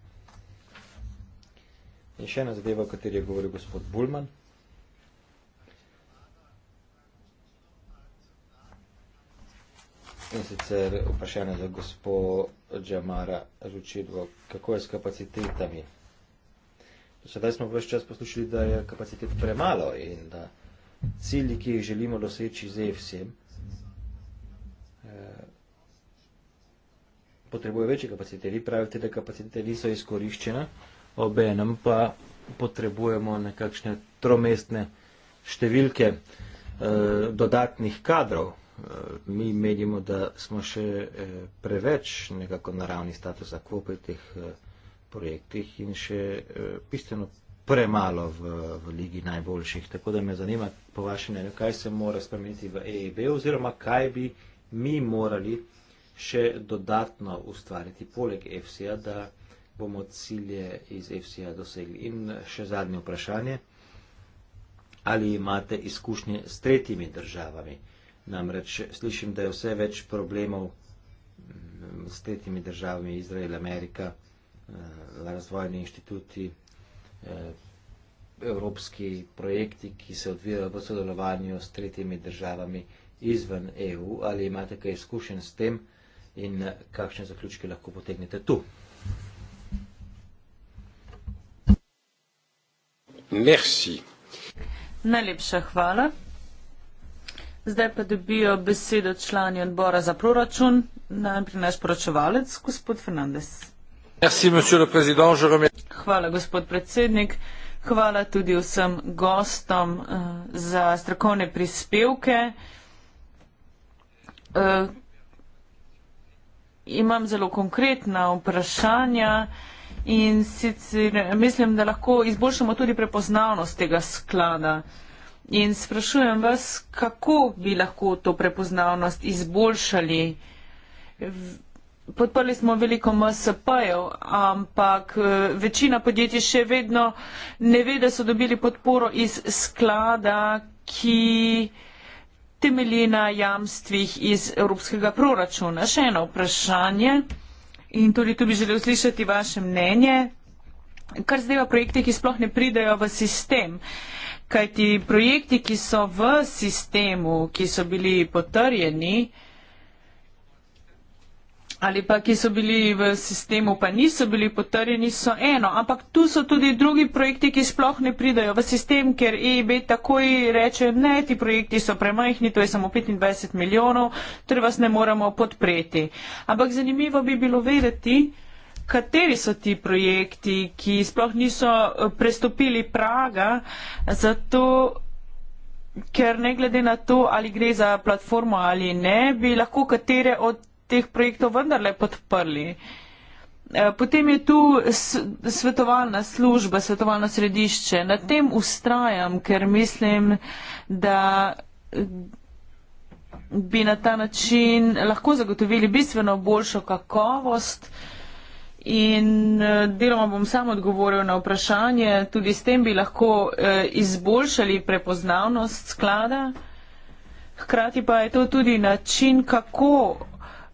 S1: In še ena zadeva, o kateri je govoril gospod Bulman. In sicer vprašanje za gospod Džamara Žučidvo, kako je s kapacitetami? Sedaj smo vse čas poslušali, da je kapacitet premalo in da cilji, ki jih želimo doseči z EFSIM, e, eh, potrebuje večje kapacitete. Vi pravite, da kapacitete niso izkoriščene obenem pa potrebujemo nekakšne tromestne številke eh, dodatnih kadrov. Eh, mi menimo, da smo še eh, preveč nekako na ravni statusa quo pri teh eh, projektih in še bistveno premalo v, v ligi najboljših. Tako da me zanima, po vašem mnenju, kaj se mora spremeniti v EEB oziroma kaj bi mi morali še dodatno ustvariti poleg FCA, da bomo cilje iz FCA dosegli. In še zadnje vprašanje, ali imate izkušnje s tretjimi državami? Namreč slišim, da je vse več problemov mm, s tretjimi državami, Izrael, Amerika, eh, razvojni inštituti, eh, evropski projekti, ki se odvijajo v sodelovanju s tretjimi državami izven EU, ali imate kaj izkušen s tem in eh, kakšne zaključke lahko potegnete tu. Merci.
S2: Najlepša hvala. Zdaj pa dobijo besedo člani odbora za proračun, najprej naš poročevalec, gospod Fernandez. Merci, hvala, gospod predsednik. Hvala tudi vsem gostom uh, za strokovne prispevke. Uh, imam zelo konkretna vprašanja. Uh, in sicer mislim, da lahko izboljšamo tudi prepoznavnost tega sklada. In sprašujem vas, kako bi lahko to prepoznavnost izboljšali. Podprli smo veliko MSP-jev, ampak eh, večina podjetij še vedno ne ve, da so dobili podporo iz sklada, ki temelji na jamstvih iz evropskega proračuna. Še eno vprašanje in tudi tu bi želel slišati vaše mnenje, kar zdaj v projekte, ki sploh ne pridejo v sistem. Kajti projekti, ki so v sistemu, ki so bili potrjeni, uh, ali pa ki so bili v sistemu, pa niso bili potrjeni, so eno. Ampak tu so tudi drugi projekti, ki sploh ne pridajo v sistem, ker EIB takoj reče, ne, ti projekti so premajhni, to je samo 25 milijonov, ter torej vas ne moramo podpreti. Ampak zanimivo bi bilo vedeti, kateri so ti projekti, ki sploh niso eh, prestopili praga, zato. Ker ne glede na to, ali gre za platformo ali ne, bi lahko katere od teh projektov vendarle podprli. Eh, potem je tu svetovalna služba, svetovalno središče. Na tem ustrajam, ker mislim, da eh, bi na ta način lahko zagotovili bistveno boljšo kakovost. In eh, deloma bom sam odgovoril na vprašanje, tudi s tem bi lahko izboljšali prepoznavnost sklada. Hkrati pa je to tudi način, kako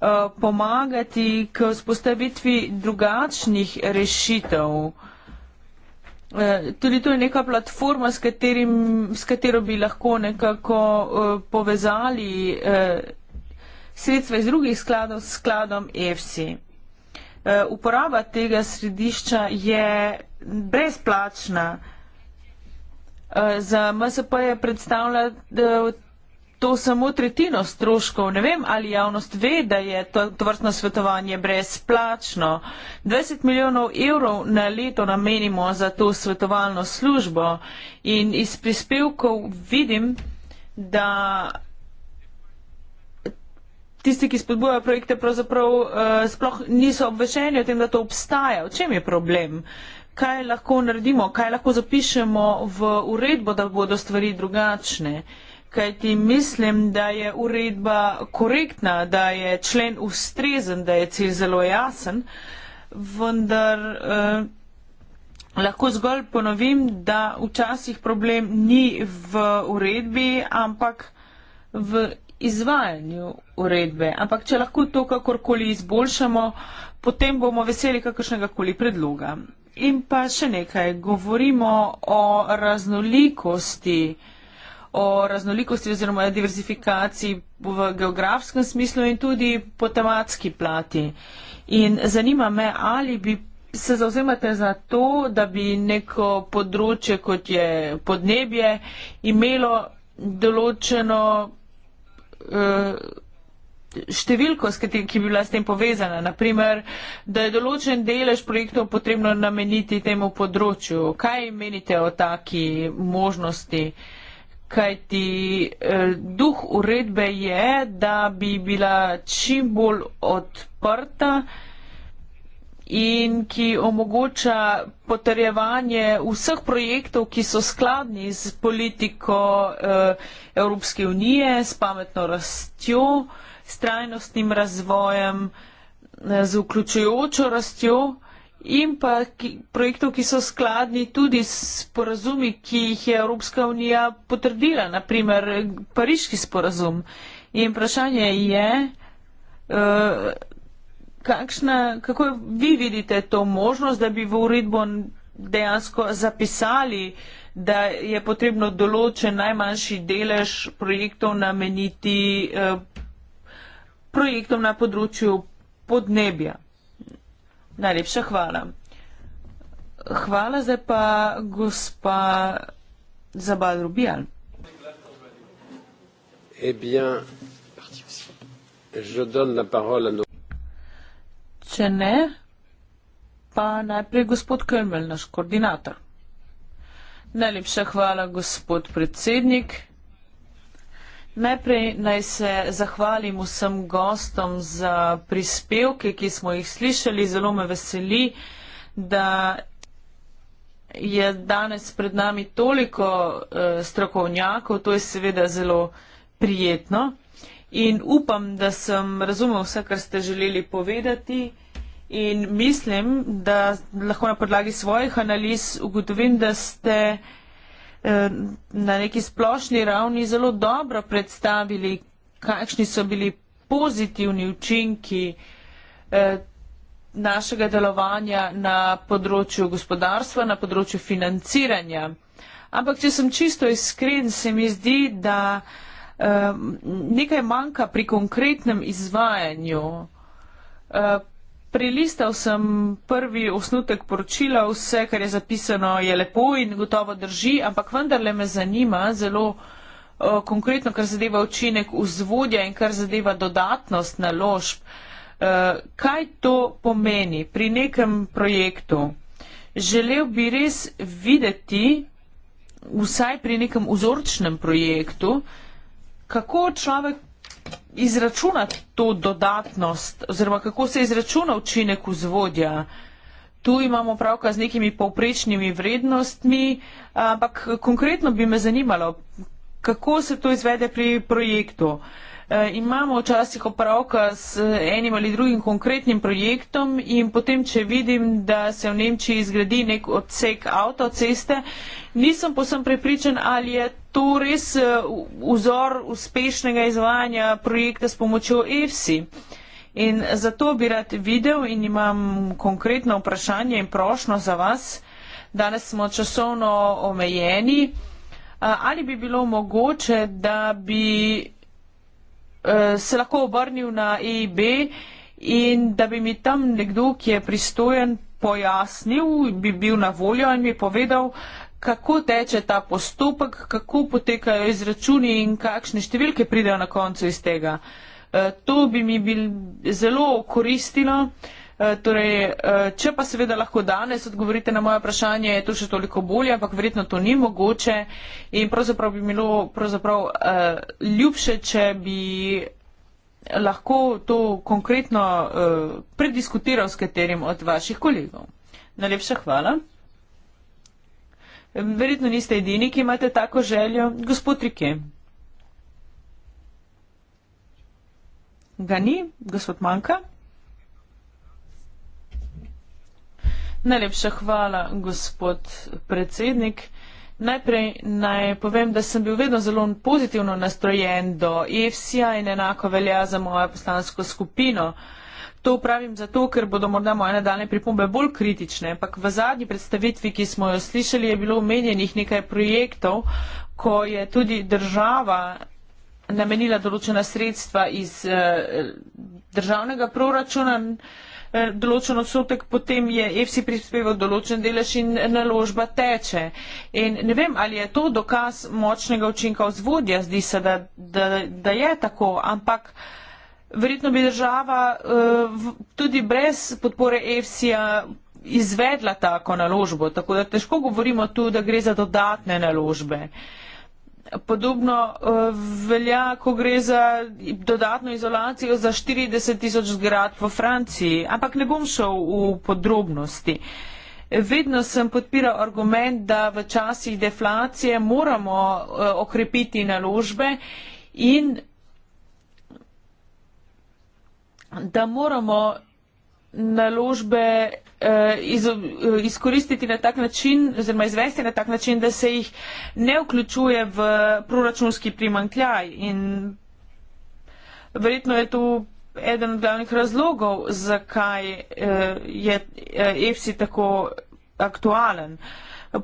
S2: Eh, pomagati k spostavitvi drugačnih rešitev. Eh, tudi to je neka platforma, s, katerim, s katero bi lahko nekako eh, povezali sredstva iz drugih skladov s skladom EFSI. Uporaba tega središča je brezplačna. Za MSP je predstavljala to samo tretjino stroškov. Ne vem, ali javnost ve, da je to, to vrstno svetovanje brezplačno. 20 milijonov evrov na leto namenimo za to svetovalno službo in iz prispevkov vidim, da tisti, ki spodbujajo projekte, pravzaprav uh, sploh niso obvešeni o tem, da to obstaja. V čem je problem? Kaj lahko naredimo? Kaj lahko zapišemo v uredbo, da bodo stvari drugačne? Uh, kajti mislim, da je uredba korektna, da je člen ustrezen, da je cilj zelo jasen, vendar eh, lahko zgolj ponovim, da včasih problem ni v uredbi, ampak v izvajanju uredbe. Ampak če lahko to kakorkoli izboljšamo, potem bomo veseli kakršnega koli predloga. In pa še nekaj, govorimo o raznolikosti eh, o raznolikosti oziroma diverzifikaciji v geografskem smislu in tudi po tematski plati. In zanima me, ali bi se zauzemate za to, da bi neko področje, kot je podnebje, imelo določeno eh, številko, ki bi bila s tem povezana. Naprimer, da je določen delež projektov potrebno nameniti temu področju. Kaj menite o taki možnosti? Uh, kajti eh, duh uredbe je, da bi bila čim bolj odprta in ki omogoča potrjevanje vseh projektov, ki so skladni z politiko eh, Evropske unije, s pametno rastjo, s trajnostnim razvojem, eh, z vključujočo rastjo. Eh, in pa ki, projektov, ki so skladni tudi s porazumi, ki jih je Evropska unija potrdila, naprimer Pariški sporazum. In vprašanje je, eh, kakšna, kako vi vidite to možnost, da bi v uredbo dejansko zapisali, da je potrebno določen najmanjši delež projektov nameniti eh, projektom na področju podnebja. Najlepša hvala. Hvala zdaj pa gospa Zabal Rubijan. Eh Če ne, pa najprej gospod Krmel, naš koordinator. Najlepša hvala, gospod predsednik. Najprej naj se zahvalim vsem gostom za prispevke, ki smo jih slišali. Zelo me veseli, da je danes pred nami toliko eh, strokovnjakov. To je seveda zelo prijetno. In upam, da sem razumel vse, kar ste želeli povedati. In mislim, da lahko na podlagi svojih analiz ugotovim, da ste. Eh, na neki splošni ravni zelo dobro predstavili, kakšni so bili pozitivni učinki eh, našega delovanja na področju gospodarstva, na področju financiranja. Ampak, če sem čisto iskren, se mi zdi, da eh, nekaj manjka pri konkretnem izvajanju. Prilistal sem prvi osnutek poročila, vse, kar je zapisano, je lepo in gotovo drži, ampak vendarle me zanima zelo eh, konkretno, kar zadeva učinek vzvodja in kar zadeva dodatnost naložb. Eh, kaj to pomeni pri nekem projektu? Želel bi res videti, vsaj pri nekem vzorčnem projektu, kako človek izračunati to dodatnost oziroma kako se izračuna učinek vzvodja. Tu imamo pravka z nekimi povprečnimi vrednostmi, ampak konkretno bi me zanimalo, kako se to izvede pri projektu. Uh, Uh, imamo včasih opravka z enim ali drugim konkretnim projektom in potem, če vidim, da se v Nemčiji zgradi nek odsek avtoceste, nisem posem prepričan, ali je to res eh, vzor uspešnega izvajanja projekta s pomočjo EFSI. In zato bi rad videl in imam konkretno vprašanje in prošno za vas. Danes smo časovno omejeni. Eh, ali bi bilo mogoče, da bi uh, se lahko obrnil na EIB in da bi mi tam nekdo, ki je pristojen, pojasnil, bi bil na voljo in mi povedal, kako teče ta postopek, kako potekajo izračuni in kakšne številke pridejo na koncu iz tega. Uh, to bi mi bil zelo koristilo. Uh, Eh, torej, eh, če pa seveda lahko danes odgovorite na moje vprašanje, je to še toliko bolje, ampak verjetno to ni mogoče in pravzaprav bi bilo pravzaprav eh, ljubše, če bi lahko to konkretno prediskutiral s katerim od vaših kolegov. Najlepša hvala. Verjetno niste edini, ki imate tako željo. Gospod Rike. Ga ni, gospod Manka. Najlepša hvala, gospod predsednik. Najprej naj povem, da sem bil vedno zelo pozitivno nastrojen do EFSI-ja in enako velja za mojo poslansko skupino. To pravim zato, ker bodo morda moje nadaljne pripombe bolj kritične, ampak v zadnji predstavitvi, ki smo jo slišali, je bilo omenjenih nekaj projektov, ko je tudi država namenila določena sredstva iz eh, državnega proračuna. Eh, določen odstotek, potem je EFSI prispeval določen delež in naložba teče. In ne vem, ali je to dokaz močnega učinka vzvodja, zdi se, da, da, da je tako, ampak verjetno bi država eh, tudi brez podpore EFSI-ja izvedla tako naložbo, tako da težko govorimo tu, da gre za dodatne naložbe. Podobno eh, velja, ko gre za dodatno izolacijo za 40 tisoč zgrad v Franciji, ampak ne bom šel v podrobnosti. Vedno sem podpiral argument, da v časih deflacije moramo eh, okrepiti naložbe in da moramo naložbe eh, iz, izkoristiti na tak način oziroma izvesti na tak način, da se jih ne vključuje v proračunski primankljaj. In verjetno je to eden od glavnih razlogov, zakaj eh, je eh, EFSI tako aktualen.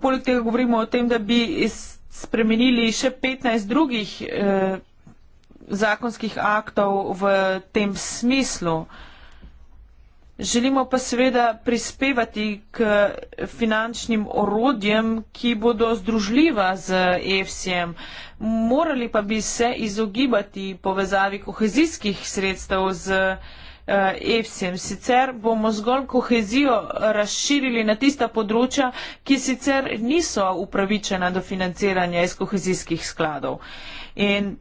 S2: Poleg tega govorimo o tem, da bi spremenili še 15 drugih eh, zakonskih aktov v tem smislu. Eh, Želimo pa seveda prispevati k finančnim orodjem, ki bodo združljiva z EFSI-jem. Morali pa bi se izogibati povezavi kohezijskih sredstev z EFSI-jem. Eh, e sicer bomo zgolj kohezijo razširili na tista področja, ki sicer niso upravičena do financiranja iz kohezijskih skladov. In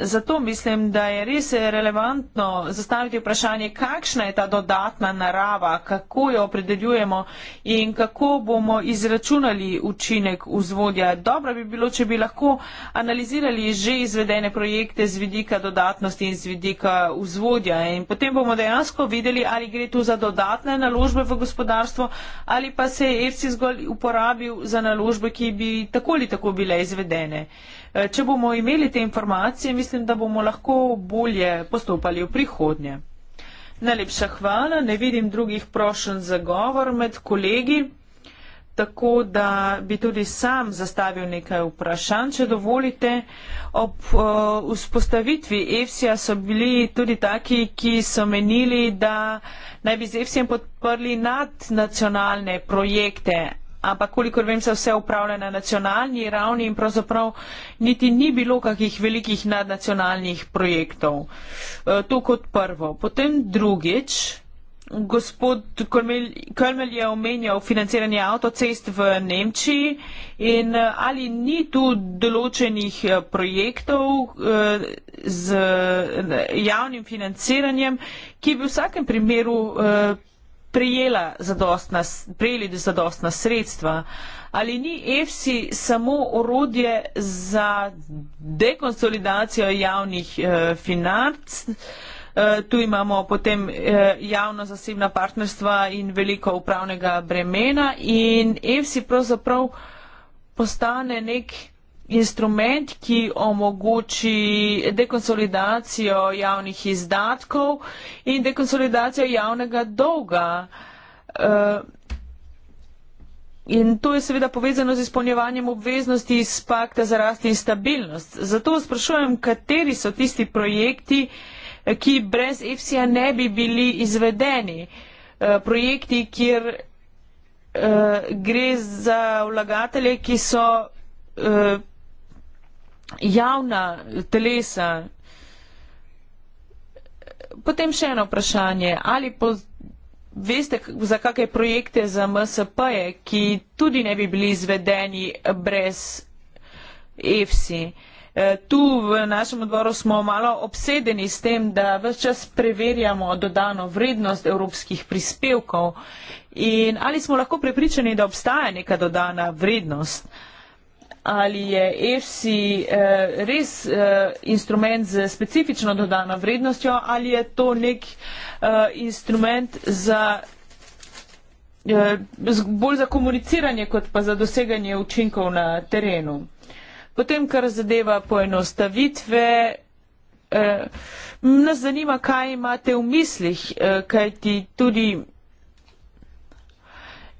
S2: Zato mislim, da je res relevantno zastaviti vprašanje, kakšna je ta dodatna narava, kako jo opredeljujemo in kako bomo izračunali učinek vzvodja. Dobro bi bilo, če bi lahko analizirali že izvedene projekte z vidika dodatnosti in z vidika vzvodja. In potem bomo dejansko videli, ali gre tu za dodatne naložbe v gospodarstvo ali pa se je EFSI zgolj uporabil za naložbe, ki bi takoli tako bile izvedene. Uh, Eh, če bomo imeli te informacije, mislim, da bomo lahko bolje postopali v prihodnje. Najlepša hvala, ne vidim drugih prošen za govor med kolegi, tako da bi tudi sam zastavil nekaj vprašanj, če dovolite. Ob uh, vzpostavitvi EFSI-ja so bili tudi taki, ki so menili, da naj bi z EFSI-jem podprli nadnacionalne projekte, ampak kolikor vem, se vse upravlja na nacionalni ravni in pravzaprav niti ni bilo kakih velikih nadnacionalnih projektov. E, to kot prvo. Potem drugič, gospod Kölmel, Kölmel je omenjal financiranje avtocest v Nemčiji in e, ali ni tu določenih e, projektov e, z e, javnim financiranjem, ki bi v vsakem primeru. E, prijela zadostna, prijeli zadostna sredstva. Ali ni EFSI samo orodje za dekonsolidacijo javnih eh, financ? Eh, tu imamo potem eh, javno-zasebna partnerstva in veliko upravnega bremena in EFSI pravzaprav postane nek instrument, ki omogoči dekonsolidacijo javnih izdatkov in dekonsolidacijo javnega dolga. Eh, in to je seveda povezano z izpolnjevanjem obveznosti iz pakta za rast in stabilnost. Zato sprašujem, kateri so tisti projekti, eh, ki brez EFSI-ja ne bi bili izvedeni. Eh, projekti, kjer gre za vlagatelje, ki so javna telesa. Potem še eno vprašanje. Ali po, veste za kakšne projekte za MSP-je, ki tudi ne bi bili izvedeni brez EFSI? E, tu v našem odboru smo malo obsedeni s tem, da vse čas preverjamo dodano vrednost evropskih prispevkov in ali smo lahko prepričani, da obstaja neka dodana vrednost. Uh, ali je EFSI eh, res eh, instrument z specifično dodano vrednostjo ali je to nek eh, instrument za, eh, bolj za komuniciranje kot pa za doseganje učinkov na terenu. Potem, kar zadeva poenostavitve, eh, nas zanima, kaj imate v mislih, eh, kaj ti tudi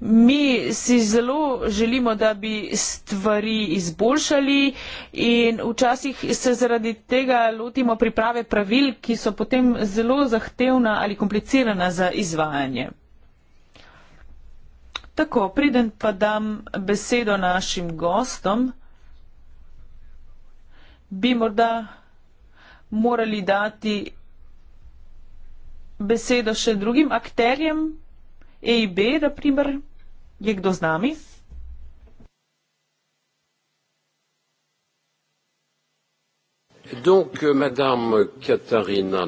S2: Mi si zelo želimo, da bi stvari izboljšali in včasih se zaradi tega lotimo priprave pravil, ki so potem zelo zahtevna ali komplicirana za izvajanje. Tako, preden pa dam besedo našim gostom, bi morda morali dati besedo še drugim akterjem, EIB, na primer. Je kdo z nami?
S3: Donc, euh, Katarina...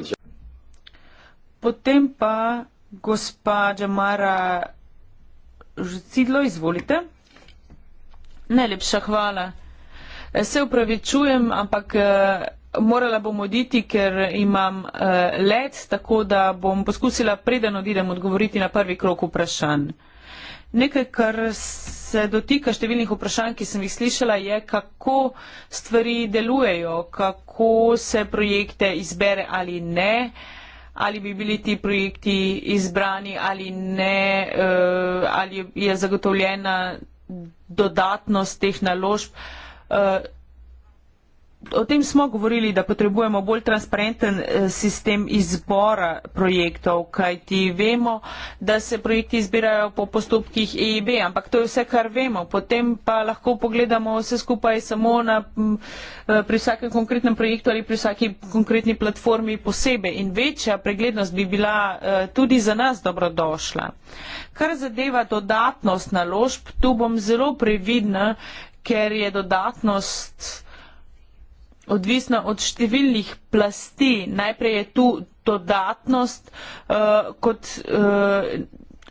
S2: Potem pa gospa Džamara Žucidlo, izvolite. Najlepša hvala. Eh, se upravičujem, ampak eh, morala bom oditi, ker imam eh, let, tako da bom poskusila, preden odidem, odgovoriti na prvi krok vprašanj. Nekaj, kar se dotika številnih vprašanj, ki sem jih slišala, je, kako stvari delujejo, kako se projekte izbere ali ne, ali bi bili ti projekti izbrani ali ne, eh, ali je zagotovljena dodatnost teh naložb. Eh, o tem smo govorili, da potrebujemo bolj transparenten eh, sistem izbora projektov, kajti vemo, da se projekti izbirajo po postopkih EIB, ampak to je vse, kar vemo. Potem pa lahko pogledamo vse skupaj samo na, eh, pri vsakem konkretnem projektu ali pri vsaki konkretni platformi posebej in večja preglednost bi bila eh, tudi za nas dobrodošla. Kar zadeva dodatnost naložb, tu bom zelo previdna, ker je dodatnost odvisno od številnih plasti. Najprej je tu dodatnost uh, kot uh,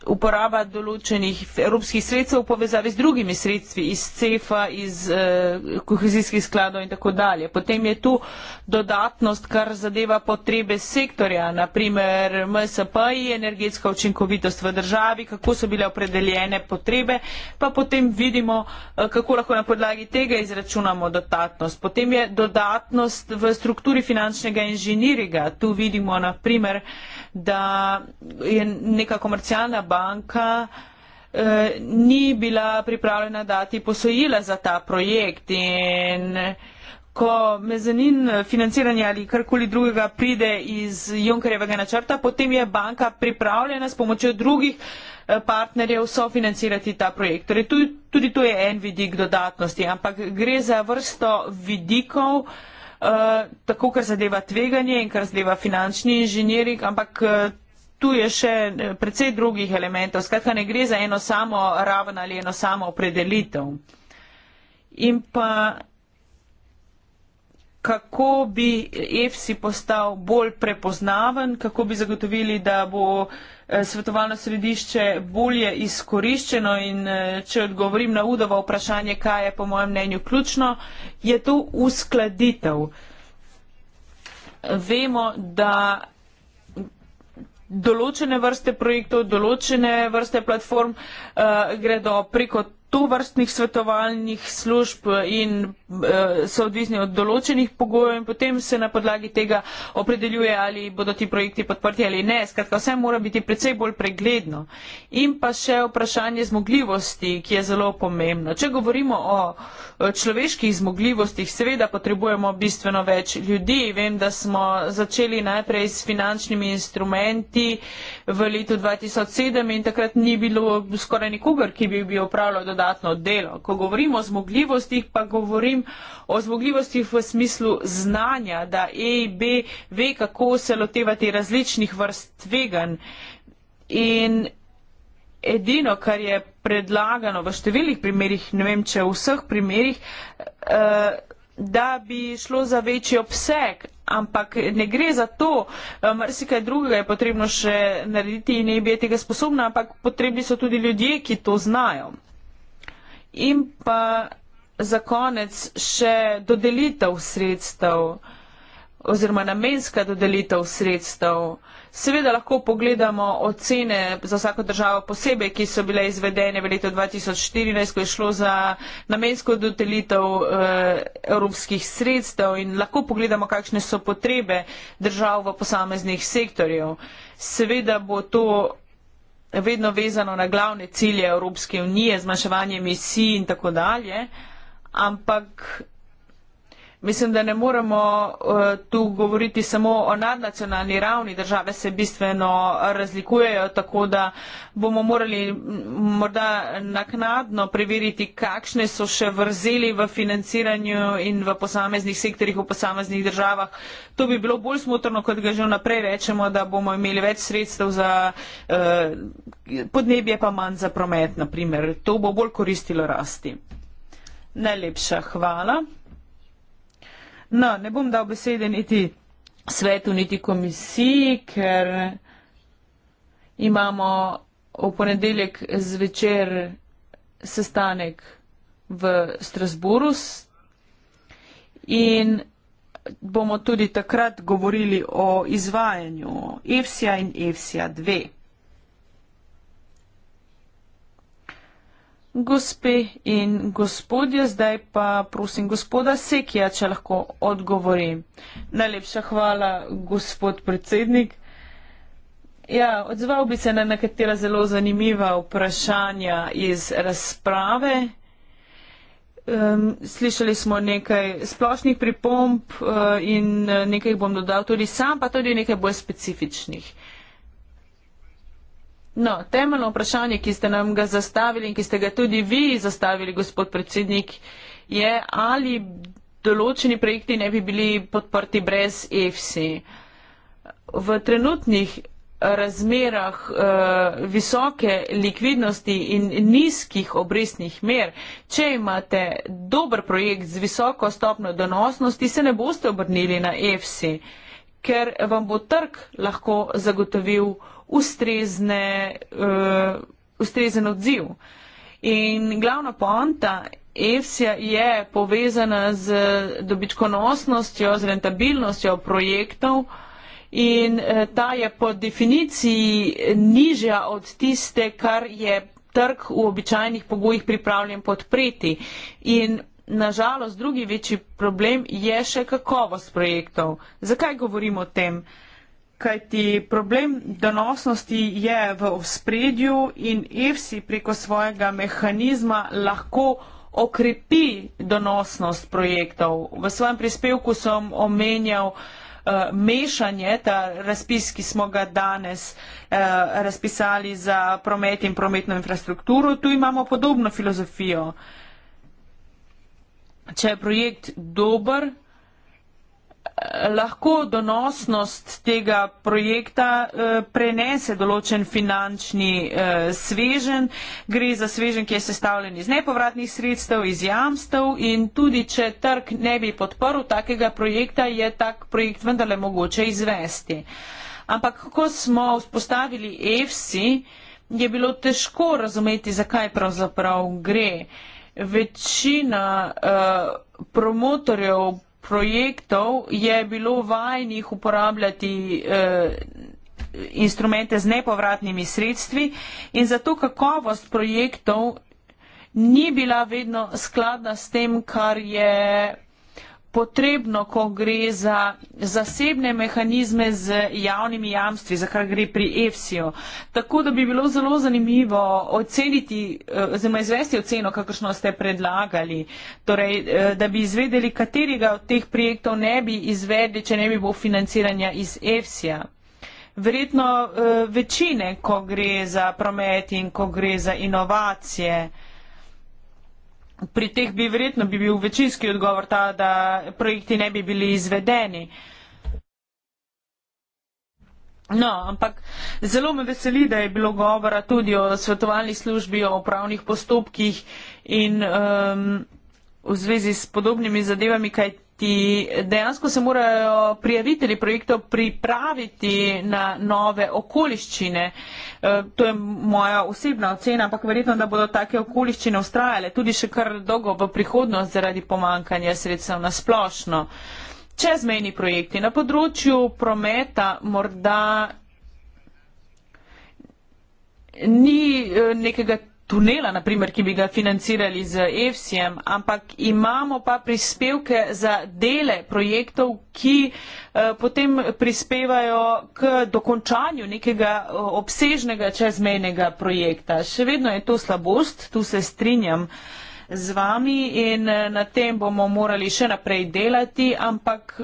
S2: uporaba določenih evropskih sredstev v povezavi z drugimi sredstvi iz CEFA, iz eh, kohezijskih skladov in tako dalje. Potem je tu dodatnost, kar zadeva potrebe sektorja, naprimer MSP, energetska učinkovitost v državi, kako so bile opredeljene potrebe, pa potem vidimo, eh, kako lahko na podlagi tega izračunamo dodatnost. Potem je dodatnost v strukturi finančnega inženiringa. Tu vidimo, naprimer, eh, da je neka komercialna banka eh, ni bila pripravljena dati posojila za ta projekt in ko mezenin financiranja ali karkoli drugega pride iz Junkerjevega načrta, potem je banka pripravljena s pomočjo drugih eh, partnerjev sofinancirati ta projekt. Torej tudi, tudi to je en vidik dodatnosti, ampak gre za vrsto vidikov, Eh, tako kar zadeva tveganje in kar zadeva finančni inženjering, ampak eh, tu je še eh, precej drugih elementov. Skratka, ne gre za eno samo raven ali eno samo opredelitev. In pa kako bi EFSI postal bolj prepoznaven, kako bi zagotovili, da bo uh, Eh, svetovalno središče bolje izkoriščeno in eh, če odgovorim na udovo vprašanje, kaj je po mojem mnenju ključno, je to uskladitev. Vemo, da določene vrste projektov, določene vrste platform uh, gredo preko to vrstnih svetovalnih služb in uh, so odvisni od določenih pogojev in potem se na podlagi tega opredeljuje, ali bodo ti projekti podprti ali ne. Skratka, vse mora biti precej bolj pregledno. In pa še vprašanje zmogljivosti, ki je zelo pomembno. Če govorimo o uh, Eh, človeških zmogljivostih. Seveda potrebujemo bistveno več ljudi. Vem, da smo začeli najprej s finančnimi instrumenti v letu 2007 in takrat ni bilo skoraj nikogar, ki bi bi upravljal dodatno delo. Ko govorim o zmogljivostih, pa govorim o zmogljivostih v smislu znanja, da EIB ve, kako se lotevati različnih vrst tveganj. In edino, kar je predlagano v številnih primerjih, ne vem, če v vseh primerjih, eh, da bi šlo za večji obseg, ampak ne gre za to, eh, marsikaj drugega je potrebno še narediti in ne bi je tega sposobna, ampak potrebni so tudi ljudje, ki to znajo. In pa za konec še dodelitev sredstev oziroma namenska dodelitev sredstev. Seveda lahko pogledamo ocene za vsako državo posebej, ki so bile izvedene v letu 2014, ko je šlo za namensko dotelitev eh, evropskih sredstev in lahko pogledamo, kakšne so potrebe držav v posameznih sektorjev. Seveda bo to vedno vezano na glavne cilje Evropske unije, zmanjševanje emisij in tako dalje, ampak Mislim, da ne moremo eh, tu govoriti samo o nadnacionalni ravni, države se bistveno razlikujejo, tako da bomo morali morda naknadno preveriti, kakšne so še vrzeli v financiranju in v posameznih sektorjih v posameznih državah. To bi bilo bolj smotrno, kot ga že naprej rečemo, da bomo imeli več sredstev za eh, podnebje, pa manj za promet, naprimer. To bo bolj koristilo rasti. Najlepša hvala. No, ne bom dal besede niti svetu, niti komisiji, ker imamo v ponedeljek zvečer sestanek v Strasburu in bomo tudi takrat govorili o izvajanju EFSIA in EFSIA 2. gospe in gospodje, zdaj pa prosim gospoda Sekija, če lahko odgovori. Najlepša hvala, gospod predsednik. Ja, odzval bi se na nekatera zelo zanimiva vprašanja iz razprave. Um, slišali smo nekaj splošnih pripomp uh, eh, in eh, nekaj bom dodal tudi sam, pa tudi nekaj bolj specifičnih. Uh, No, temeljno vprašanje, ki ste nam ga zastavili in ki ste ga tudi vi zastavili, gospod predsednik, je, ali določeni projekti ne bi bili podprti brez EFSI. E. V trenutnih eh, razmerah uh, visoke likvidnosti in nizkih obresnih mer, če imate dober projekt z visoko stopno donosnosti, se ne boste obrnili na EFSI, e, ker vam bo trg lahko zagotovil ustrezne, uh, ustrezen odziv. In glavna ponta EFSI-ja je povezana z dobičkonosnostjo, z rentabilnostjo projektov in uh, ta je po definiciji nižja od tiste, kar je trg v običajnih pogojih pripravljen podpreti. In nažalost, drugi večji problem je še kakovost projektov. Zakaj govorimo o tem? Uh, kajti problem donosnosti je v spredju in EFSI preko svojega mehanizma lahko okrepi donosnost projektov. V svojem prispevku sem omenjal uh, mešanje, ta razpis, ki smo ga danes uh, razpisali za promet in prometno infrastrukturo, tu imamo podobno filozofijo. Če je projekt dober, lahko donosnost tega projekta eh, prenese določen finančni eh, svežen. Gre za svežen, ki je sestavljen iz nepovratnih sredstev, iz jamstev in tudi, če trg ne bi podprl takega projekta, je tak projekt vendarle mogoče izvesti. Ampak ko smo vzpostavili EFSI, je bilo težko razumeti, zakaj pravzaprav gre. Večina uh, promotorjev projektov je bilo vajnih uporabljati eh, instrumente z nepovratnimi sredstvi in zato kakovost projektov ni bila vedno skladna s tem, kar je potrebno, ko gre za zasebne mehanizme z javnimi jamstvi, za kar gre pri EFSI-ju. Tako da bi bilo zelo zanimivo oceniti, eh, oziroma izvesti oceno, kakršno ste predlagali, torej, eh, da bi izvedeli, katerega od teh projektov ne bi izvedli, če ne bi bilo financiranja iz EFSI-ja. Verjetno eh, večine, ko gre za promet in ko gre za inovacije pri teh bi verjetno bi bil večinski odgovor ta, da projekti ne bi bili izvedeni. No, ampak zelo me veseli, da je bilo govora tudi o svetovalni službi, o upravnih postopkih in um, v zvezi s podobnimi zadevami, kaj projekti, dejansko se morajo prijavitelji projektov pripraviti na nove okoliščine. E, to je moja osebna ocena, ampak verjetno, da bodo take okoliščine ustrajale tudi še kar dolgo v prihodnost zaradi pomankanja sredstev na splošno. Čezmejni projekti na področju prometa morda ni e, nekega tunela, naprimer, ki bi ga financirali z EFSI-jem, ampak imamo pa prispevke za dele projektov, ki eh, potem prispevajo k dokončanju nekega eh, obsežnega čezmejnega projekta. Še vedno je to slabost, tu se strinjam z vami in eh, na tem bomo morali še naprej delati, ampak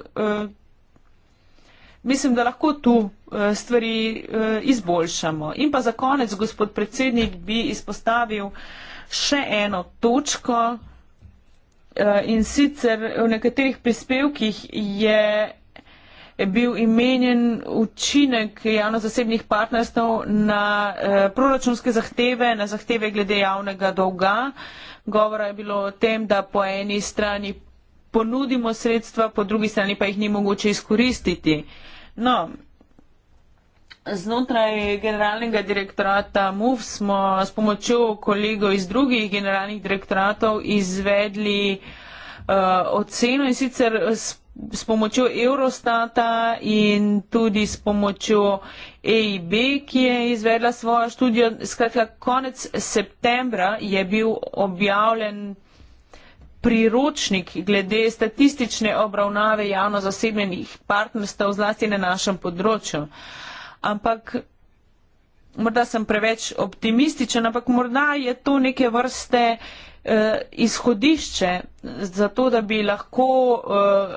S2: mislim, da lahko tu Eh, stvari eh, izboljšamo. In pa za konec, gospod predsednik, bi izpostavil še eno točko eh, in sicer v nekaterih prispevkih je bil imenjen učinek javno-zasebnih partnerstv na proračunske zahteve, na zahteve glede javnega dolga. Govora je bilo o tem, da po eni strani ponudimo sredstva, po drugi strani pa jih ni mogoče izkoristiti. No, Znotraj generalnega direktorata MUF smo s pomočjo kolegov iz drugih generalnih direktoratov izvedli uh, oceno in sicer s, s pomočjo Eurostata in tudi s pomočjo EIB, ki je izvedla svojo študijo. Skratka, konec septembra je bil objavljen priročnik glede statistične obravnave javno zasebnenih partnerstev zlasti na našem področju. Uh, ampak morda sem preveč optimističen, ampak morda je to neke vrste eh, izhodišče za to, da bi lahko eh,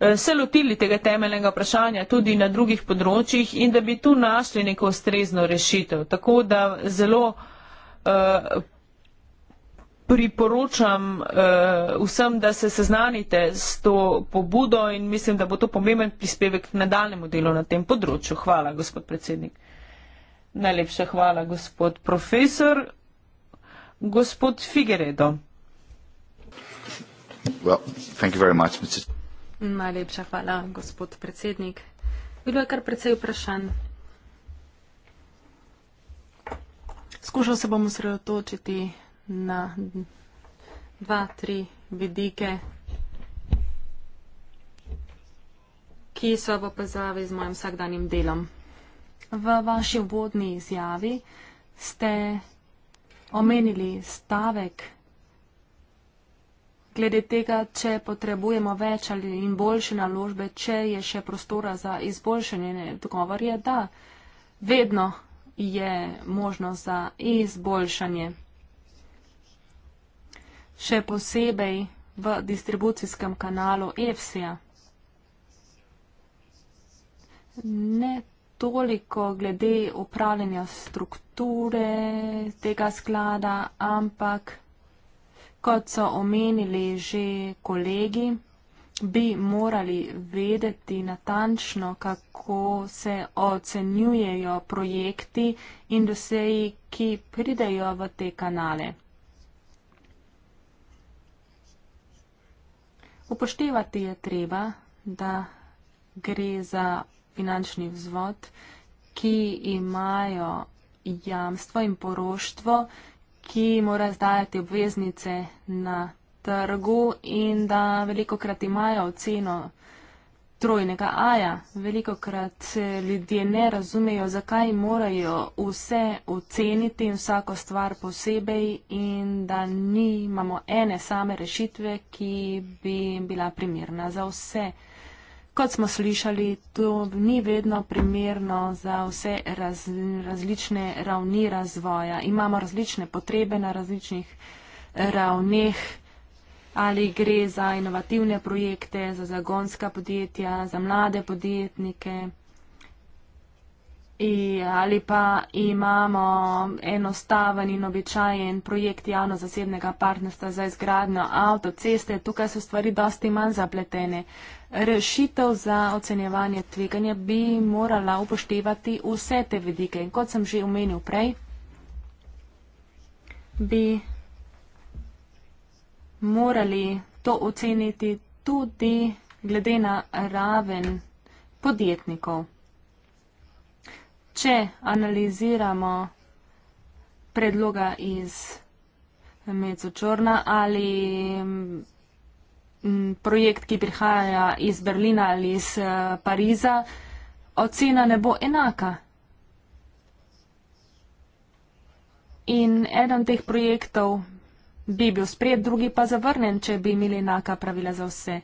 S2: eh, se lotili tega temeljnega vprašanja tudi na drugih področjih in da bi tu našli neko ustrezno rešitev. Tako da zelo eh, priporočam uh, vsem, da se seznanite s to pobudo in mislim, da bo to pomemben prispevek k nadaljemu delu na tem področju. Hvala, gospod predsednik. Najlepša hvala, gospod profesor. Gospod Figeredo. Well, much, Najlepša
S3: hvala, gospod predsednik. Bilo je kar precej vprašanj. Skušal se bom osredotočiti na dva, tri vidike, ki so v povezavi z mojim vsakdanjim delom. V vaši uvodni izjavi ste omenili stavek glede tega, če potrebujemo več ali in boljše naložbe, če je še prostora za izboljšanje. Odgovor je, da vedno je možnost za izboljšanje še posebej v distribucijskem kanalu EFSIA. Ne toliko glede upravljanja strukture tega sklada, ampak kot so omenili že kolegi, bi morali vedeti natančno, kako se ocenjujejo projekti in doseji, ki pridejo v te kanale. Upoštevati je treba, da gre za finančni vzvod, ki imajo jamstvo in poroštvo, ki mora zdajati obveznice na trgu in da veliko krat imajo oceno trojnega aja. Veliko krat ljudje ne razumejo, zakaj morajo vse oceniti in vsako stvar posebej in da nimamo ene same rešitve, ki bi bila primirna za vse. Kot smo slišali, to ni vedno primerno za vse raz, različne ravni razvoja. Imamo različne potrebe na različnih ravneh ali gre za inovativne projekte, za zagonska podjetja, za mlade podjetnike. I, ali pa imamo enostaven in običajen projekt javno-zasebnega partnerstva za izgradnjo avtoceste, tukaj so stvari dosti manj zapletene. Rešitev za ocenjevanje tveganja bi morala upoštevati vse te vedike. In kot sem že omenil prej, bi morali to oceniti tudi glede na raven podjetnikov. Če analiziramo predloga iz Mezočorna ali mm, projekt, ki prihaja iz Berlina ali iz eh, Pariza, ocena ne bo enaka. In eden teh projektov bi bil sprejet, drugi pa zavrnen, če bi imeli enaka pravila za vse.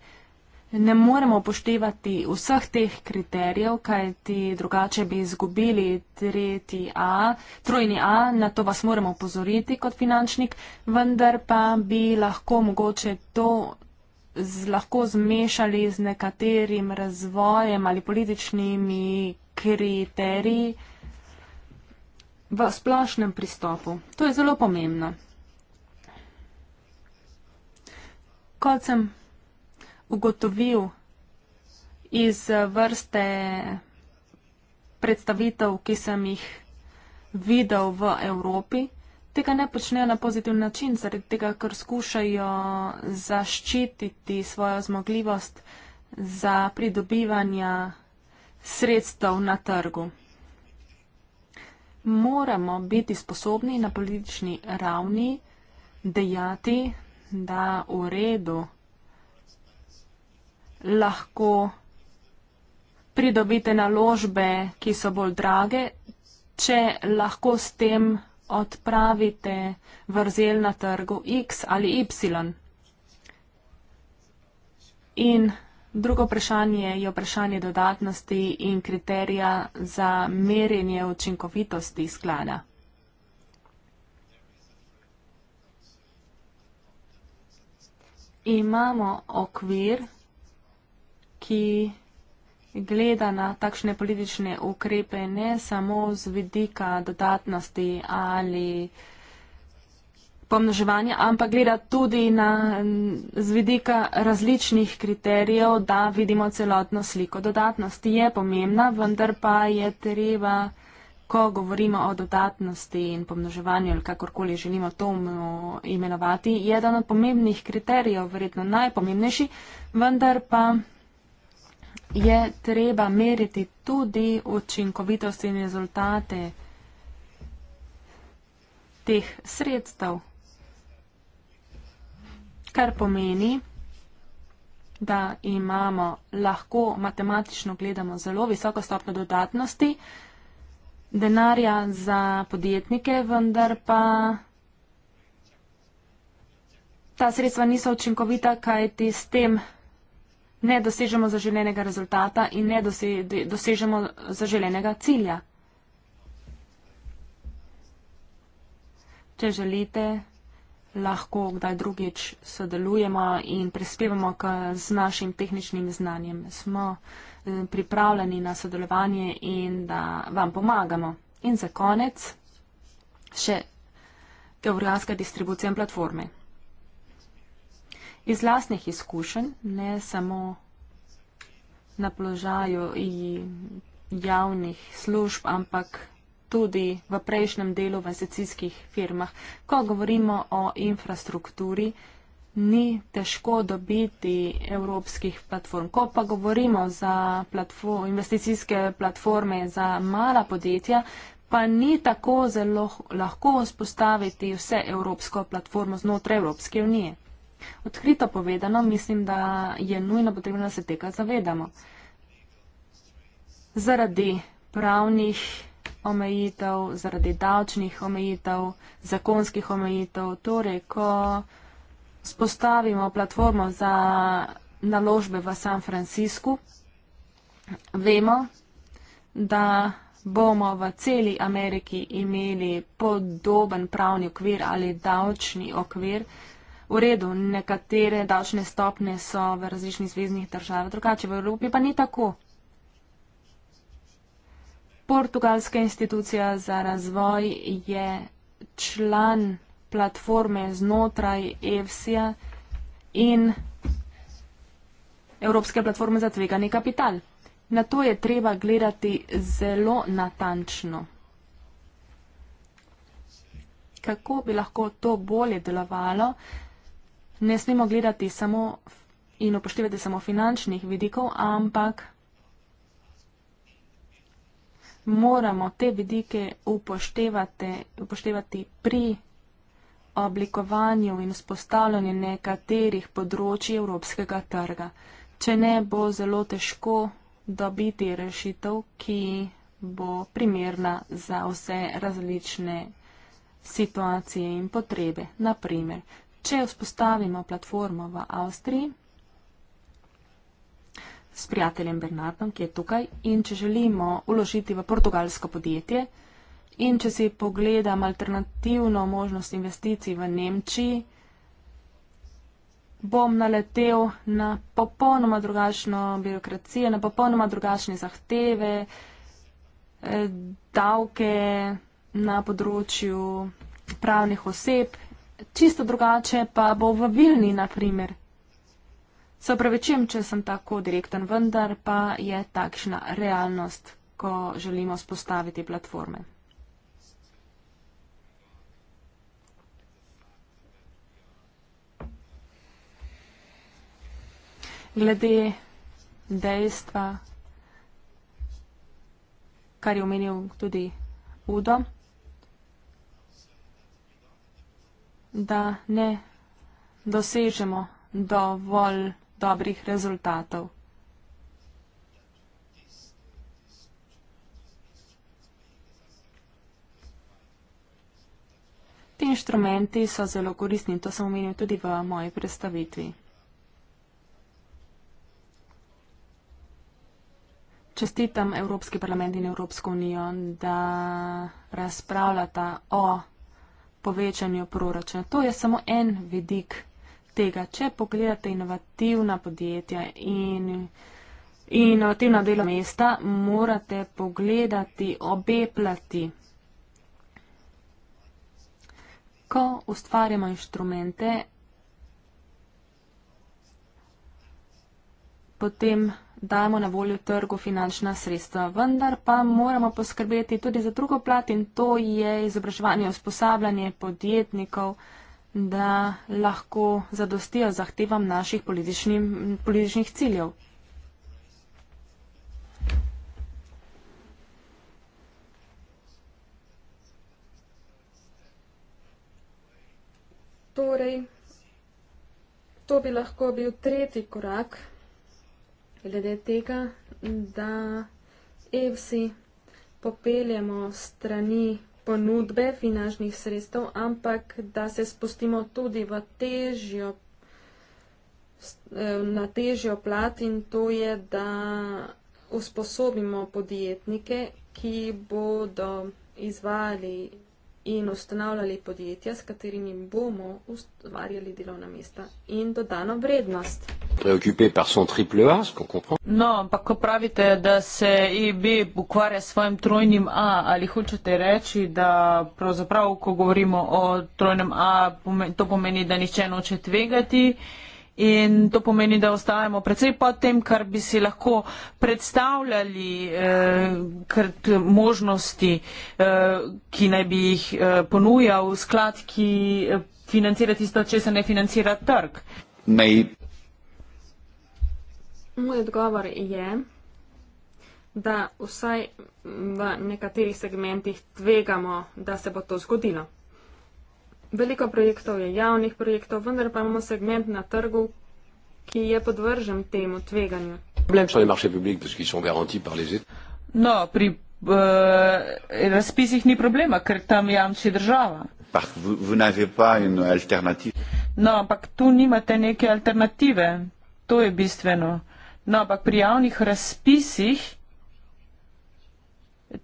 S3: Ne moremo upoštevati vseh teh kriterijev, kaj ti drugače bi izgubili tretji A, trojni A, na to vas moramo upozoriti kot finančnik, vendar pa bi lahko mogoče to z, lahko zmešali z nekaterim razvojem ali političnimi kriteriji v splošnem pristopu. To je zelo pomembno. kot sem ugotovil iz eh, vrste predstavitev, ki sem jih videl v Evropi, tega ne počnejo na pozitiv način, zaradi tega, ker skušajo zaščititi svojo zmogljivost za pridobivanje sredstev na trgu. Moramo biti sposobni na politični ravni dejati, da v redu lahko pridobite naložbe, ki so bolj drage, če lahko s tem odpravite vrzel na trgu X ali Y. In drugo vprašanje je vprašanje dodatnosti in kriterija za merjenje učinkovitosti sklada. imamo okvir, ki gleda na takšne politične ukrepe ne samo z vidika dodatnosti ali pomnoževanja, ampak gleda tudi na, z vidika različnih kriterijev, da vidimo celotno sliko. Dodatnost je pomembna, vendar pa je treba ko govorimo o dodatnosti in pomnoževanju ali kakorkoli želimo to imenovati, je eden od pomembnih kriterijev, verjetno najpomembnejši, vendar pa je treba meriti tudi učinkovitost in rezultate teh sredstev, kar pomeni, da imamo lahko matematično gledamo zelo visoko stopno dodatnosti, denarja za podjetnike, vendar pa ta sredstva niso učinkovita, kajti s tem ne dosežemo zaželenega rezultata in ne dosežemo zaželenega cilja. Če želite, lahko kdaj drugič sodelujemo in prispevamo k, z našim tehničnim znanjem. Smo Eh, pripravljeni na sodelovanje in da vam pomagamo. In za konec še geografska distribucija in platforme. Iz lastnih izkušenj, ne samo na položaju javnih služb, ampak tudi v prejšnjem delu v sicilskih firmah, ko govorimo o infrastrukturi, ni težko dobiti evropskih platform. Ko pa govorimo za platform, investicijske platforme za mala podjetja, pa ni tako zelo lahko vzpostaviti vse evropsko platformo znotraj Evropske unije. Odkrito povedano, mislim, da je nujno potrebno, da se tega zavedamo. Zaradi pravnih omejitev, zaradi davčnih omejitev, zakonskih omejitev, torej ko spostavimo platformo za naložbe v San Francisku. Vemo, da bomo v celi Ameriki imeli podoben pravni okvir ali davčni okvir. V redu, nekatere davčne stopne so v različnih zvezdnih državah, drugače v Evropi pa ni tako. Portugalska institucija za razvoj je član platforme znotraj EFSI-ja in Evropske platforme za tvegani kapital. Na to je treba gledati zelo natančno. Kako bi lahko to bolje delovalo, ne smemo gledati samo in upoštevati samo finančnih vidikov, ampak moramo te vidike upoštevati, upoštevati pri oblikovanju in vzpostavljanju nekaterih področji evropskega trga. Če ne bo zelo težko dobiti rešitev, ki bo primerna za vse različne situacije in potrebe. Naprimer, če vzpostavimo platformo v Avstriji s prijateljem Bernardom, ki je tukaj, in če želimo uložiti v portugalsko podjetje, In če si pogledam alternativno možnost investicij v Nemčiji, bom naletel na popolnoma drugačno birokracijo, na popolnoma drugačne zahteve, eh, davke na področju pravnih oseb, čisto drugače pa bo v Vilni, na primer. Se upravičujem, če sem tako direktan, vendar pa je takšna realnost, ko želimo spostaviti platforme. glede dejstva, kar je omenil tudi Udo, da ne dosežemo dovolj dobrih rezultatov. Ti inštrumenti so zelo koristni, to sem omenil tudi v moji predstavitvi. čestitam Evropski parlament in Evropsko unijo, da razpravljata o povečanju proračuna. To je samo en vidik tega. Če pogledate inovativna podjetja in inovativna delovna mesta, morate pogledati obe plati. Ko ustvarjamo inštrumente, potem dajemo na voljo trgu finančna sredstva. Vendar pa moramo poskrbeti tudi za drugo plat in to je izobraževanje, usposabljanje podjetnikov, da lahko zadostijo zahtevam naših političnih ciljev. Torej, to bi lahko bil tretji korak glede tega, da EVSI popeljemo strani ponudbe finančnih sredstev, ampak da se spustimo tudi v težjo, na težjo plat in to je, da usposobimo podjetnike, ki bodo izvali in ustanavljali podjetja, s katerimi bomo ustvarjali delovna
S2: mesta in dodano vrednost. No, ampak ko pravite, da se IB e ukvarja s svojim trojnim A, ali hočete reči, da pravzaprav, ko govorimo o trojnem A, to pomeni, da nihče noče tvegati? In to pomeni, da ostajamo predvsej pod tem, kar bi si lahko predstavljali eh, krat možnosti, eh, ki naj bi jih eh, ponujal sklad, ki eh, financira tisto, če se ne financira trg.
S1: Nej.
S3: Moj odgovor je, da vsaj v nekaterih segmentih tvegamo, da se bo to zgodilo. Veliko projektov je javnih projektov, vendar pa imamo segment na trgu, ki je podvržen temu tveganju.
S2: No, pri uh, razpisih ni problema, ker tam jamči država. No, ampak tu nimate neke alternative. To je bistveno. No, ampak pri javnih razpisih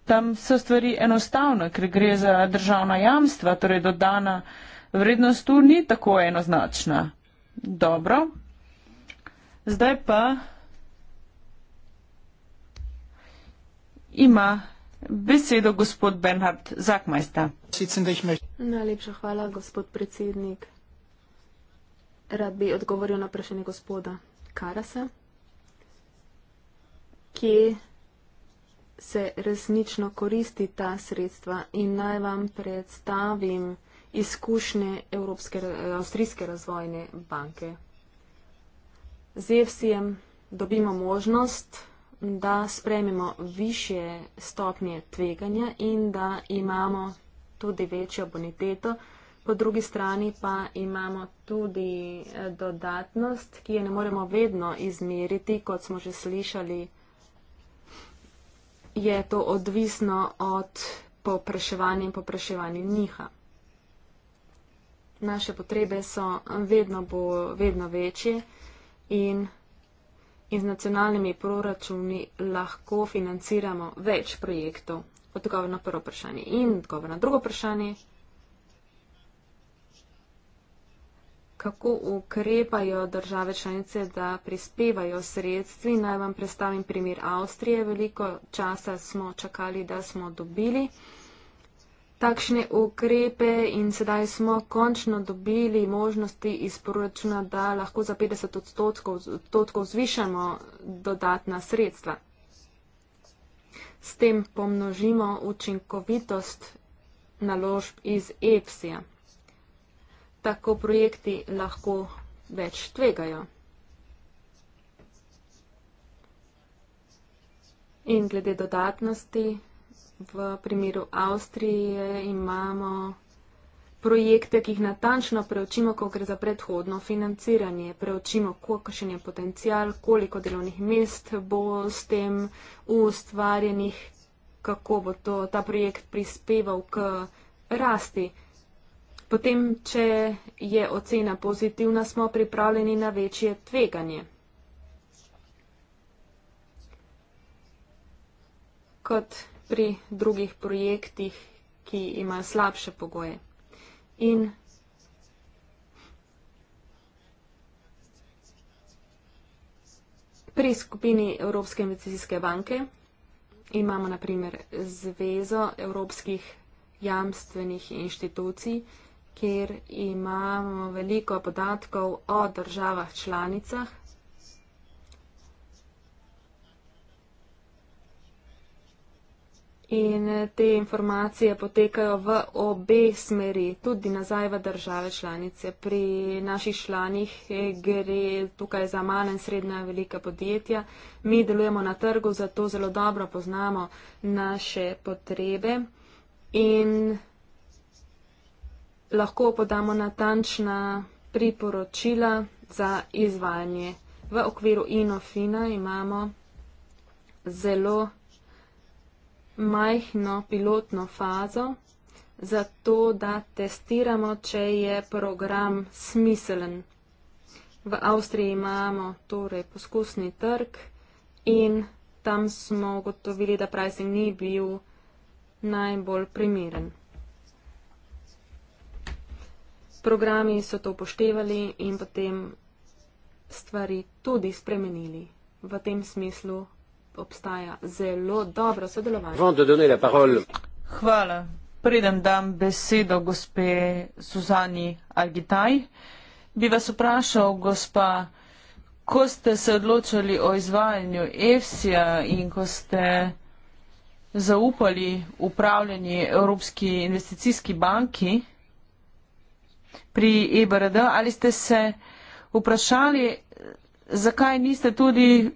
S2: tam so stvari enostavne, ker gre za državna jamstva, torej dodana vrednost tu ni tako enoznačna. Dobro. Zdaj pa ima besedo gospod Bernhard Zakmajsta.
S3: Najlepša hvala, gospod predsednik. Rad bi odgovoril na vprašanje gospoda Karasa. Kje se resnično koristi ta sredstva in naj vam predstavim izkušnje Evropske, Avstrijske razvojne banke. Z EFSI-jem dobimo možnost, da sprememo više stopnje tveganja in da imamo tudi večjo boniteto. Po drugi strani pa imamo tudi eh, dodatnost, ki je ne moremo vedno izmeriti, kot smo že slišali je to odvisno od popraševanja in popraševanja njiha. Naše potrebe so vedno, bo, vedno večje in, in z nacionalnimi proračuni lahko financiramo več projektov. Odgovor na prvo vprašanje in odgovor na drugo vprašanje. kako ukrepajo države članice, da prispevajo sredstvi. Naj vam predstavim primer Avstrije. Veliko časa smo čakali, da smo dobili takšne ukrepe in sedaj smo končno dobili možnosti iz proračuna, da lahko za 50 odstotkov, odstotkov zvišamo dodatna sredstva. S tem pomnožimo učinkovitost naložb iz EPSI-ja tako projekti lahko več tvegajo. In glede dodatnosti, v primeru Avstrije imamo projekte, ki jih natančno preučimo, ko gre za predhodno financiranje. Preučimo, kakšen je potencial, koliko delovnih mest bo s tem ustvarjenih, kako bo to, ta projekt prispeval k rasti. Potem, če je ocena pozitivna, smo pripravljeni na večje tveganje. Kot pri drugih projektih, ki imajo slabše pogoje. In pri skupini Evropske investicijske banke imamo naprimer Zvezo Evropskih jamstvenih inštitucij, kjer imamo veliko podatkov o državah članicah. In te informacije potekajo v obe smeri, tudi nazaj v države članice. Pri naših članih eh, gre tukaj za male in srednja velika podjetja. Mi delujemo na trgu, zato zelo dobro poznamo naše potrebe. In lahko podamo natančna priporočila za izvajanje. V okviru Inofina imamo zelo majhno pilotno fazo, zato da testiramo, če je program smiselen. V Avstriji imamo torej poskusni trg in tam smo ugotovili, da pricing ni bil najbolj primeren programi so to upoštevali in potem stvari tudi spremenili. V tem smislu
S2: obstaja zelo dobro sodelovanje. Hvala. Preden dam besedo gospe Suzani Algitaj, bi vas vprašal, gospa, ko ste se odločili o izvajanju EFSIA in ko ste zaupali upravljanje Evropski investicijski banki, pri EBRD, ali ste se vprašali, zakaj niste tudi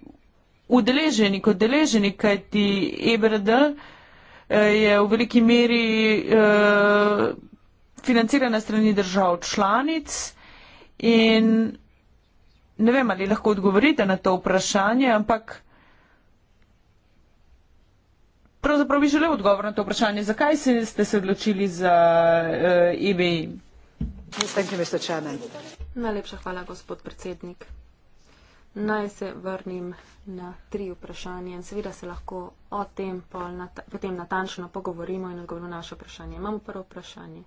S2: udeleženi kot deleženi, kajti EBRD eh, je v veliki meri eh, financirana strani držav članic in ne vem, ali lahko odgovorite na to vprašanje, ampak pravzaprav bi želel odgovor na to vprašanje, zakaj ste se odločili za eh, EBI.
S3: Najlepša hvala, gospod predsednik. Naj se vrnim na tri vprašanje in seveda se lahko o tem potem natančno pogovorimo in odgovorimo na naše vprašanje. Imamo prvo vprašanje.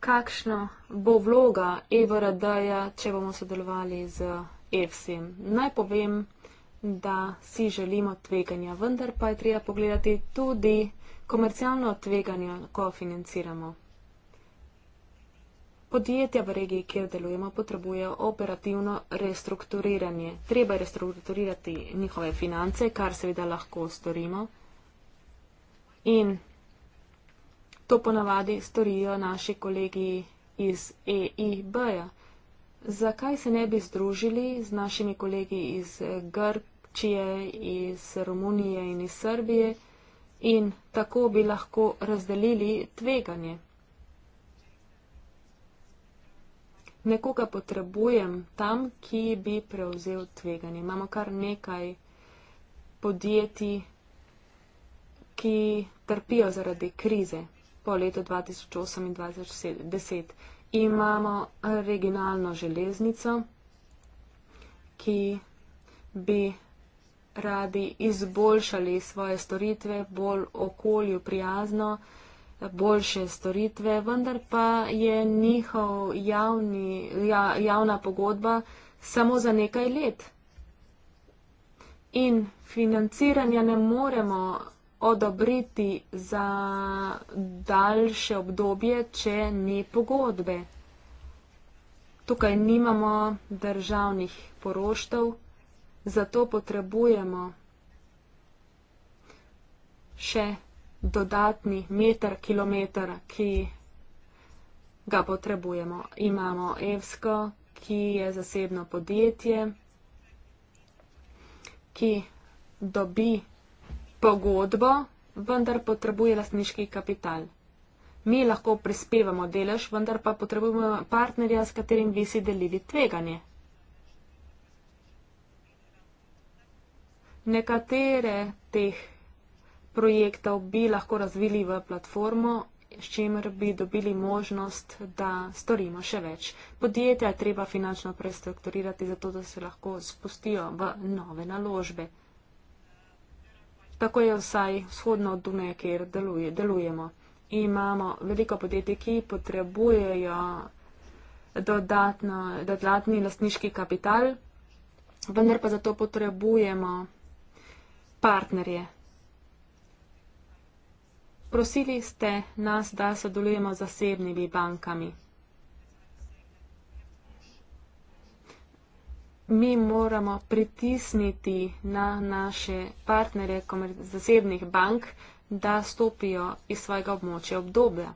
S3: Kakšna bo vloga EVRD-ja, če bomo sodelovali z EFSIM? Naj povem, da si želimo tveganja, vendar pa je treba pogledati tudi Komercialno tveganje lahko financiramo. Podjetja v regiji, kjer delujemo, potrebujejo operativno restrukturiranje. Treba je restrukturirati njihove finance, kar seveda lahko storimo. In to ponavadi storijo naši kolegi iz EIB-ja. Zakaj se ne bi združili z našimi kolegi iz Grčije, iz Romunije in iz Srbije? in tako bi lahko razdelili tveganje. Nekoga potrebujem tam, ki bi prevzel tveganje. Imamo kar nekaj podjetij, ki trpijo zaradi krize po letu 2008 in 2010. Imamo regionalno železnico, ki bi radi izboljšali svoje storitve, bolj okolju prijazno, boljše storitve, vendar pa je njihov javni, ja, javna pogodba samo za nekaj let. In financiranja ne moremo odobriti za daljše obdobje, če ni pogodbe. Tukaj nimamo državnih poroštev. Zato potrebujemo še dodatni meter, kilometr, ki ga potrebujemo. Imamo Evsko, ki je zasebno podjetje, ki dobi pogodbo, vendar potrebuje lastniški kapital. Mi lahko prispevamo delež, vendar pa potrebujemo partnerja, s katerim bi si delili tveganje. Nekatere teh projektov bi lahko razvili v platformo, s čimer bi dobili možnost, da storimo še več. Podjetja je treba finančno prestrukturirati, zato da se lahko spustijo v nove naložbe. Tako je vsaj vzhodno od Duneja, kjer deluje, delujemo. Imamo veliko podjetij, ki potrebujejo dodatno, dodatni lastniški kapital, vendar pa zato potrebujemo partnerje. Prosili ste nas, da sodelujemo z zasebnimi bankami. Mi moramo pritisniti na naše partnerje zasebnih bank, da stopijo iz svojega območja obdobja.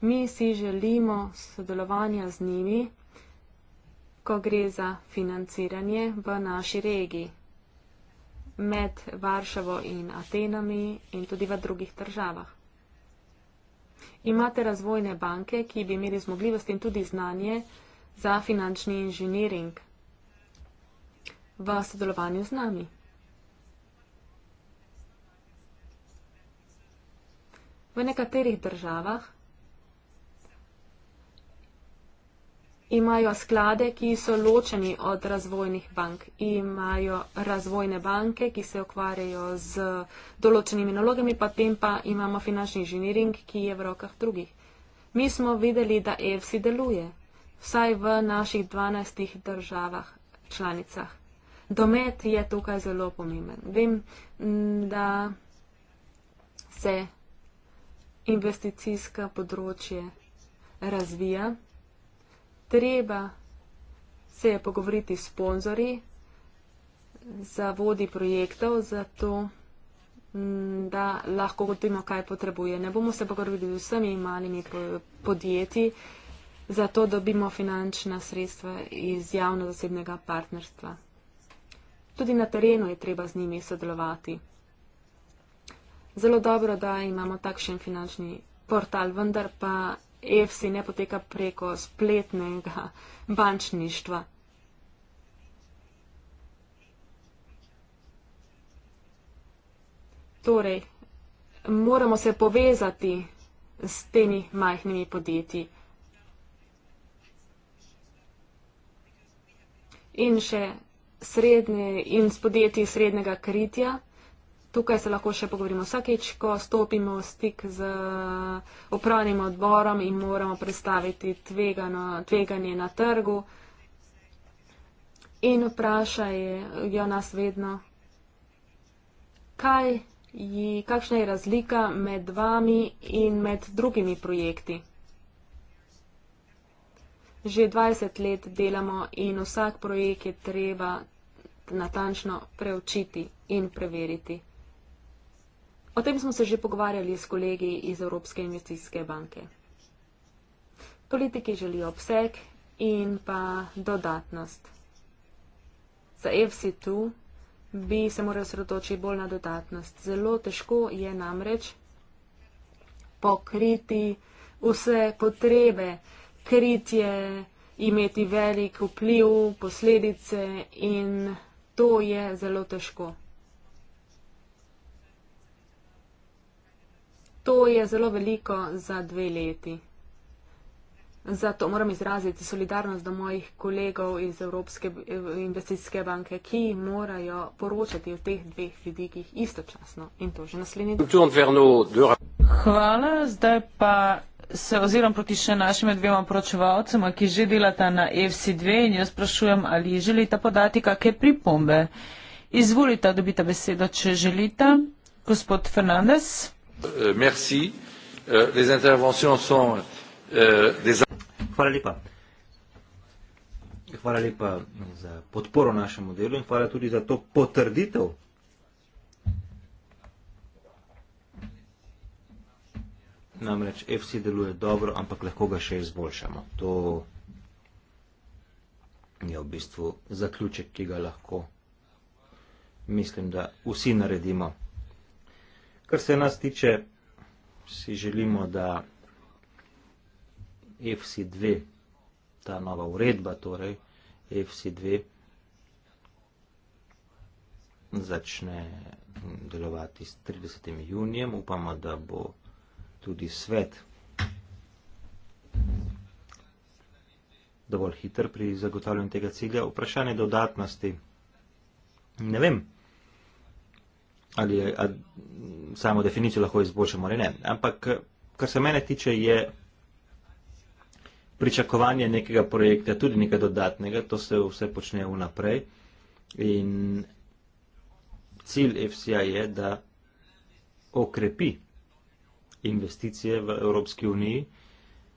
S3: Mi si želimo sodelovanja z njimi, ko gre za financiranje v naši regiji med Varšavo in Atenami in tudi v drugih državah. Imate razvojne banke, ki bi imeli zmogljivost in tudi znanje za finančni inženiring v sodelovanju z nami. V nekaterih državah imajo sklade, ki so ločeni od razvojnih bank. Imajo razvojne banke, ki se ukvarjajo z določenimi nalogami, potem pa imamo finančni inženiring, ki je v rokah drugih. Mi smo videli, da EFSI deluje, vsaj v naših 12 državah članicah. Domet je tukaj zelo pomemben. Vem, mm, da se investicijska področje razvija treba se je pogovoriti s sponzori, za vodi projektov, zato mm, da lahko gotovimo, kaj potrebuje. Ne bomo se pogovorili z vsemi malimi podjetji, zato dobimo finančna sredstva iz javno-zasebnega partnerstva. Tudi na terenu je treba z njimi sodelovati. Zelo dobro, da imamo takšen finančni portal, vendar pa EFSI ne poteka preko spletnega bančništva. Torej, moramo se povezati s temi majhnimi podjetji. In še srednje, in s podjetji srednjega kritja. Tukaj se lahko še pogovorimo vsakeč, ko stopimo v stik z upravnim odborom in moramo predstaviti tvegano, tveganje na trgu. In vprašajo nas vedno, kaj je, kakšna je razlika med vami in med drugimi projekti. Že 20 let delamo in vsak projekt je treba natančno preučiti in preveriti. O tem smo se že pogovarjali s kolegi iz Evropske investicijske banke. Politiki želijo obseg in pa dodatnost. Za FC2 bi se moral sredotočiti bolj na dodatnost. Zelo težko je namreč pokriti vse potrebe, kritje, imeti velik vpliv, posledice in to je zelo težko. To je zelo veliko za dve leti. Zato moram izraziti solidarnost do mojih kolegov iz Evropske investicijske banke, ki morajo poročati o teh dveh vidikih
S2: istočasno in to že naslednji dan. Hvala, zdaj pa se oziram proti še našim dvema poročevalcema, ki že delata na FC2 in jaz sprašujem, ali želita podati kakšne pripombe. Izvolite, dobite besedo, če želite. Gospod Fernandez.
S1: Euh, merci. Euh, les interventions sont euh, des. Hvala lepa. Hvala lepa za podporo našemu delu in hvala tudi za to potrditev. Namreč FC deluje dobro, ampak lahko ga še izboljšamo. To je v bistvu zaključek, ki ga lahko mislim, da vsi naredimo. Kar se nas tiče, si želimo, da FC2, ta nova uredba, torej FC2, začne delovati s 30. junijem. Upamo, da bo tudi svet dovolj hiter pri zagotavljanju tega cilja. Vprašanje dodatnosti. Ne vem ali je samo definicijo lahko izboljšamo ali ne. Ampak, eh, kar se mene tiče, je pričakovanje nekega projekta, tudi nekaj dodatnega, to se vse počne vnaprej. In cilj FCA je, da okrepi investicije v Evropski uniji,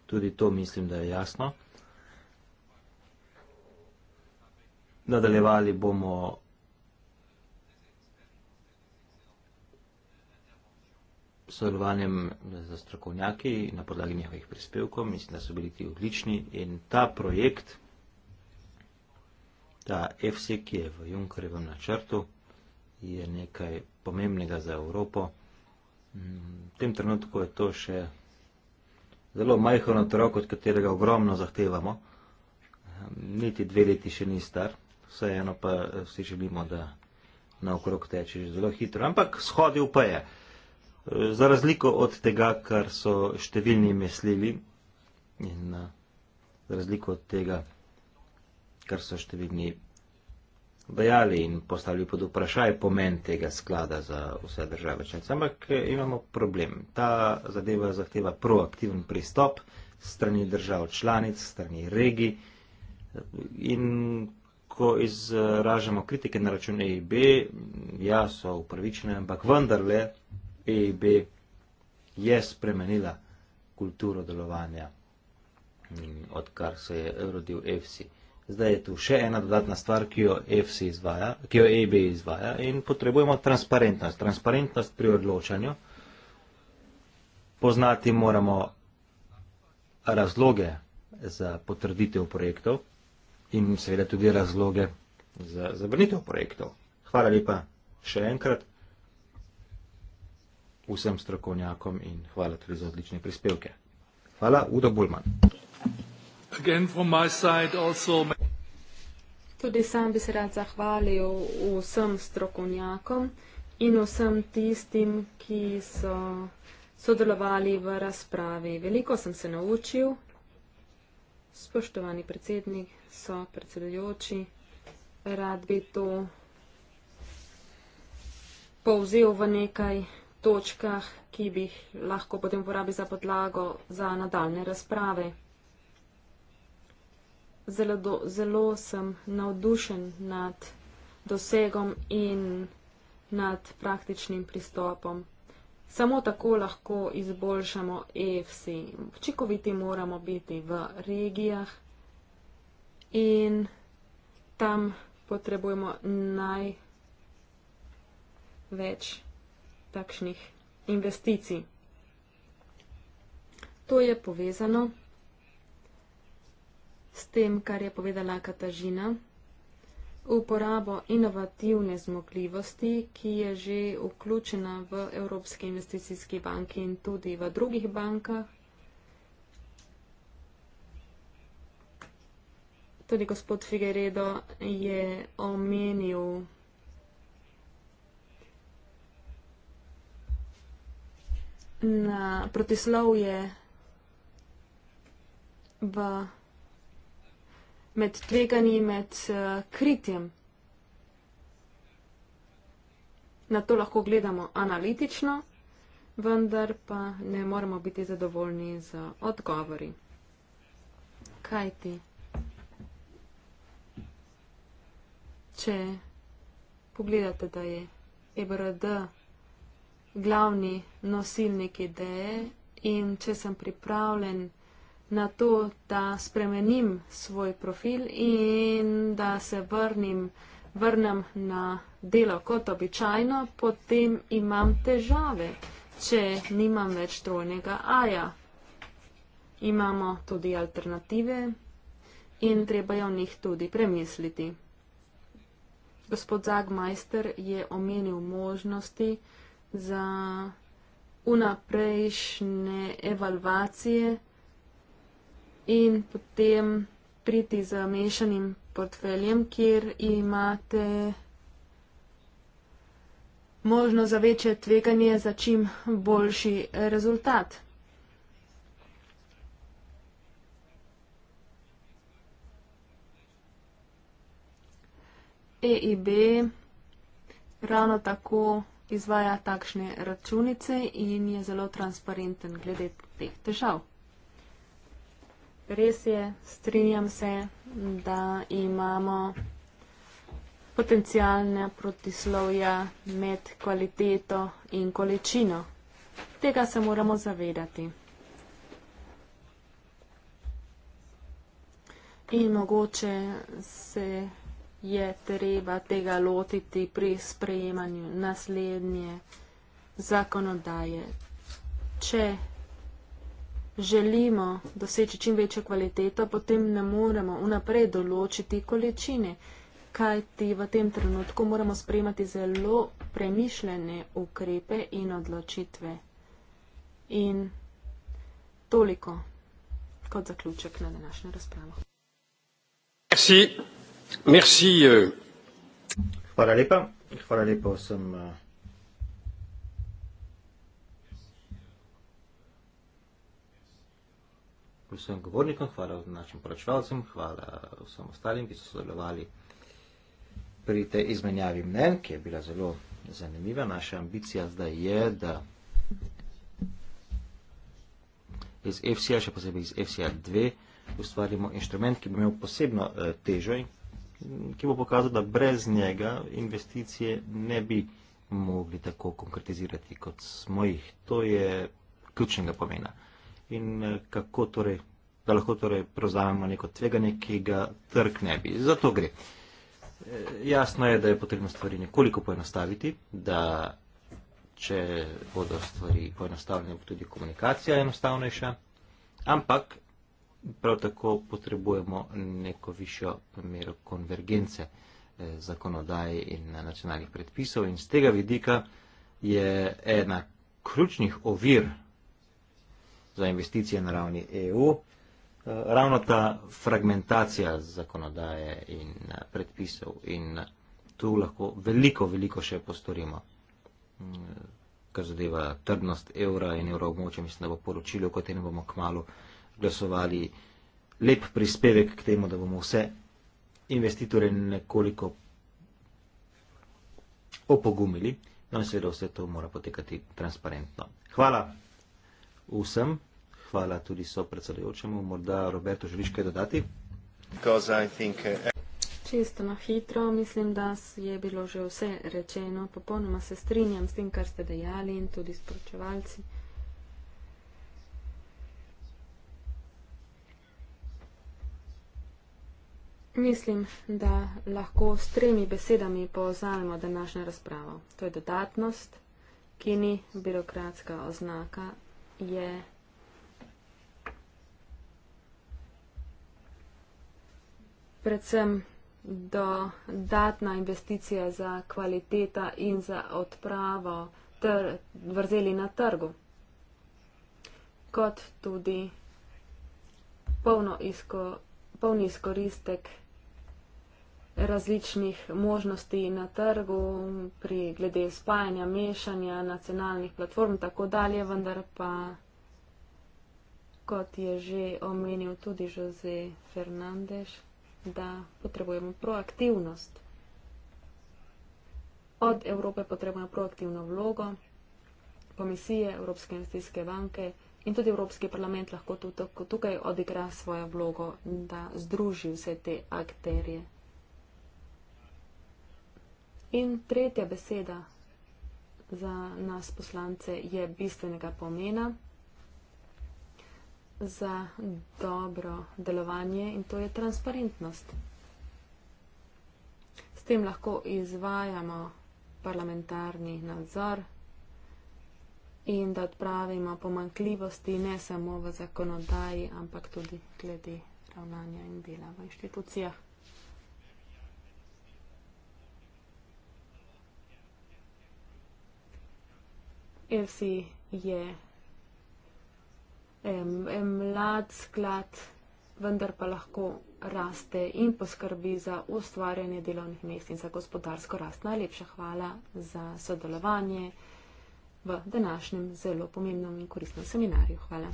S1: tudi to mislim, da je jasno. Nadaljevali bomo sodelovanjem z strokovnjaki na podlagi njihovih prispevkov, mislim, da so bili ti odlični in ta projekt, ta FC, ki je v Junkerjevem načrtu, je nekaj pomembnega za Evropo. V tem trenutku je to še zelo majhen otrok, od katerega ogromno zahtevamo. Niti dve leti še ni star, vseeno pa eh, vsi želimo, da naokrog teče že zelo hitro, ampak shodil pa je. Za razliko od tega, kar so številni mislili, in eh, za razliko od tega, kar so številni dajali in postavili pod vprašaj pomen tega sklada za vse države članice. Ampak eh, imamo problem. Ta zadeva zahteva proaktiven pristop strani držav članic, strani regij. Eh, in ko izražamo kritike na račun EIB, ja, so upravičene, ampak vendarle EIB je spremenila kulturo delovanja, odkar se je rodil EFSI. Zdaj je tu še ena dodatna stvar, ki jo, izvaja, ki jo EIB izvaja in potrebujemo transparentnost. Transparentnost pri odločanju. Poznati moramo razloge za potrditev projektov in seveda tudi razloge za zavrnitev projektov. Hvala lepa še enkrat vsem strokovnjakom in hvala tudi za odlične prispevke. Hvala, Udo Bulman.
S3: Tudi sam bi se rad zahvalil vsem strokovnjakom in vsem tistim, ki so sodelovali v razpravi. Veliko sem se naučil, spoštovani predsednik, so predsedujoči, rad bi to povzel v nekaj točkah, ki bi jih lahko potem porabi za podlago za nadaljne razprave. Zelo, do, zelo sem navdušen nad dosegom in nad praktičnim pristopom. Samo tako lahko izboljšamo EFC. Učinkoviti moramo biti v regijah in tam potrebujemo največ takšnih investicij. To je povezano s tem, kar je povedala Katažina, uporabo inovativne zmogljivosti, ki je že vključena v Evropske investicijske banke in tudi v drugih bankah. Tudi gospod Figueredo je omenil na protislovje v, med tveganji, med uh, kritjem. Na to lahko gledamo analitično, vendar pa ne moramo biti zadovoljni z odgovori. Kaj ti? Če pogledate, da je EBRD glavni nosilnik ideje in če sem pripravljen na to, da spremenim svoj profil in da se vrnim, vrnem na delo kot običajno, potem imam težave, če nimam več trojnega aja. Imamo tudi alternative in treba je o njih tudi premisliti. Gospod Zagmajster je omenil možnosti, za unaprejšnje evalvacije in potem priti z mešanim portfeljem, kjer imate možno za večje tveganje za čim boljši rezultat. EIB ravno tako izvaja takšne računice in je zelo transparenten glede teh težav. Res je, strinjam se, da imamo potencijalna protislovja med kvaliteto in količino. Tega se moramo zavedati. In mogoče se je treba tega lotiti pri sprejemanju naslednje zakonodaje. Če želimo doseči čim večjo kvaliteto, potem ne moremo unaprej določiti količine, kajti v tem trenutku moramo sprejemati zelo premišljene ukrepe in odločitve. In toliko kot zaključek na današnjo razpravo.
S1: Merci. Merci. Euh. Hvala lepa. Hvala lepa vsem. Eh. Vsem govornikom, hvala našim poročevalcem, hvala vsem ostalim, ki so sodelovali pri tej izmenjavi mnen, ki je bila zelo zanimiva. Naša ambicija zdaj je, da iz FCA, še posebej iz FCA 2, ustvarimo inštrument, ki bo imel posebno eh, težo in ki bo pokazal, da brez njega investicije ne bi mogli tako konkretizirati, kot smo jih. To je ključnega pomena. In eh, kako torej, da lahko torej prevzamemo neko tveganje, ki ga trg ne bi. Zato gre. Eh, jasno je, da je potrebno stvari nekoliko poenostaviti, da če bodo stvari poenostavljene, bo tudi komunikacija enostavnejša. Ampak prav tako potrebujemo neko višjo mero konvergence eh, zakonodaje in nacionalnih predpisov in z tega vidika je ena ključnih ovir za investicije na ravni EU eh, ravno ta fragmentacija zakonodaje in eh, predpisov in tu lahko veliko, veliko še postorimo. Mm, kar zadeva trdnost evra in evroobmočja, mislim, da bo poročilo, o katerem bomo k malu uh, glasovali lep prispevek k temu, da bomo vse investitore nekoliko opogumili. No in seveda vse to mora potekati transparentno. Hvala vsem, hvala tudi so predsedujočemu. Morda Roberto želiš kaj dodati? Uh,
S3: Čisto na hitro, mislim, da je bilo že vse rečeno. Popolnoma se strinjam s tem, kar ste dejali in tudi sporočevalci. Mislim, da lahko s tremi besedami povzamemo današnjo razpravo. To je dodatnost, ki ni birokratska oznaka, je. Predvsem dodatna investicija za kvaliteta in za odpravo tr vrzeli na trgu, kot tudi polno izkoriščenje polni izkoristek različnih možnosti na trgu, pri glede spajanja, mešanja, nacionalnih platform in tako dalje, vendar pa, kot je že omenil tudi Jose Fernandez, da potrebujemo proaktivnost. Od Evrope potrebujemo proaktivno vlogo komisije Evropske investicijske banke, in tudi Evropski parlament lahko tukaj odigra svojo vlogo, da združi vse te akterje. In tretja beseda za nas poslance je bistvenega pomena za dobro delovanje in to je transparentnost. S tem lahko izvajamo parlamentarni nadzor, in da odpravimo pomankljivosti ne samo v zakonodaji, ampak tudi glede ravnanja in dela v inštitucijah. Elsi je em, em mlad sklad, vendar pa lahko raste in poskrbi za ustvarjanje delovnih mest in za gospodarsko rast. Najlepša hvala za sodelovanje v današnjem zelo pomembnem in koristnem seminarju. Hvala.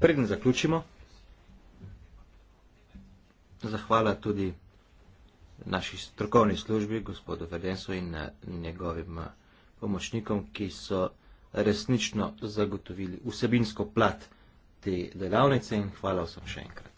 S1: Preden zaključimo, zahvala tudi naši strokovni službi, gospodu Verdensu in eh, njegovim eh, pomočnikom, ki so resnično zagotovili vsebinsko plat te delavnice in hvala vsem še enkrat.